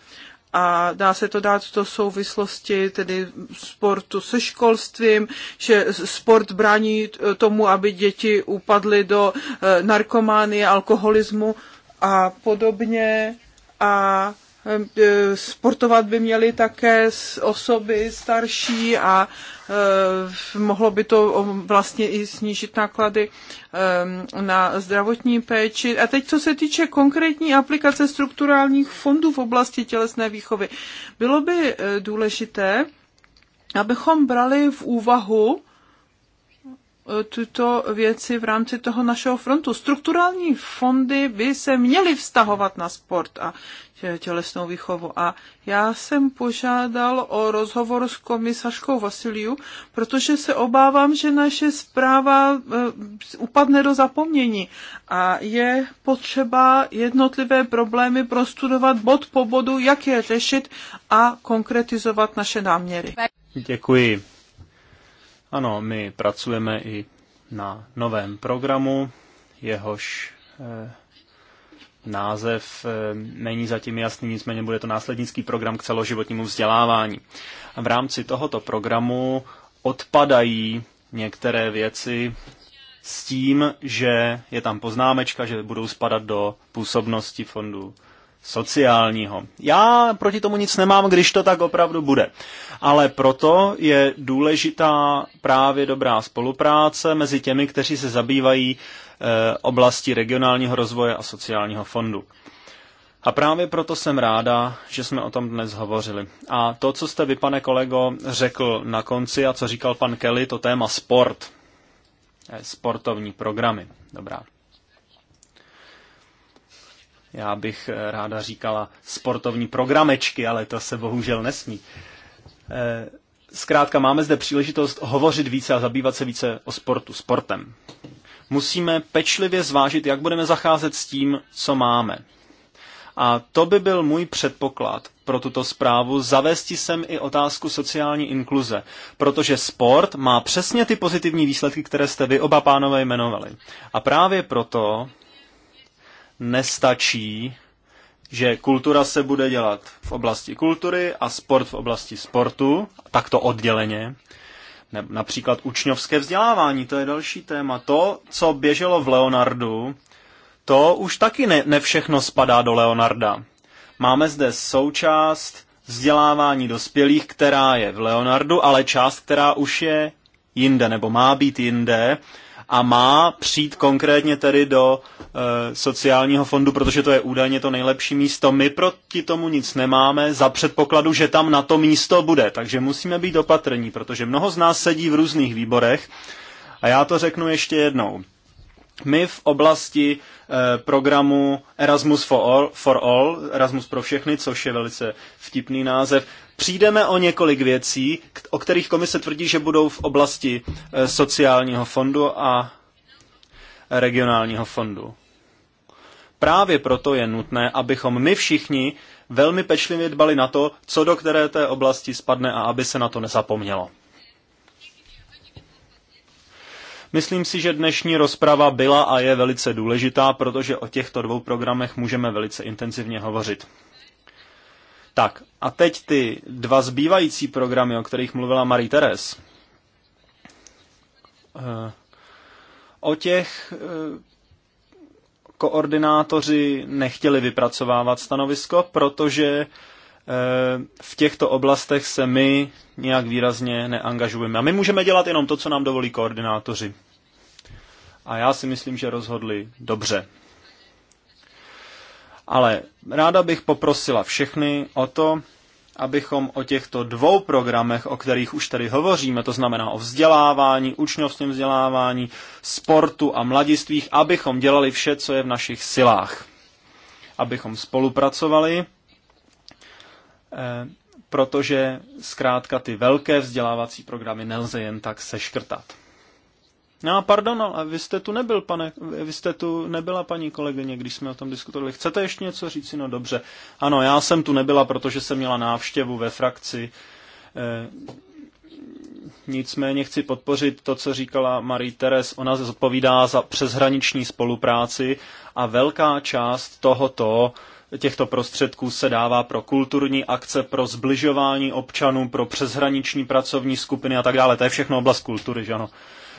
a dá se to dát do souvislosti tedy sportu se školstvím, že sport brání e, tomu, aby děti upadly do e, narkomány, alkoholismu a podobně. A Eh, eh, sportovat by měly také osoby starší a eh, mohlo by to vlastně i snížit náklady na zdravotní péči. A teď, co se týče konkrétní aplikace strukturálních fondů v oblasti tělesné výchovy, bylo by důležité, abychom brali v úvahu E, tuto věci v rámci toho našeho frontu. Strukturální fondy by se měly vztahovat na sport a tělesnou výchovu. A já jsem požádal o rozhovor s komisařkou Vasiliu, protože se obávám, že naše zpráva e, upadne do zapomnění a je potřeba jednotlivé problémy prostudovat bod po bodu, jak je řešit a konkretizovat naše náměry. Děkuji. Ano, my pracujeme i na novém programu, jehož eh, název eh, není zatím jasný, nicméně bude to následnický program k celoživotnímu vzdělávání. A v rámci tohoto programu odpadají některé věci s tím, že je tam poznámečka, že budou spadat do působnosti fondu sociálního. Já proti tomu nic nemám, když to tak opravdu bude. Ale proto je důležitá právě dobrá spolupráce mezi těmi, kteří se zabývají eh, oblasti regionálního rozvoje a sociálního fondu. A právě proto jsem ráda, že jsme o tom dnes hovořili. A to, co jste vy, pane kolego, řekl na konci a co říkal pan Kelly, to téma sport. Eh, sportovní programy. Dobrá. Já bych eh, ráda říkala sportovní programečky, ale to se bohužel nesmí. Eh, zkrátka máme zde příležitost hovořit více a zabývat se více o sportu, sportem. Musíme pečlivě zvážit, jak budeme zacházet s tím, co máme. A to by byl můj předpoklad pro tuto zprávu zavesti sem i otázku sociální inkluze, protože sport má přesně ty pozitivní výsledky, které jste vy oba pánové jmenovali. A právě proto nestačí, že kultura se bude dělat v oblasti kultury a sport v oblasti sportu, takto odděleně. Například učňovské vzdělávání, to je další téma. To, co běželo v Leonardu, to už taky ne, ne všechno spadá do Leonarda. Máme zde součást vzdělávání dospělých, která je v Leonardu, ale část, která už je jinde, nebo má být jinde, a má přijít konkrétně tedy do e, sociálního fondu, protože to je údajně to nejlepší místo. My proti tomu nic nemáme za předpokladu, že tam na to místo bude, takže musíme být opatrní, protože mnoho z nás sedí v různých výborech a já to řeknu ještě jednou. My v oblasti e, programu Erasmus for all, for all, Erasmus pro všechny, což je velice vtipný název, přijdeme o několik věcí, o kterých komise tvrdí, že budou v oblasti eh, sociálního fondu a regionálního fondu. Právě proto je nutné, abychom my všichni velmi pečlivě dbali na to, co do které té oblasti spadne a aby se na to nezapomnělo. Myslím si, že dnešní rozprava byla a je velice důležitá, protože o těchto dvou programech můžeme velice intenzivně hovořit. Tak a teď ty dva zbývající programy, o kterých mluvila Marie Teres. Eh, o těch eh, koordinátoři nechtěli vypracovávat stanovisko, protože eh, v těchto oblastech se my nějak výrazně neangažujeme. A my můžeme dělat jenom to, co nám dovolí koordinátoři. A já si myslím, že rozhodli dobře. Ale ráda bych poprosila všechny o to, abychom o těchto dvou programech, o kterých už tady hovoříme, to znamená o vzdělávání, učňovském vzdělávání, sportu a mladistvích, abychom dělali vše, co je v našich silách. Abychom spolupracovali, eh, protože zkrátka ty velké vzdělávací programy nelze jen tak seškrtat. No, pardon, no, ale vy jste tu nebyl, pane, vy jste tu nebyla, paní kolegyně, když jsme o tom diskutovali. Chcete ještě něco říct? No dobře. Ano, já jsem tu nebyla, protože jsem měla návštěvu ve frakci. E, nicméně chci podpořit to, co říkala Marie Teres. Ona se zodpovídá za přeshraniční spolupráci a velká část tohoto těchto prostředků se dává pro kulturní akce, pro zbližování občanů, pro přeshraniční pracovní skupiny a tak dále. To je všechno oblast kultury, že ano?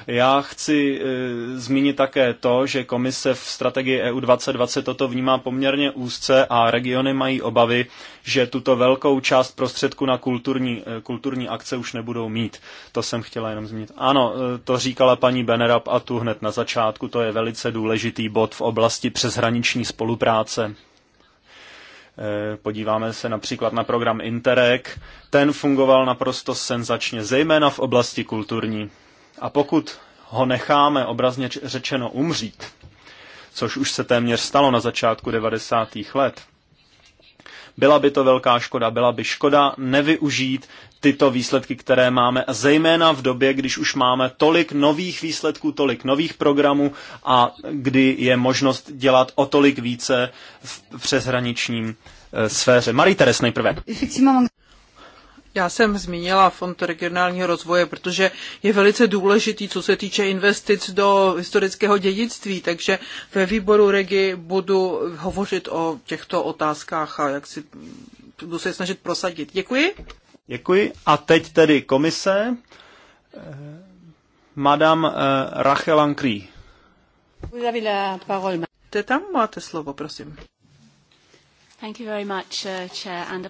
Já chci e, zmínit také to, že komise v strategii EU 2020 toto vnímá poměrně úzce a regiony mají obavy, že tuto velkou část prostředku na kulturní, e, kulturní akce už nebudou mít. To jsem chtěla jenom zmínit. Ano, e, to říkala paní Benerap a tu hned na začátku, to je velice důležitý bod v oblasti přeshraniční spolupráce. E, podíváme se například na program Interreg. Ten fungoval naprosto senzačně, zejména v oblasti kulturní. A pokud ho necháme obrazně řečeno umřít, což už se téměř stalo na začátku 90. let, byla by to velká škoda, byla by škoda nevyužít tyto výsledky, které máme, zejména v době, když už máme tolik nových výsledků, tolik nových programů a kdy je možnost dělat o tolik více v přeshraničním eh, sféře. Marie Teres nejprve. Já jsem zmínila Fond regionálního rozvoje, protože je velice důležitý, co se týče investic do historického dědictví, takže ve výboru Regi budu hovořit o těchto otázkách a jak si budu se snažit prosadit. Děkuji. Děkuji. A teď tedy komise. Madame eh, Rachel Ankry. Jste tam máte slovo, prosím. Thank you very much, uh, chair and...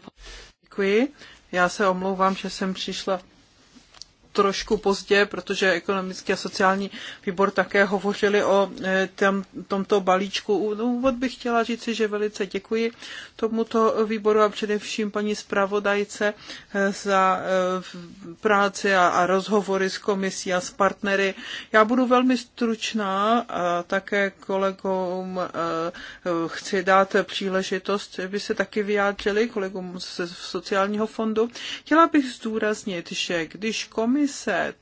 Děkuji. Já se omlouvám, že jsem přišla trošku pozdě, protože ekonomický a sociální výbor také hovořili o e, tém, tomto balíčku. No, úvod bych chtěla říci, že velice děkuji tomuto výboru a především paní zpravodajce e, za e, práci a, a rozhovory s komisí a s partnery. Já budu velmi stručná a také kolegům chci dát příležitost, aby se taky vyjádřili kolegům z sociálního fondu. Chtěla bych zdůraznit, že když komis komise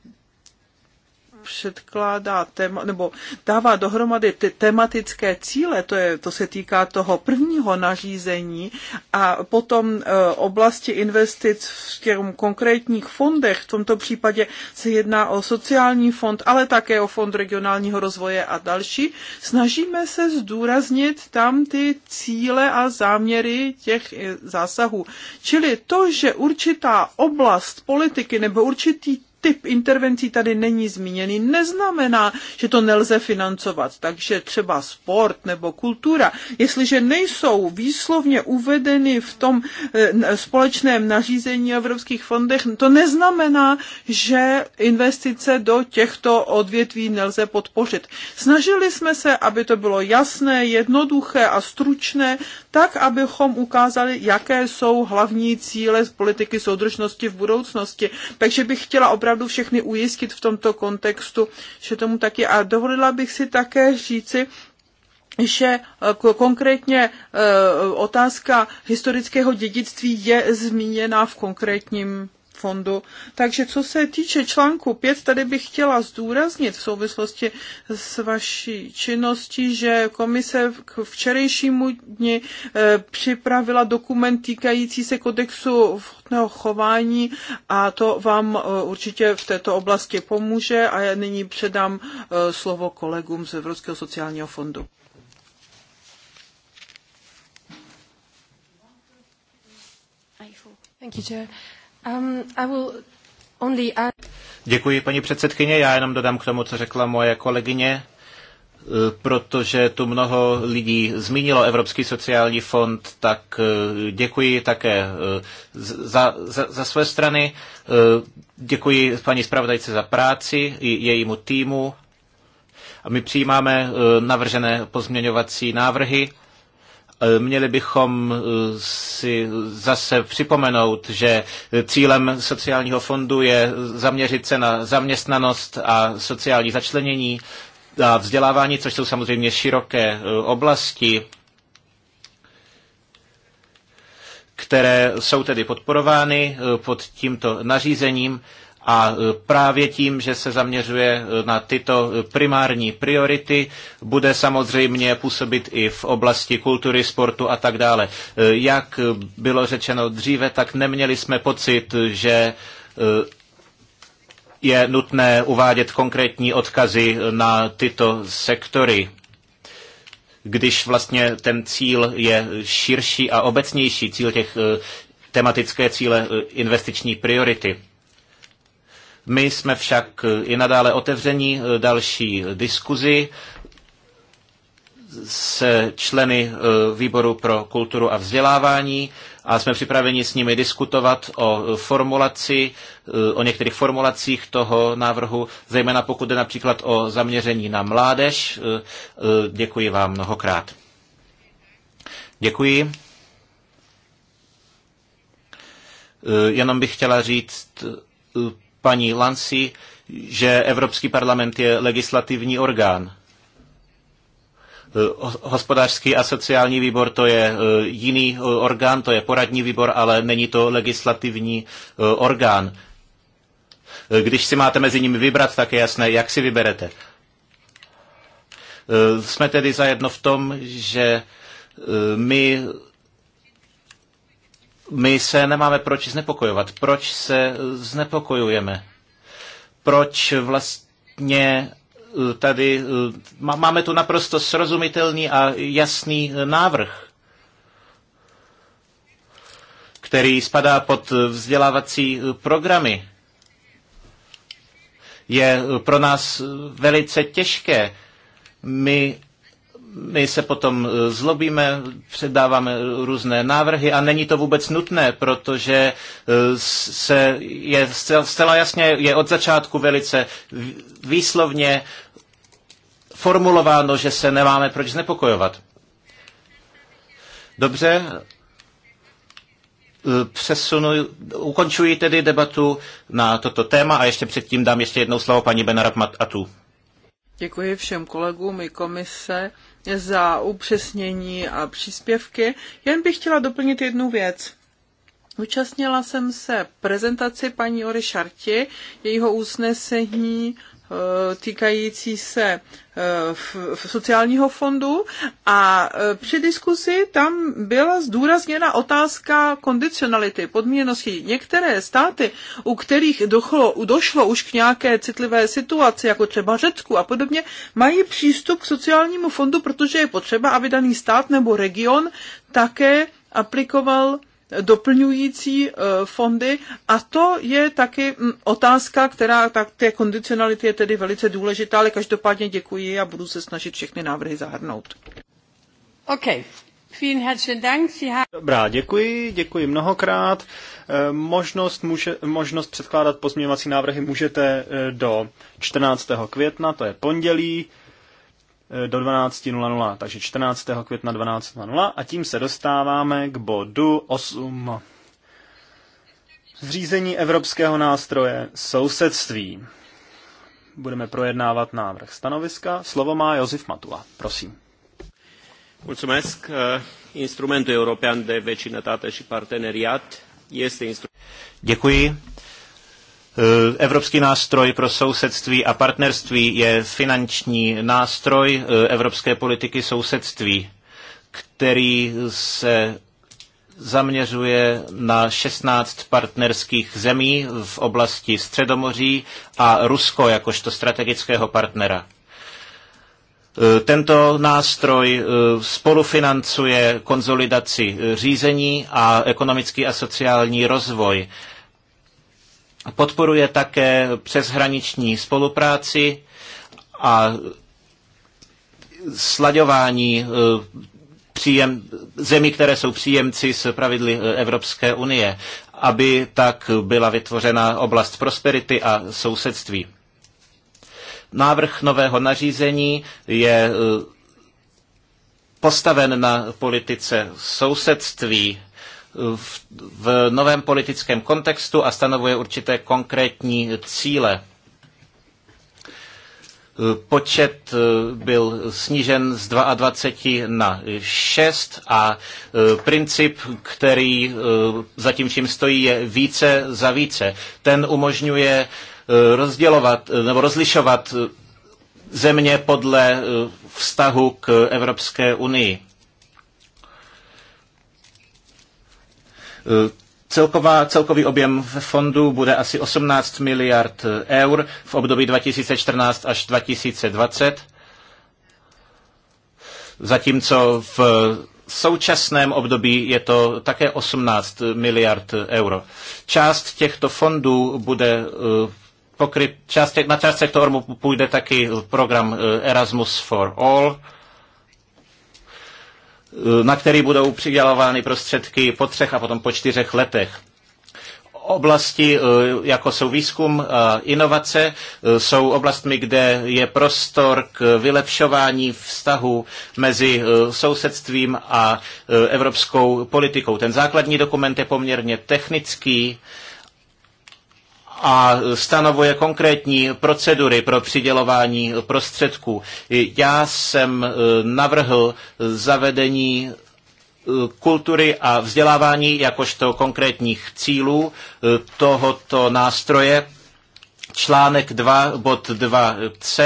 předkládá téma, nebo dává dohromady ty tematické cíle, to, je, to se týká toho prvního nařízení a potom e, oblasti investic v těch konkrétních fondech, v tomto případě se jedná o sociální fond, ale také o fond regionálního rozvoje a další, snažíme se zdůraznit tam ty cíle a záměry těch e, zásahů. Čili to, že určitá oblast politiky nebo určitý typ intervencí tady není zmíněný, neznamená, že to nelze financovat. Takže třeba sport nebo kultura, jestliže nejsou výslovně uvedeny v tom eh, společném nařízení evropských fondech, to neznamená, že investice do těchto odvětví nelze podpořit. Snažili jsme se, aby to bylo jasné, jednoduché a stručné, tak, abychom ukázali, jaké jsou hlavní cíle z politiky soudržnosti v budoucnosti. Takže bych chtěla opravdu opravdu všechny ujistit v tomto kontextu, že tomu tak je. A dovolila bych si také říci, že eh, konkrétně eh, otázka historického dědictví je zmíněna v konkrétním fondu. Takže co se týče článku 5, tady bych chtěla zdůraznit v souvislosti s vaší činností, že komise k včerejšímu dni eh, připravila dokument týkající se kodexu vhodného chování a to vám eh, určitě v této oblasti pomůže a já nyní předám eh, slovo kolegům z Evropského sociálního fondu. Thank you, Chair. Um, děkuji, paní předsedkyně. Já jenom dodám k tomu, co řekla moje kolegyně eh, protože tu mnoho lidí zmínilo Evropský sociální fond, tak eh, děkuji také eh, za, za, za své strany. Děkuji paní zpravodajce za práci, jejímu týmu. A my přijímáme navržené pozměňovací návrhy Eh, měli bychom eh, si zase připomenout, že cílem sociálního fondu je zaměřit se na zaměstnanost a sociální začlenění a vzdělávání, což jsou samozřejmě široké eh, oblasti, které jsou tedy podporovány pod tímto nařízením a e, právě tím, že se zaměřuje e, na tyto e, primární priority, bude samozřejmě působit i v oblasti kultury, sportu a tak dále. Jak bylo řečeno dříve, tak neměli jsme pocit, že je nutné uvádět konkrétní odkazy na tyto sektory když vlastně ten cíl je širší a obecnější, cíl těch tematické cíle investiční priority. My jsme však eh, i nadále otevření eh, další diskuzi s členy eh, výboru pro kulturu a vzdělávání a jsme připraveni s nimi diskutovat o formulaci, o některých formulacích toho návrhu, zejména pokud jde například o zaměření na mládež. Děkuji vám mnohokrát. Děkuji. Jenom bych chtěla říct paní Lansi, že Evropský parlament je legislativní orgán. Eh, hospodářský a sociální výbor to je eh, jiný eh, orgán, to je poradní výbor, ale není to legislativní orgán. Když si máte mezi nimi vybrat, tak je jasné, jak si vyberete. Jsme tedy zajedno v tom, že my my se nemáme proč znepokojovat. Proč se znepokojujeme? Proč vlastně eh, tady eh, máme tu naprosto srozumitelný a jasný eh, návrh, který spadá pod vzdělávací programy. Je pro nás velice těžké. My my se potom eh, zlobíme, předáváme různé návrhy a není to vůbec nutné, protože eh, se je zcela jasně, je od začátku velice výslovně formulováno, že se nemáme proč znepokojovat. Dobře, eh, přesunu, ukončuji tedy debatu na toto téma a ještě předtím dám ještě jednou slovo paní Benarab Matatu. Děkuji všem kolegům i komise za upřesnění a příspěvky. Jen bych chtěla doplnit jednu věc. Účastnila jsem se prezentaci paní Ory Šarti, jejího usnesení Eh, týkající se eh, sociálního fondu a eh, při diskusi tam byla zdůrazněna otázka kondicionality, podmíněnosti. Některé státy, u kterých dochlo, došlo už k nějaké citlivé situaci, jako třeba Řecku a podobně, mají přístup k sociálnímu fondu, protože je potřeba, aby daný stát nebo region také aplikoval doplňující eh, fondy a to je taky mm, otázka, která tak té kondicionality je tedy velice důležitá, ale každopádně děkuji a budu se snažit všechny návrhy zahrnout. OK. Dobrá, děkuji, děkuji mnohokrát. Eh, možnost, může, možnost předkládat pozměňovací návrhy můžete eh, do 14. května, to je pondělí. Eh, do 12.00, takže 14. května 12.00 a tím se dostáváme k bodu 8. Zřízení evropského nástroje sousedství. Budeme projednávat návrh stanoviska. Slovo má Josef Matula. Prosím. Mulțumesc. Eh, instrumentul european de vecinătate și parteneriat este instrument... Děkuji. Eh, evropský nástroj pro sousedství a partnerství je finanční nástroj eh, evropské politiky sousedství, který se zaměřuje na 16 partnerských zemí v oblasti Středomoří a Rusko jakožto strategického partnera. Eh, tento nástroj spolufinancuje konzolidaci řízení a ekonomický a sociální rozvoj Podporuje také přeshraniční spolupráci a slaďování eh, příjem, zemí, které jsou příjemci z pravidly eh, Evropské unie, aby tak byla vytvořena oblast prosperity a sousedství. Návrh nového nařízení je eh, postaven na politice sousedství v, v novém politickém kontextu a stanovuje určité konkrétní cíle. Počet eh, byl snížen z 22 na 6 a eh, princip, který eh, zatím vším stojí, je více za více. Ten umožňuje rozdělovat nebo rozlišovat země podle vztahu k Evropské unii. Celková, celkový objem fondu bude asi 18 miliard eh, eur v období 2014 až 2020, zatímco v současném období je to také 18 miliard eh, euro. Část těchto fondů bude eh, pokryt, část na část sektoru půjde taky program Erasmus for All, E, na který budou přidělovány prostředky po třech a potom po čtyřech letech oblasti, e, jako jsou výzkum a inovace, e, jsou oblastmi, kde je prostor k vylepšování vztahu mezi sousedstvím a evropskou politikou. Ten základní dokument je poměrně technický, a stanovuje konkrétní procedury pro přidělování prostředků. Já jsem e, navrhl zavedení e, kultury a vzdělávání jakožto konkrétních cílů e, tohoto nástroje. Článek 2, bod 2c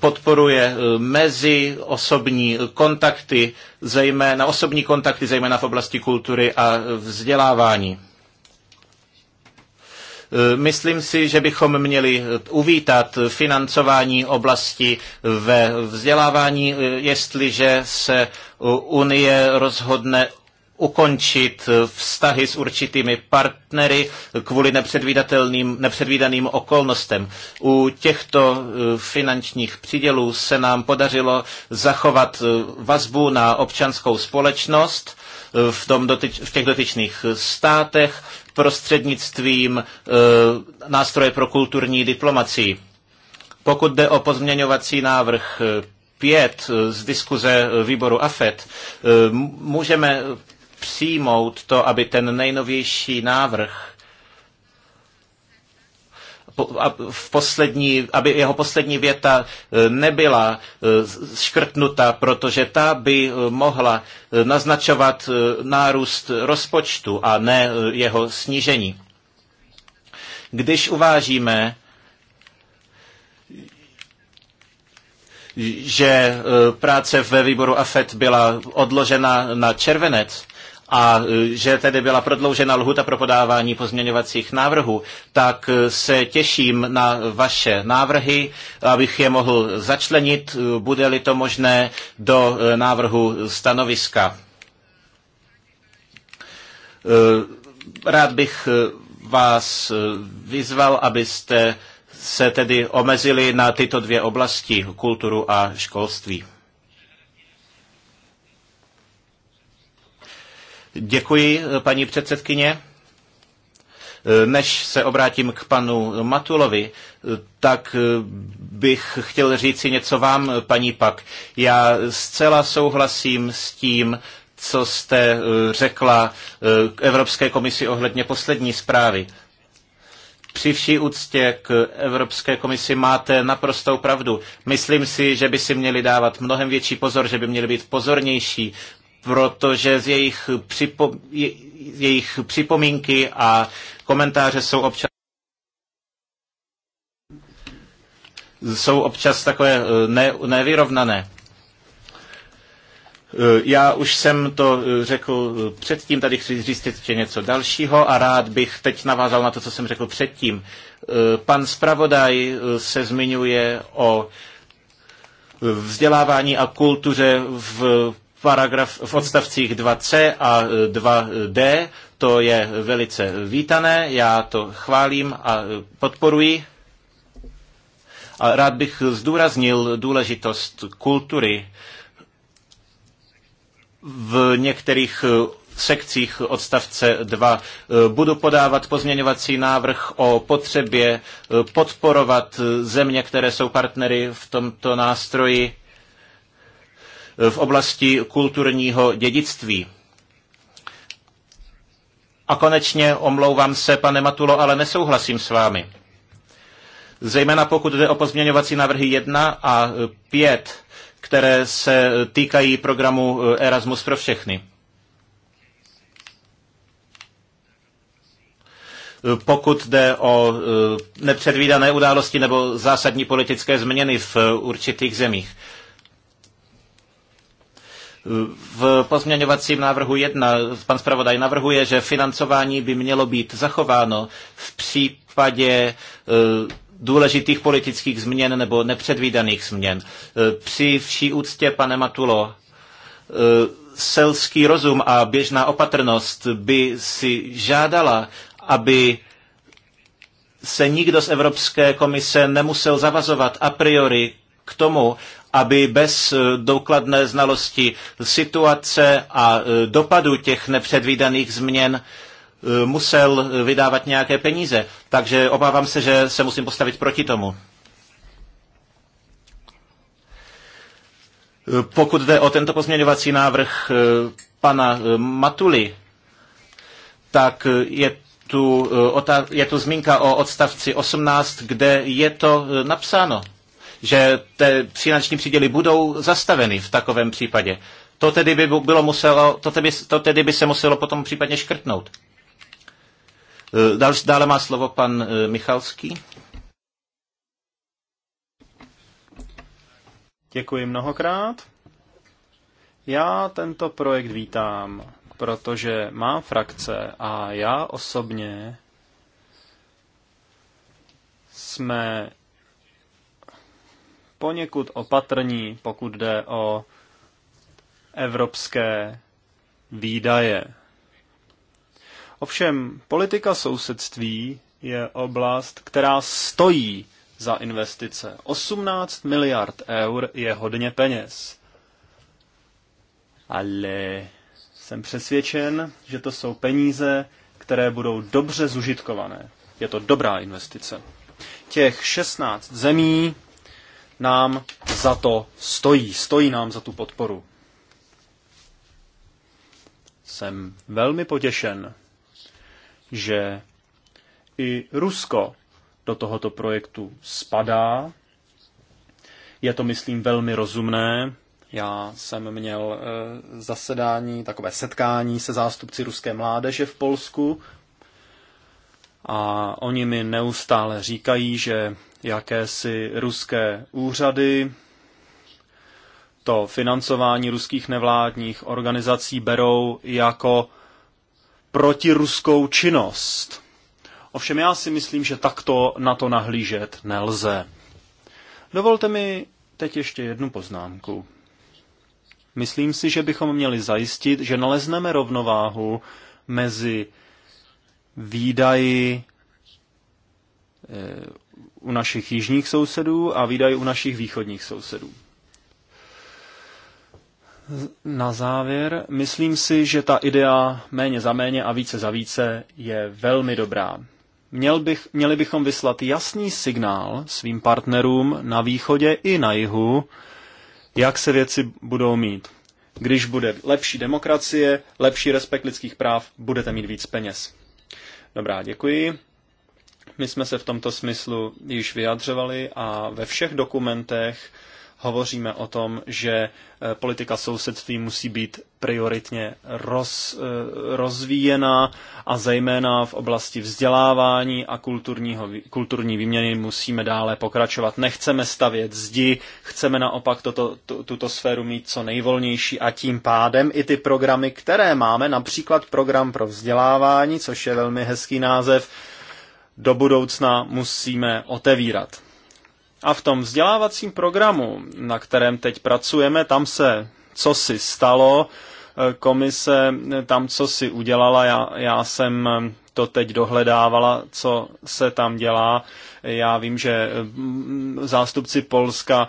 podporuje mezi osobní kontakty, zejména osobní kontakty, zejména v oblasti kultury a vzdělávání. Eh, myslím si, že bychom měli eh, uvítat financování oblasti ve vzdělávání, eh, jestliže se Unie rozhodne ukončit vztahy s určitými partnery kvůli nepředvídatelným, nepředvídaným okolnostem. U těchto finančních přidělů se nám podařilo zachovat vazbu na občanskou společnost v, tom dotyč, v těch dotyčných státech prostřednictvím eh, nástroje pro kulturní diplomacii. Pokud jde o pozměňovací návrh 5 eh, eh, z diskuze výboru AFET, můžeme přijmout to, aby ten nejnovější návrh v poslední, aby jeho poslední věta e, nebyla e, škrtnuta, protože ta by e, mohla naznačovat nárůst rozpočtu a ne jeho snížení. Když uvážíme, že práce ve výboru AFET byla odložena na červenec, a e, že tedy byla prodloužena lhuta pro podávání pozměňovacích návrhů, tak e, se těším na vaše návrhy, abych je mohl začlenit, e, bude-li to možné, do návrhu stanoviska. Rád bych vás vyzval, abyste se tedy omezili na tyto dvě oblasti, kulturu a školství. Děkuji, paní předsedkyně. Než se obrátím k panu Matulovi, tak bych chtěl říci něco vám, paní Pak. Já zcela souhlasím s tím, co jste eh, řekla eh, Evropské komisi ohledně poslední zprávy. Při vší úctě k Evropské komisi máte naprostou pravdu. Myslím si, že by si měli dávat mnohem větší pozor, že by měli být pozornější, protože z jejich, připo, jejich připomínky a komentáře jsou občas jsou občas takové eh, ne, nevyrovnané. Eh, já už jsem to eh, řekl předtím, tady chci říct ještě něco dalšího a rád bych teď navázal na to, co jsem řekl předtím. Pan zpravodaj se zmiňuje o vzdělávání a kultuře v paragraf, v odstavcích 2c a 2d. To je velice vítané, já to chválím a podporuji. A rád bych zdůraznil důležitost kultury v některých sekcích odstavce 2. Budu podávat pozměňovací návrh o potřebě podporovat země, které jsou partnery v tomto nástroji v oblasti kulturního dědictví. A konečně omlouvám se, pane Matulo, ale nesouhlasím s vámi. Zejména pokud jde o pozměňovací návrhy 1 a 5, které se týkají programu eh, Erasmus pro všechny. pokud jde o eh, nepředvídané události nebo zásadní politické změny v eh, určitých zemích. V pozměňovacím návrhu 1 pan zpravodaj navrhuje, že financování by mělo být zachováno v případě e, důležitých politických změn nebo nepředvídaných změn. E, při vší úctě, pane Matulo, e, selský rozum a běžná opatrnost by si žádala, aby se nikdo z Evropské komise nemusel zavazovat a priori k tomu, aby bez eh, důkladné znalosti situace a eh, dopadu těch nepředvídaných změn eh, musel vydávat nějaké peníze. Takže obávám se, že se musím postavit proti tomu. Pokud jde o tento pozměňovací návrh pana Matuly, tak je tu, je tu zmínka o odstavci 18, kde je to napsáno že ty finanční příděly budou zastaveny v takovém případě. To tedy by, bylo muselo, to tedy, to tedy by se muselo potom případně škrtnout. E, dál, dále má slovo pan e, Michalský. Děkuji mnohokrát. Já tento projekt vítám, protože má frakce a já osobně jsme poněkud opatrní, pokud jde o evropské výdaje. Ovšem, politika sousedství je oblast, která stojí za investice. 18 miliard eur je hodně peněz. Ale jsem přesvědčen, že to jsou peníze, které budou dobře zužitkované. Je to dobrá investice. Těch 16 zemí nám za to stojí. Stojí nám za tu podporu. Jsem velmi potěšen, že i Rusko do tohoto projektu spadá. Je to, myslím, velmi rozumné. Já jsem měl eh, zasedání, takové setkání se zástupci ruské mládeže v Polsku a oni mi neustále říkají, že jakési ruské úřady, to financování ruských nevládních organizací berou jako protiruskou činnost. Ovšem já si myslím, že takto na to nahlížet nelze. Dovolte mi teď ještě jednu poznámku. Myslím si, že bychom měli zajistit, že nalezneme rovnováhu mezi výdaji eh, u našich jižních sousedů a výdaj u našich východních sousedů. Na závěr, myslím si, že ta idea méně za méně a více za více je velmi dobrá. Měl bych, měli bychom vyslat jasný signál svým partnerům na východě i na jihu, jak se věci budou mít. Když bude lepší demokracie, lepší respekt lidských práv, budete mít víc peněz. Dobrá, děkuji. My jsme se v tomto smyslu již vyjadřovali a ve všech dokumentech hovoříme o tom, že e, politika sousedství musí být prioritně roz, e, rozvíjená a zejména v oblasti vzdělávání a kulturního, kulturní výměny musíme dále pokračovat. Nechceme stavět zdi, chceme naopak toto, tuto sféru mít co nejvolnější a tím pádem i ty programy, které máme, například program pro vzdělávání, což je velmi hezký název, do budoucna musíme otevírat. A v tom vzdělávacím programu, na kterém teď pracujeme, tam se co si stalo, komise tam co si udělala, já, já jsem to teď dohledávala, co se tam dělá. Já vím, že mm, zástupci Polska e,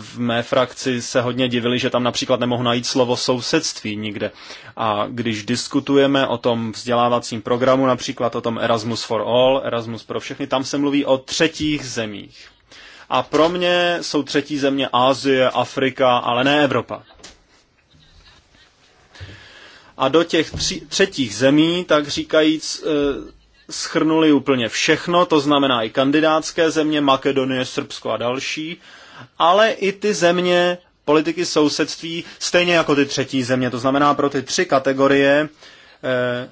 v mé frakci se hodně divili, že tam například nemohu najít slovo sousedství nikde. A když diskutujeme o tom vzdělávacím programu, například o tom Erasmus for All, Erasmus pro všechny, tam se mluví o třetích zemích. A pro mě jsou třetí země Ázie, Afrika, ale ne Evropa a do těch tři, třetích zemí, tak říkajíc, e, schrnuli úplně všechno, to znamená i kandidátské země, Makedonie, Srbsko a další, ale i ty země politiky sousedství, stejně jako ty třetí země. To znamená, pro ty tři kategorie e,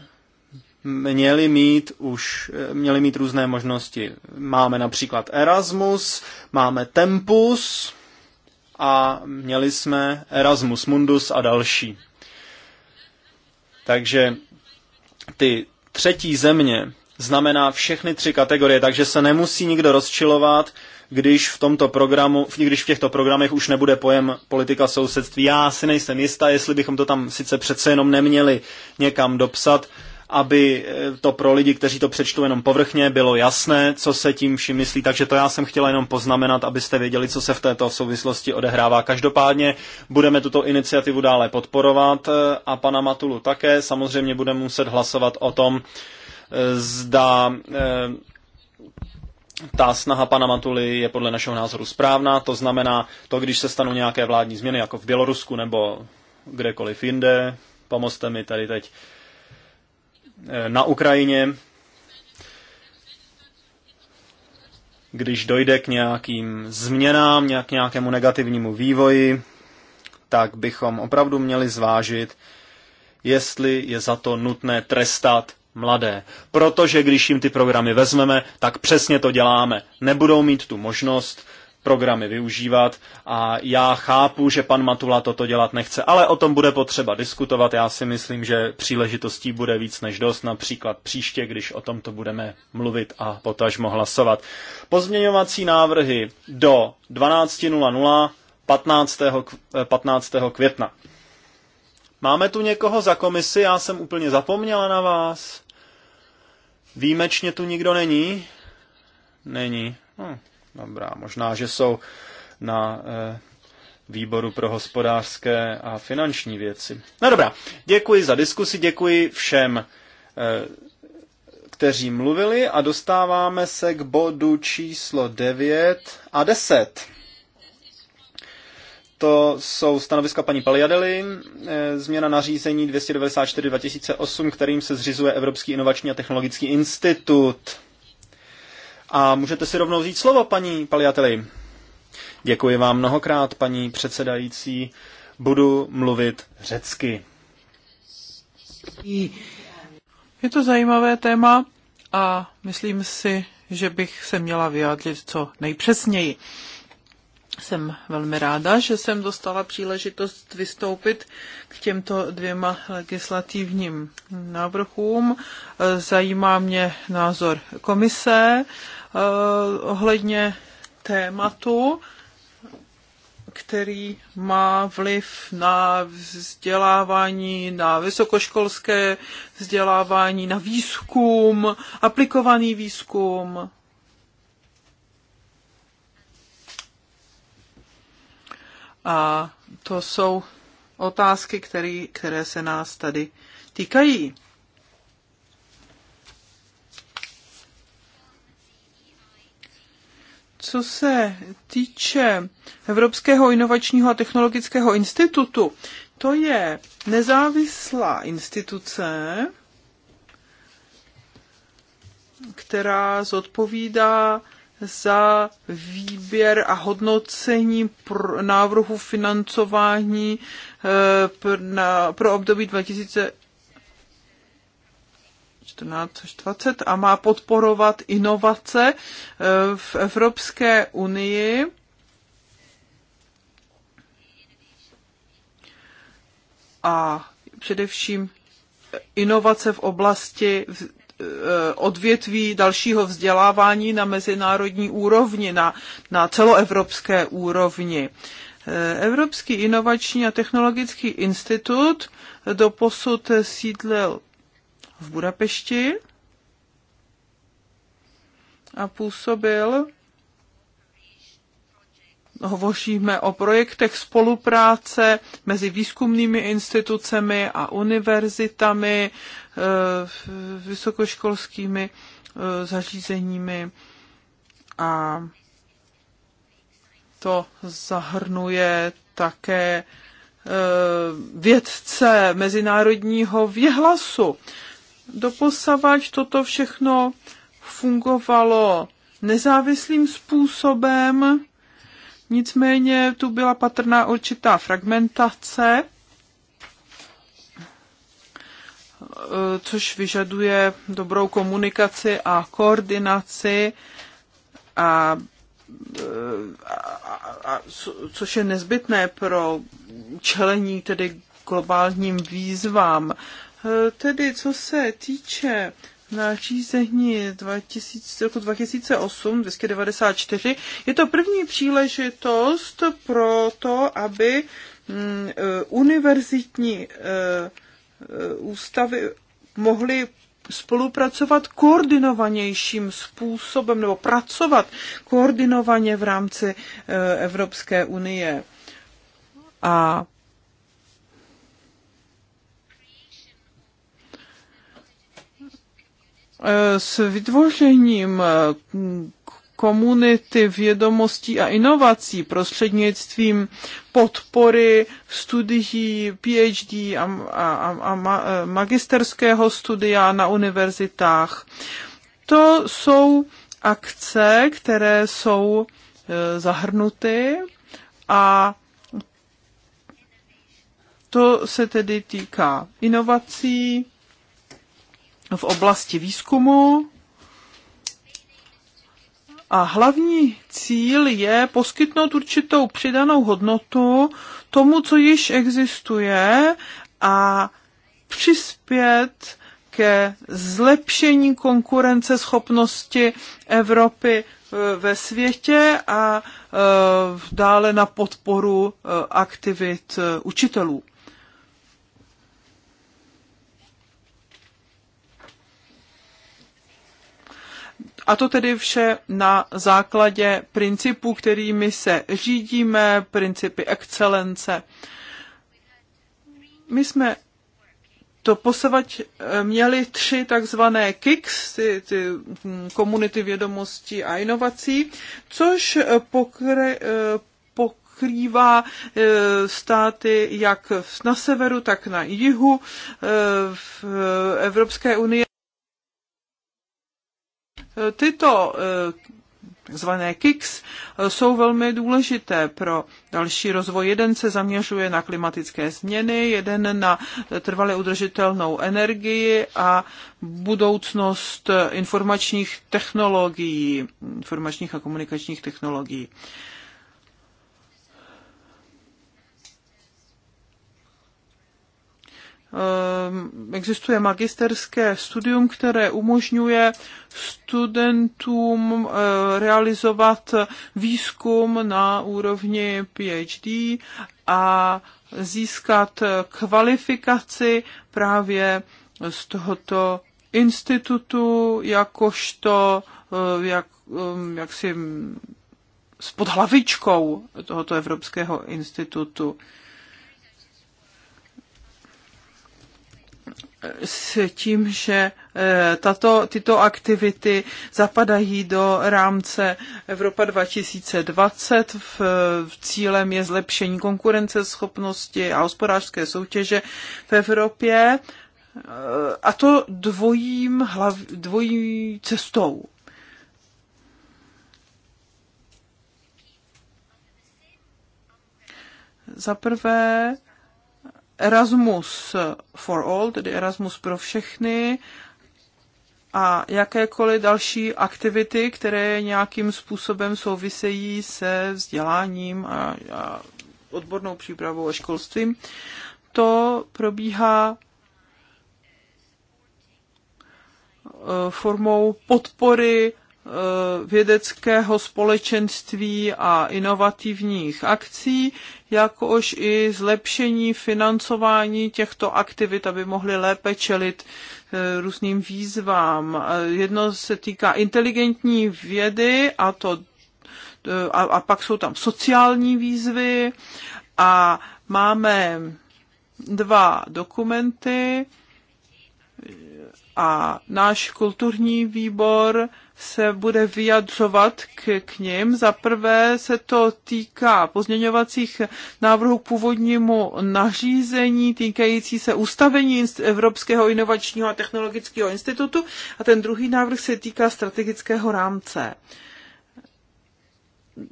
měli mít už e, měli mít různé možnosti. Máme například Erasmus, máme Tempus a měli jsme Erasmus Mundus a další. Takže ty třetí země znamená všechny tři kategorie, takže se nemusí nikdo rozčilovat, když v, tomto programu, když v těchto programech už nebude pojem politika sousedství. Já si nejsem jistá, jestli bychom to tam sice přece jenom neměli někam dopsat, aby eh, to pro lidi, kteří to přečtou jenom povrchně, bylo jasné, co se tím vším myslí. Takže to já jsem chtěla jenom poznamenat, abyste věděli, co se v této souvislosti odehrává. Každopádně budeme tuto iniciativu dále podporovat eh, a pana Matulu také. Samozřejmě budeme muset hlasovat o tom, eh, zda ta snaha pana Matuly je podle našeho názoru správná, to znamená to, když se stanou nějaké vládní změny, jako v Bělorusku nebo kdekoliv jinde, pomozte mi tady teď Eh, na Ukrajině, když dojde k nějakým změnám, nějak nějakému negativnímu vývoji, tak bychom opravdu měli zvážit, jestli je za to nutné trestat mladé. Protože když jim ty programy vezmeme, tak přesně to děláme. Nebudou mít tu možnost programy využívat a já chápu, že pan Matula toto dělat nechce, ale o tom bude potřeba diskutovat. Já si myslím, že příležitostí bude víc než dost, například příště, když o tomto budeme mluvit a potažmo hlasovat. Pozměňovací návrhy do 12.00 15. 15. května. Máme tu někoho za komisi, já jsem úplně zapomněla na vás. Výjimečně tu nikdo není? Není. Hm. Dobrá, možná, že jsou na eh, výboru pro hospodářské a finanční věci. No dobrá, děkuji za diskusi, děkuji všem, eh, kteří mluvili a dostáváme se k bodu číslo 9 a 10. To jsou stanoviska paní Paliadely, eh, změna nařízení 294-2008, kterým se zřizuje Evropský inovační a technologický institut. A můžete si rovnou vzít slovo, paní Paliateli. Děkuji vám mnohokrát, paní předsedající. Budu mluvit řecky. Je to zajímavé téma a myslím si, že bych se měla vyjádřit co nejpřesněji. Jsem velmi ráda, že jsem dostala příležitost vystoupit k těmto dvěma legislativním návrhům. Zajímá mě názor komise Eh, ohledně tématu, který má vliv na vzdělávání, na vysokoškolské vzdělávání, na výzkum, aplikovaný výzkum. A to jsou otázky, který, které se nás tady týkají. co se týče Evropského inovačního a technologického institutu, to je nezávislá instituce, která zodpovídá za výběr a hodnocení návrhu financování eh, pro období 2000 14 až 20 a má podporovat inovace eh, v Evropské unii. A především inovace v oblasti eh, odvětví dalšího vzdělávání na mezinárodní úrovni, na, na celoevropské úrovni. Eh, Evropský inovační a technologický institut doposud sídlil v Budapešti a působil. Hovoříme o projektech spolupráce mezi výzkumnými institucemi a univerzitami, eh, vysokoškolskými eh, zařízeními a to zahrnuje také eh, vědce mezinárodního věhlasu doposavač toto všechno fungovalo nezávislým způsobem, nicméně tu byla patrná určitá fragmentace, což vyžaduje dobrou komunikaci a koordinaci a a, a, což je nezbytné pro čelení tedy globálním výzvám. Eh, tedy co se týče nařízení 2000, roku 2008, 294, je to první příležitost pro to, aby mm, eh, univerzitní eh, ústavy mohly spolupracovat koordinovanějším způsobem nebo pracovat koordinovaně v rámci Evropské unie. A Eh, s vytvořením eh, komunity vědomostí a inovací prostřednictvím podpory studií PhD a, a, a, a eh, magisterského studia na univerzitách. To jsou akce, které jsou zahrnuty a to se tedy týká inovací, v oblasti výzkumu. A hlavní cíl je poskytnout určitou přidanou hodnotu tomu, co již existuje a přispět ke zlepšení konkurenceschopnosti Evropy e, ve světě a e, dále na podporu e, aktivit učitelů. A to tedy vše na základě principů, kterými se řídíme, principy excelence. My jsme to posavať eh, měli tři takzvané KICS, ty, ty hm, komunity vědomostí a inovací, což eh, pokry, eh, pokrývá státy jak na severu, tak na jihu v Evropské unii. Tyto eh, zvané KICS, eh, jsou velmi důležité pro další rozvoj. Jeden se zaměřuje na klimatické změny, jeden na trvale udržitelnou energii a budoucnost eh, informačních technologií, informačních a komunikačních technologií. Ehm, existuje magisterské studium, které umožňuje studentům eh, realizovat výzkum na úrovni PhD a získat kvalifikaci právě z tohoto institutu jakožto eh, jak, ehm, jak si s podhlavičkou tohoto Evropského institutu. s tím, že eh, tato, tyto aktivity zapadají do rámce Evropa 2020. V, v cílem je zlepšení konkurenceschopnosti a hospodářské soutěže v Evropě eh, a to dvojím, hlav, dvojí cestou. Za prvé, Erasmus for all, tedy Erasmus pro všechny, a jakékoliv další aktivity, které nějakým způsobem souvisejí se vzděláním a, a odbornou přípravou a školstvím. To probíhá eh, formou podpory Eh, vědeckého společenství a inovativních akcí, jakož i zlepšení financování těchto aktivit, aby mohly lépe čelit eh, různým výzvám. Eh, jedno se týká inteligentní vědy a to a, a pak jsou tam sociální výzvy a máme dva dokumenty, a náš kulturní výbor se bude vyjadřovat k, k ním. Za prvé se to týká pozměňovacích návrhů k původnímu nařízení týkající se ustavení Evropského inovačního a technologického institutu a ten druhý návrh se týká strategického rámce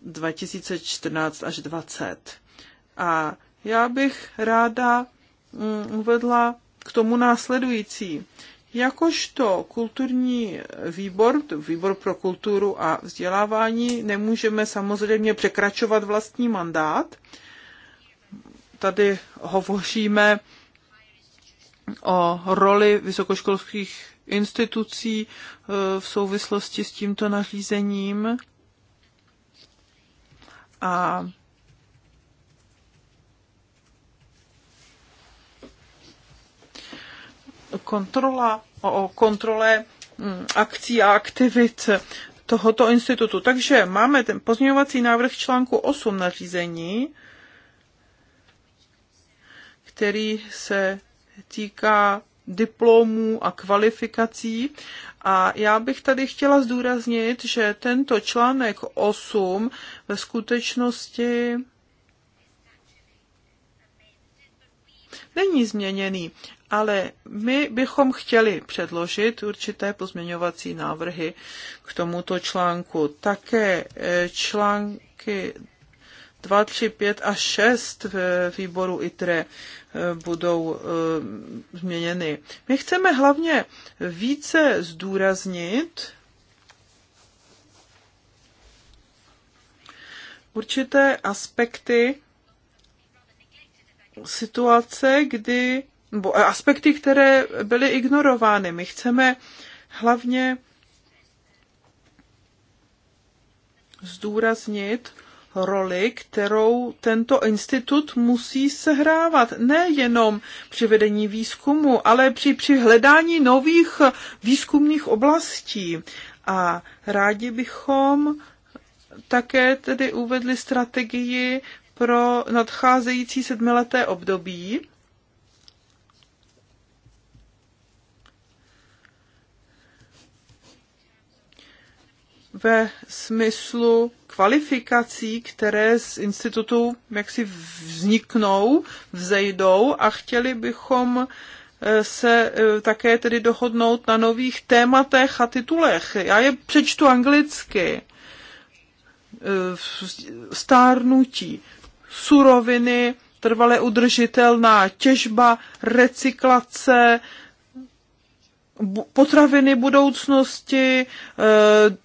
2014 až 2020. A já bych ráda mm, uvedla k tomu následující. Jakožto kulturní výbor, výbor pro kulturu a vzdělávání, nemůžeme samozřejmě překračovat vlastní mandát. Tady hovoříme o roli vysokoškolských institucí eh, v souvislosti s tímto nařízením. A kontrola, o kontrole mm, akcí a aktivit tohoto institutu. Takže máme ten pozměňovací návrh článku 8 nařízení, který se týká diplomů a kvalifikací. A já bych tady chtěla zdůraznit, že tento článek 8 ve skutečnosti není změněný, ale my bychom chtěli předložit určité pozměňovací návrhy k tomuto článku. Také e, články 2, 3, 5 a 6 v výboru ITRE e, budou e, změněny. My chceme hlavně více zdůraznit určité aspekty situace, kdy, nebo aspekty, které byly ignorovány. My chceme hlavně zdůraznit roli, kterou tento institut musí sehrávat. Nejenom při vedení výzkumu, ale při, při hledání nových výzkumných oblastí. A rádi bychom také tedy uvedli strategii pro nadcházející sedmileté období. ve smyslu kvalifikací, které z institutu jaksi vzniknou, vzejdou a chtěli bychom eh, se eh, také tedy dohodnout na nových tématech a titulech. Já je přečtu anglicky. Eh, stárnutí, suroviny, trvale udržitelná těžba, recyklace, potraviny budoucnosti, e,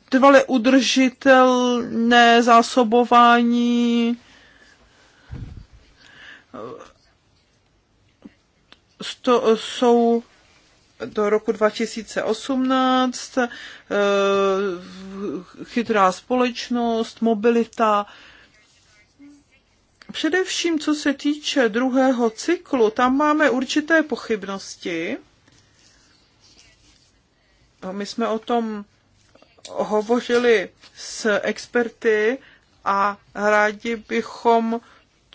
trvale udržitelné zásobování, to jsou do roku 2018, e, chytrá společnost, mobilita, Především, co se týče druhého cyklu, tam máme určité pochybnosti. My jsme o tom hovořili s experty a rádi bychom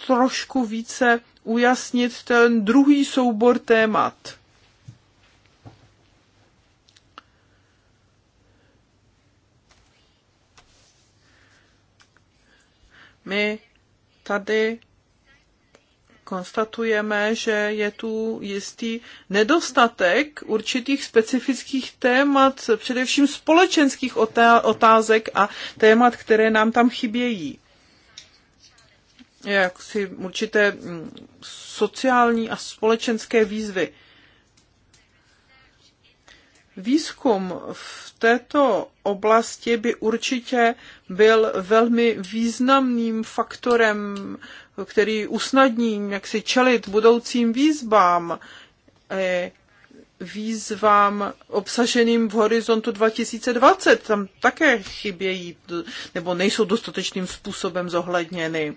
trošku více ujasnit ten druhý soubor témat. My tady konstatujeme, že je tu jistý nedostatek určitých specifických témat, především společenských otázek a témat, které nám tam chybějí. Jak si určité mm, sociální a společenské výzvy. Výzkum v této oblasti by určitě byl velmi významným faktorem, který usnadní, jak si čelit budoucím výzvám. Eh, výzvám obsaženým v horizontu 2020. Tam také chybějí nebo nejsou dostatečným způsobem zohledněny.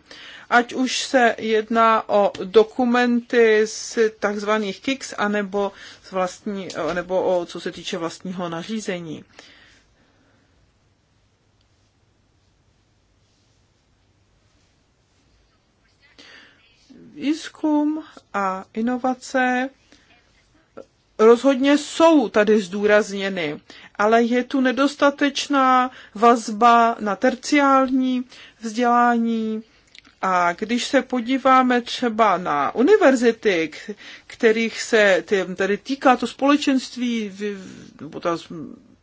Ať už se jedná o dokumenty z takzvaných KICS, anebo, z vlastní, nebo o co se týče vlastního nařízení. Výzkum a inovace rozhodně jsou tady zdůrazněny, ale je tu nedostatečná vazba na terciální vzdělání. A když se podíváme třeba na univerzity, kterých se tedy týká to společenství, nebo ta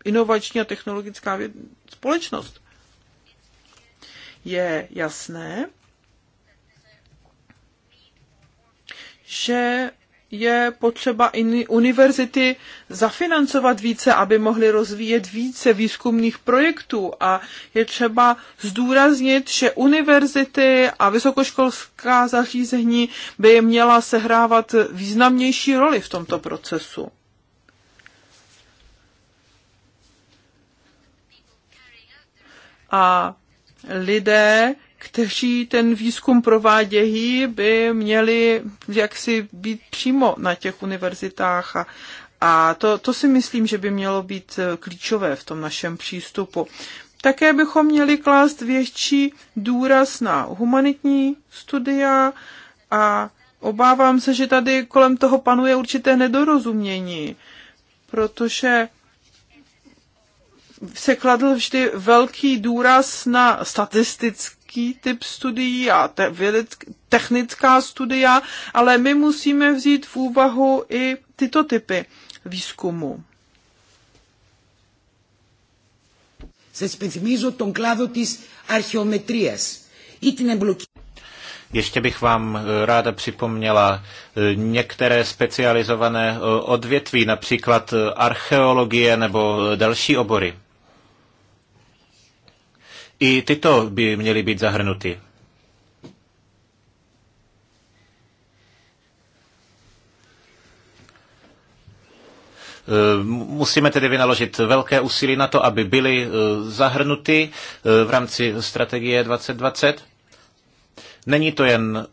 inovační a technologická společnost, je jasné, že je potřeba univerzity zafinancovat více, aby mohly rozvíjet více výzkumných projektů a je třeba zdůraznit, že univerzity a vysokoškolská zařízení by měla sehrávat významnější roli v tomto procesu. A lidé, kteří ten výzkum provádějí, by měli jaksi být přímo na těch univerzitách a, a to, to si myslím, že by mělo být eh, klíčové v tom našem přístupu. Také bychom měli klást větší důraz na humanitní studia a obávám se, že tady kolem toho panuje určité nedorozumění, protože se kladl vždy velký důraz na statistické vědecký typ studií a te- vědecký, technická studia, ale my musíme vzít v úvahu i tyto typy výzkumu. Σας υπενθυμίζω τον κλάδο tis αρχαιομετρίας I ty εμπλοκή. Ještě bych vám eh, ráda připomněla eh, některé specializované eh, odvětví, například archeologie nebo další obory. I tyto by měly být zahrnuty. Eh, musíme tedy vynaložit velké úsilí na to, aby byly eh, zahrnuty eh, v rámci strategie 2020. Není to jen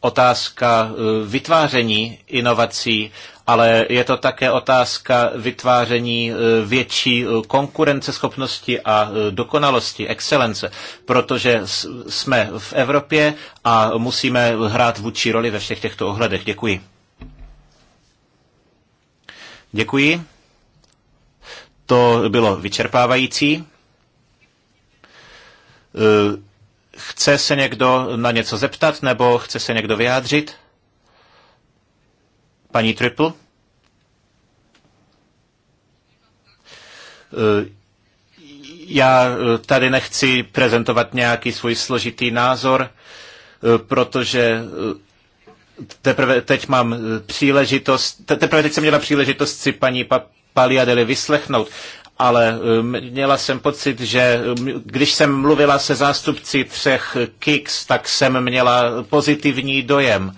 otázka vytváření inovací ale je to také otázka vytváření e, větší e, konkurenceschopnosti a e, dokonalosti, excelence, protože jsme v Evropě a musíme hrát vůči roli ve všech těchto ohledech. Děkuji. Děkuji. To bylo vyčerpávající. Chce se někdo na něco zeptat nebo chce se někdo vyjádřit? Paní Triple? Eh, já eh, tady nechci prezentovat nějaký svůj složitý názor, eh, protože teprve teď mám příležitost, teprve teď jsem měla příležitost si paní Paliadeli vyslechnout, ale měla jsem pocit, že když jsem mluvila se zástupci třech kix, tak jsem měla pozitivní dojem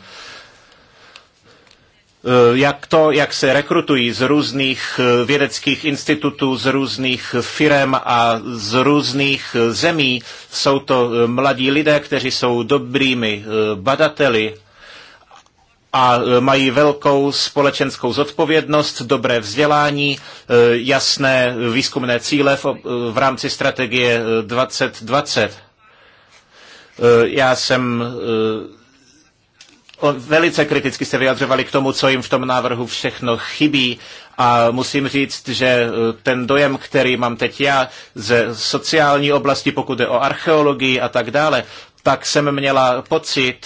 Eh, jak to, jak se rekrutují z různých eh, vědeckých institutů, z různých firm a z různých eh, zemí. Jsou to mladí lidé, kteří jsou dobrými badateli a mají velkou společenskou zodpovědnost, dobré vzdělání, jasné výzkumné cíle v, v rámci strategie 2020. Já jsem velice kriticky se vyjadřovali k tomu, co jim v tom návrhu všechno chybí. A musím říct, že e, ten dojem, který mám teď já ze sociální oblasti, pokud je o archeologii a tak dále, tak jsem měla pocit,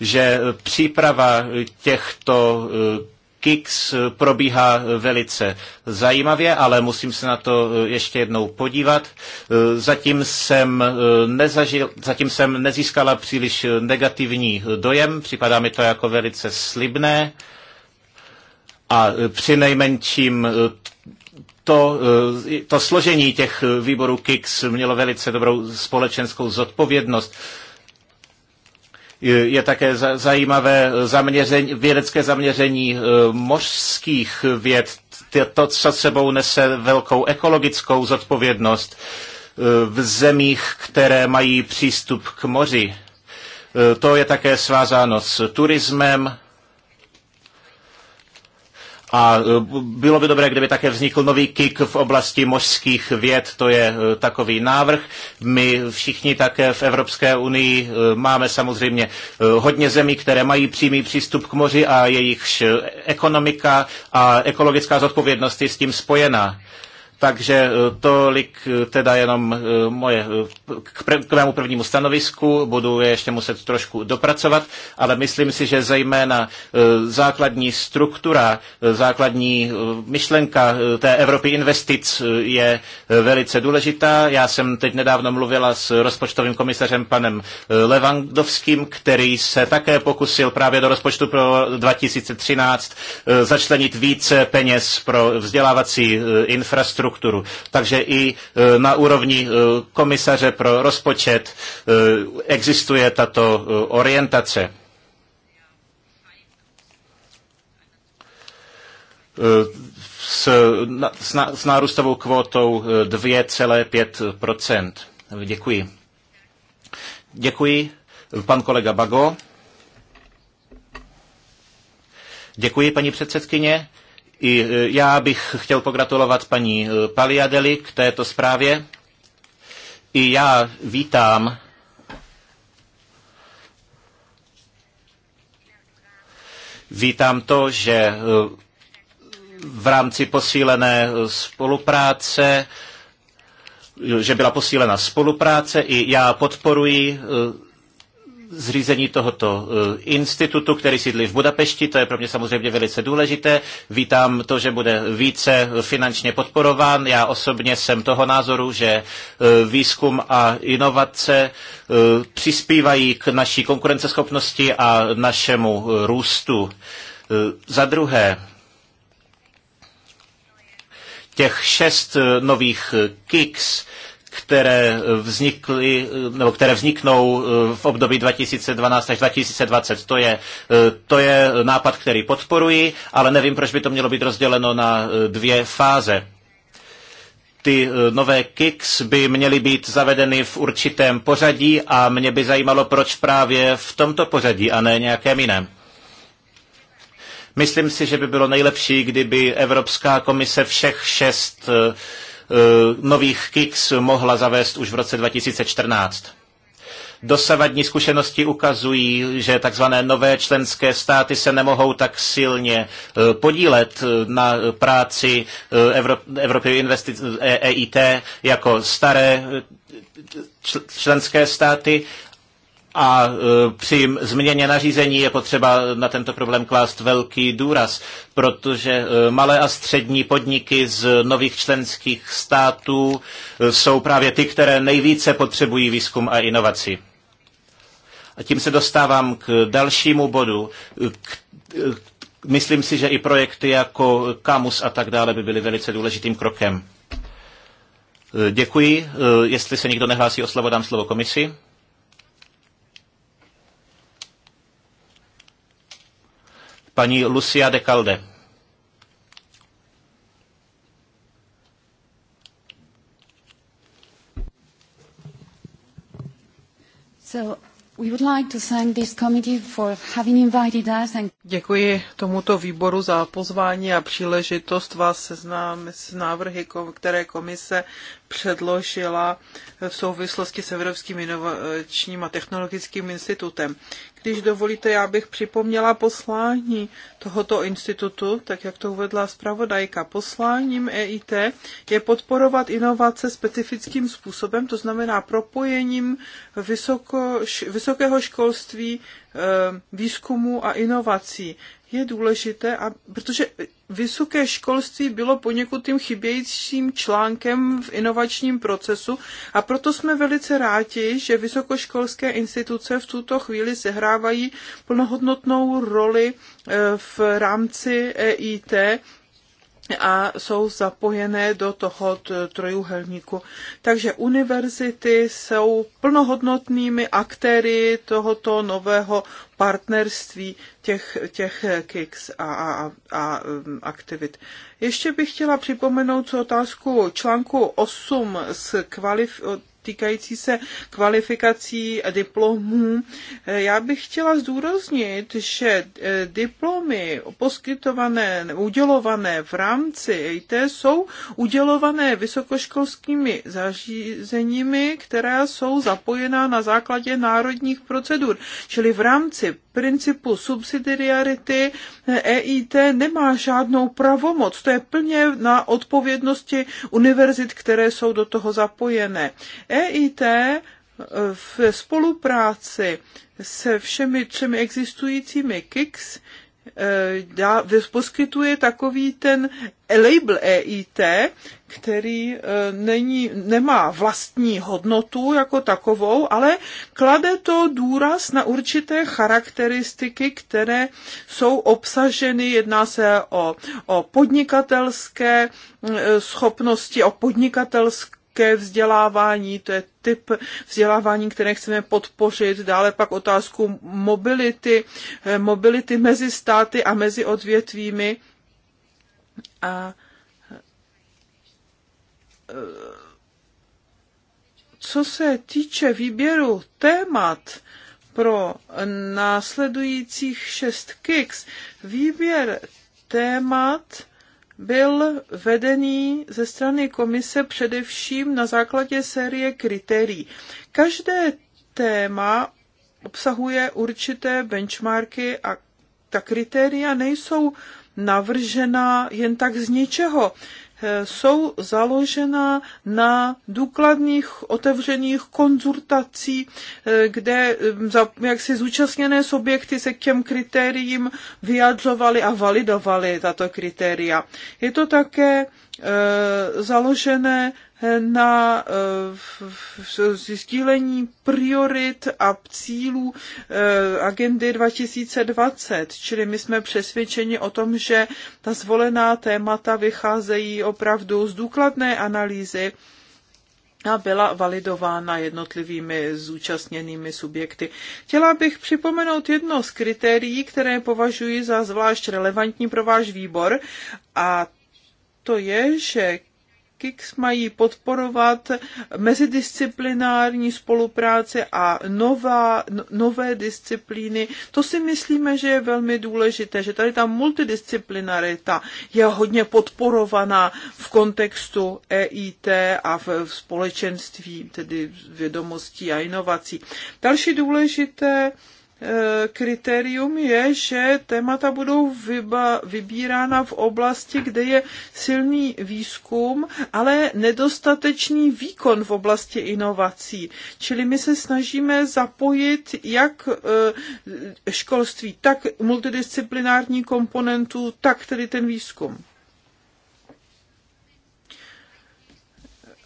že příprava těchto e, KIX probíhá velice zajímavě, ale musím se na to eh, ještě jednou podívat. Eh, zatím jsem, eh, nezažil, zatím jsem nezískala příliš negativní dojem, připadá mi to jako velice slibné a při nejmenším to, to složení těch výborů KIX mělo velice dobrou společenskou zodpovědnost je také zajímavé zaměření, vědecké zaměření eh, mořských věd, to, co sebou nese velkou ekologickou zodpovědnost eh, v zemích, které mají přístup k moři. Eh, to je také svázáno s turismem, a e, bylo by dobré, kdyby také vznikl nový KIK v oblasti mořských věd, to je e, takový návrh. My všichni také v Evropské unii e, máme samozřejmě hodně zemí, které mají přímý přístup k moři a jejichž ekonomika a ekologická zodpovědnost je s tím spojená. Takže e, tolik e, teda jenom e, moje, k, pr- k mému prvnímu stanovisku, budu je ještě muset trošku dopracovat, ale myslím si, že zejména základní struktura, základní myšlenka té Evropy investic je velice důležitá. Já jsem teď nedávno mluvila s rozpočtovým komisařem panem Levandovským, který se také pokusil právě do rozpočtu pro 2013 začlenit více peněz pro vzdělávací infrastrukturu strukturu. Takže i e, na úrovni e, komisaře pro rozpočet e, existuje tato orientace. S, s, s nárůstovou kvótou 2,5 Děkuji. Děkuji. Pan kolega Bago. Děkuji, paní předsedkyně. I e, já bych chtěl pogratulovat paní e, Paliadeli k této zprávě. I já vítám Vítám to, že e, v rámci posílené spolupráce, že byla posílena spolupráce i já podporuji zřízení tohoto eh, institutu, který sídlí v Budapešti, to je pro mě samozřejmě velice důležité. Vítám to, že bude více finančně podporován. Já osobně jsem toho názoru, že eh, výzkum a inovace eh, přispívají k naší konkurenceschopnosti a našemu růstu. Za druhé, těch šest nových KICS, které, eh, vznikly, eh, nebo které vzniknou eh, v období 2012 až 2020. To je, to je nápad, který podporuji, ale nevím, proč by to mělo být rozděleno na dvě fáze ty nové kicks by měly být zavedeny v určitém pořadí a mě by zajímalo, proč právě v tomto pořadí a ne nějakém jiném. Myslím si, že by bylo nejlepší, kdyby Evropská komise všech šest uh, Eh, nových KICS mohla zavést už v roce 2014. Dosavadní zkušenosti ukazují, že tzv. nové členské státy se nemohou tak silně eh, podílet eh, na práci Evropy EIT e jako staré členské státy a e, při změně nařízení je potřeba na tento problém klást velký důraz, protože e, malé a střední podniky z nových členských států e, jsou právě ty, které nejvíce potřebují výzkum a inovaci. A tím se dostávám k dalšímu bodu. K, myslím si, že i projekty jako Kamus a tak dále by byly velice důležitým krokem. Děkuji. Jestli se nikdo nehlásí o slovo, dám slovo komisi. paní Lucia de Calde. So we would like to thank this committee for having invited us and... Děkuji tomuto výboru za pozvání a příležitost vás seznámit s návrhy, které komise předložila v souvislosti s Evropským inovačním a technologickým institutem. Když dovolíte, já bych připomněla poslání tohoto institutu, tak jak to uvedla zpravodajka. Posláním EIT je podporovat inovace specifickým způsobem, to znamená propojením vysoko, vysokého školství, eh, výzkumu a inovací je důležité, a, protože vysoké školství bylo poněkud tím chybějícím článkem v inovačním procesu a proto jsme velice rádi, že vysokoškolské instituce v tuto chvíli sehrávají plnohodnotnou roli eh, v rámci EIT a jsou zapojené do toho trojuhelníku. Takže univerzity jsou plnohodnotnými aktéry tohoto nového partnerství těch, těch kicks a, a, a um, aktivit. Ještě bych chtěla připomenout co otázku článku 8 z kvalif- týkající se kvalifikací diplomů. Eh, já bych chtěla zdůraznit, že eh, diplomy poskytované, udělované v rámci EIT jsou udělované vysokoškolskými zařízeními, která jsou zapojená na základě národních procedur. Čili v rámci principu subsidiarity EIT eh, e nemá žádnou pravomoc. To je plně na odpovědnosti univerzit, které jsou do toho zapojené. EIT e, v spolupráci se všemi třemi existujícími KICS e, dá, poskytuje takový ten label EIT, který e, není, nemá vlastní hodnotu jako takovou, ale klade to důraz na určité charakteristiky, které jsou obsaženy. Jedná se o, o podnikatelské schopnosti, o podnikatelské vysoké vzdělávání, to je typ vzdělávání, které chceme podpořit, dále pak otázku mobility, eh, mobility mezi státy a mezi odvětvími. A eh, co se týče výběru témat pro následujících šest kicks, výběr témat byl vedený ze strany komise především na základě série kritérií. Každé téma obsahuje určité benchmarky a ta kritéria nejsou navržena jen tak z ničeho jsou založena na důkladných otevřených konzultací, eh, kde eh, jak si zúčastněné subjekty se k těm kritériím vyjadřovaly a validovaly tato kritéria. Je to také eh, založené na eh, sdílení priorit a cílů eh, agendy 2020. Čili my jsme přesvědčeni o tom, že ta zvolená témata vycházejí opravdu z důkladné analýzy a byla validována jednotlivými zúčastněnými subjekty. Chtěla bych připomenout jedno z kritérií, které považuji za zvlášť relevantní pro váš výbor a to je, že KICS mají podporovat mezidisciplinární spolupráce a nová, no, nové disciplíny. To si myslíme, že je velmi důležité, že tady ta multidisciplinarita je hodně podporovaná v kontextu EIT a v, v společenství, tedy vědomostí a inovací. Další důležité Eh, kritérium je, že témata budou vyba, vybírána v oblasti, kde je silný výzkum, ale nedostatečný výkon v oblasti inovací. Čili my se snažíme zapojit jak eh, školství, tak multidisciplinární komponentu, tak tedy ten výzkum.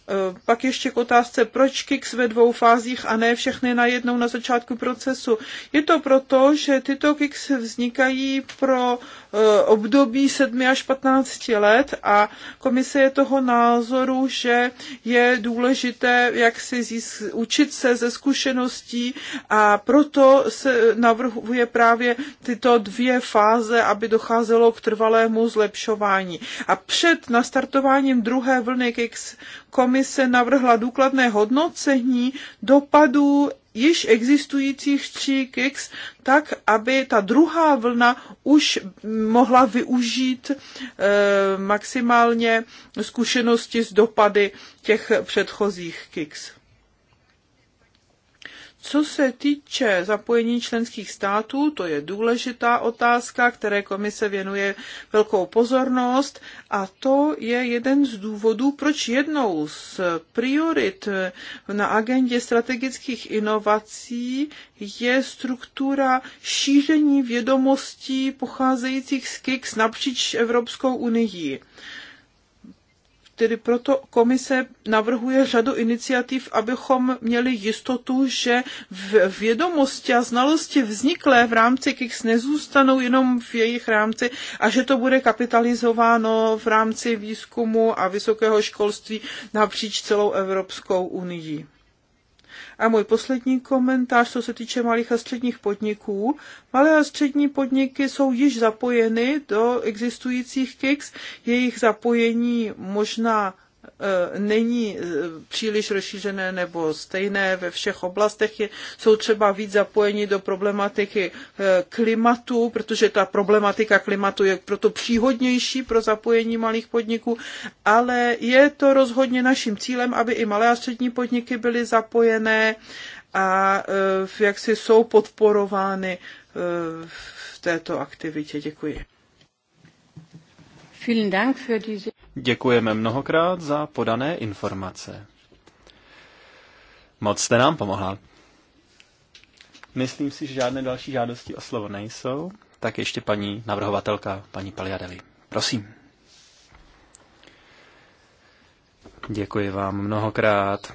Eh, pak ještě k otázce, proč KIX ve dvou fázích a ne všechny najednou na začátku procesu. Je to proto, že tyto KIX vznikají pro Eh, období 7 až 15 let a komise je toho názoru, že je důležité, jak si zís, učit se ze zkušeností a proto se navrhuje právě tyto dvě fáze, aby docházelo k trvalému zlepšování. A před nastartováním druhé vlny KIX komise navrhla důkladné hodnocení dopadů již existujících tří KIX, tak aby ta druhá vlna už mohla využít e, maximálně zkušenosti z dopady těch předchozích kicks. Co se týče zapojení členských států, to je důležitá otázka, které komise věnuje velkou pozornost a to je jeden z důvodů, proč jednou z priorit na agendě strategických inovací je struktura šíření vědomostí pocházejících z KIX napříč Evropskou unii. Tedy proto komise navrhuje řadu iniciativ, abychom měli jistotu, že vědomosti a znalosti vzniklé v rámci KIX nezůstanou jenom v jejich rámci a že to bude kapitalizováno v rámci výzkumu a vysokého školství napříč celou Evropskou unii. A můj poslední komentář, co se týče malých a středních podniků. Malé a střední podniky jsou již zapojeny do existujících KICS. Jejich zapojení možná Eh, není eh, příliš rozšířené nebo stejné ve všech oblastech. Je, jsou třeba víc zapojeni do problematiky eh, klimatu, protože ta problematika klimatu je proto příhodnější pro zapojení malých podniků, ale je to rozhodně naším cílem, aby i malé a střední podniky byly zapojené a jak si jsou podporovány v této aktivitě. Děkuji. Vielen Dank für diese Děkujeme mnohokrát za podané informace. Moc jste nám pomohla. Myslím si, že žádné další žádosti o slovo nejsou. Tak ještě paní navrhovatelka, paní Paliadeli. Prosím. Děkuji vám mnohokrát.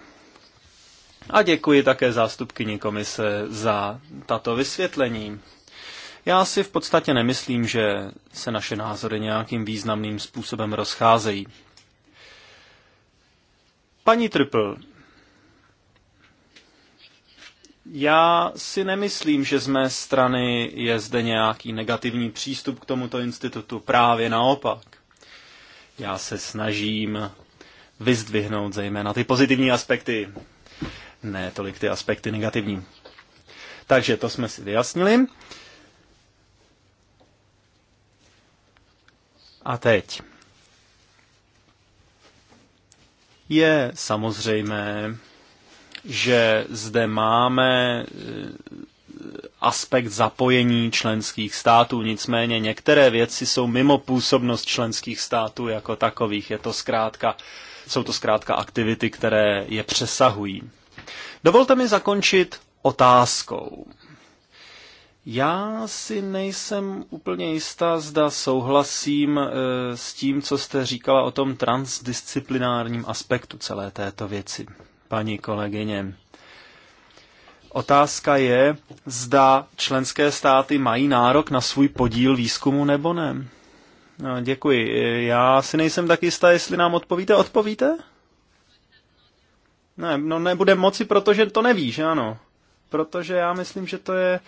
A děkuji také zástupkyni komise za tato vysvětlení. Já si v podstatě nemyslím, že se naše názory nějakým významným způsobem rozcházejí. Paní Triple, já si nemyslím, že z mé strany je zde nějaký negativní přístup k tomuto institutu. Právě naopak. Já se snažím vyzdvihnout zejména ty pozitivní aspekty, ne tolik ty aspekty negativní. Takže to jsme si vyjasnili. A teď. Je samozřejmé, že zde máme eh, aspekt zapojení členských států, nicméně některé věci jsou mimo působnost členských států jako takových. Je to zkrátka, jsou to zkrátka aktivity, které je přesahují. Dovolte mi zakončit otázkou. Já si nejsem úplně jistá, zda souhlasím eh, s tím, co jste říkala o tom transdisciplinárním aspektu celé této věci, paní kolegyně. Otázka je, zda členské státy mají nárok na svůj podíl výzkumu nebo ne. No, děkuji. Já si nejsem tak jistá, jestli nám odpovíte. Odpovíte? Ne, no nebude moci, protože to nevíš, ano. Protože já myslím, že to je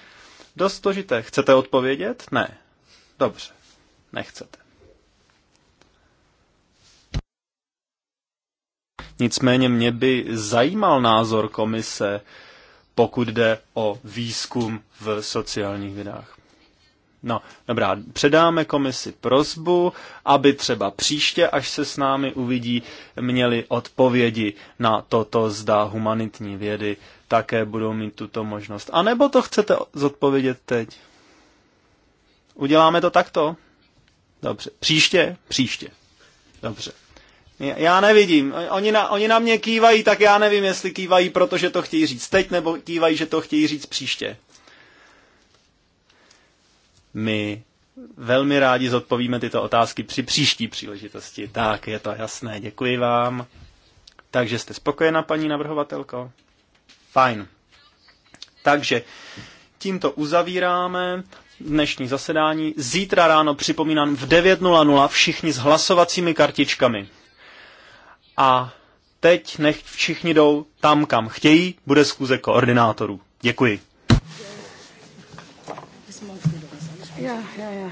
Dost složité. Chcete odpovědět? Ne. Dobře. Nechcete. Nicméně mě by zajímal názor komise, pokud jde o výzkum v sociálních vědách. No, dobrá, předáme komisi prozbu, aby třeba příště, až se s námi uvidí, měli odpovědi na toto, zda humanitní vědy také budou mít tuto možnost. A nebo to chcete zodpovědět teď? Uděláme to takto? Dobře. Příště? Příště. Dobře. Já nevidím. Oni na, oni na mě kývají, tak já nevím, jestli kývají, protože to chtějí říct teď, nebo kývají, že to chtějí říct příště. My velmi rádi zodpovíme tyto otázky při příští příležitosti. Tak, je to jasné, děkuji vám. Takže jste spokojena, paní navrhovatelko? Fajn. Takže tímto uzavíráme dnešní zasedání. Zítra ráno připomínám v 9.00 všichni s hlasovacími kartičkami. A teď nech všichni jdou tam, kam chtějí, bude schůze koordinátorů. Děkuji. Ja, ja, ja.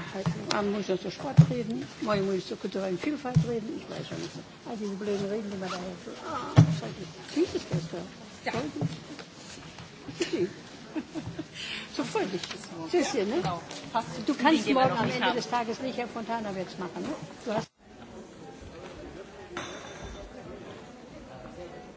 Man muss ja zur Sport reden, man muss zur kulturellen Vielfalt reden. Ich weiß ja nicht. All diese blöden Reden, die man da hat. Ah, schrecklich. ist das da. Ja. So freundlich. Siehst du, ne? Du kannst morgen am Ende des Tages nicht Herr Fontana jetzt machen, ne? Du hast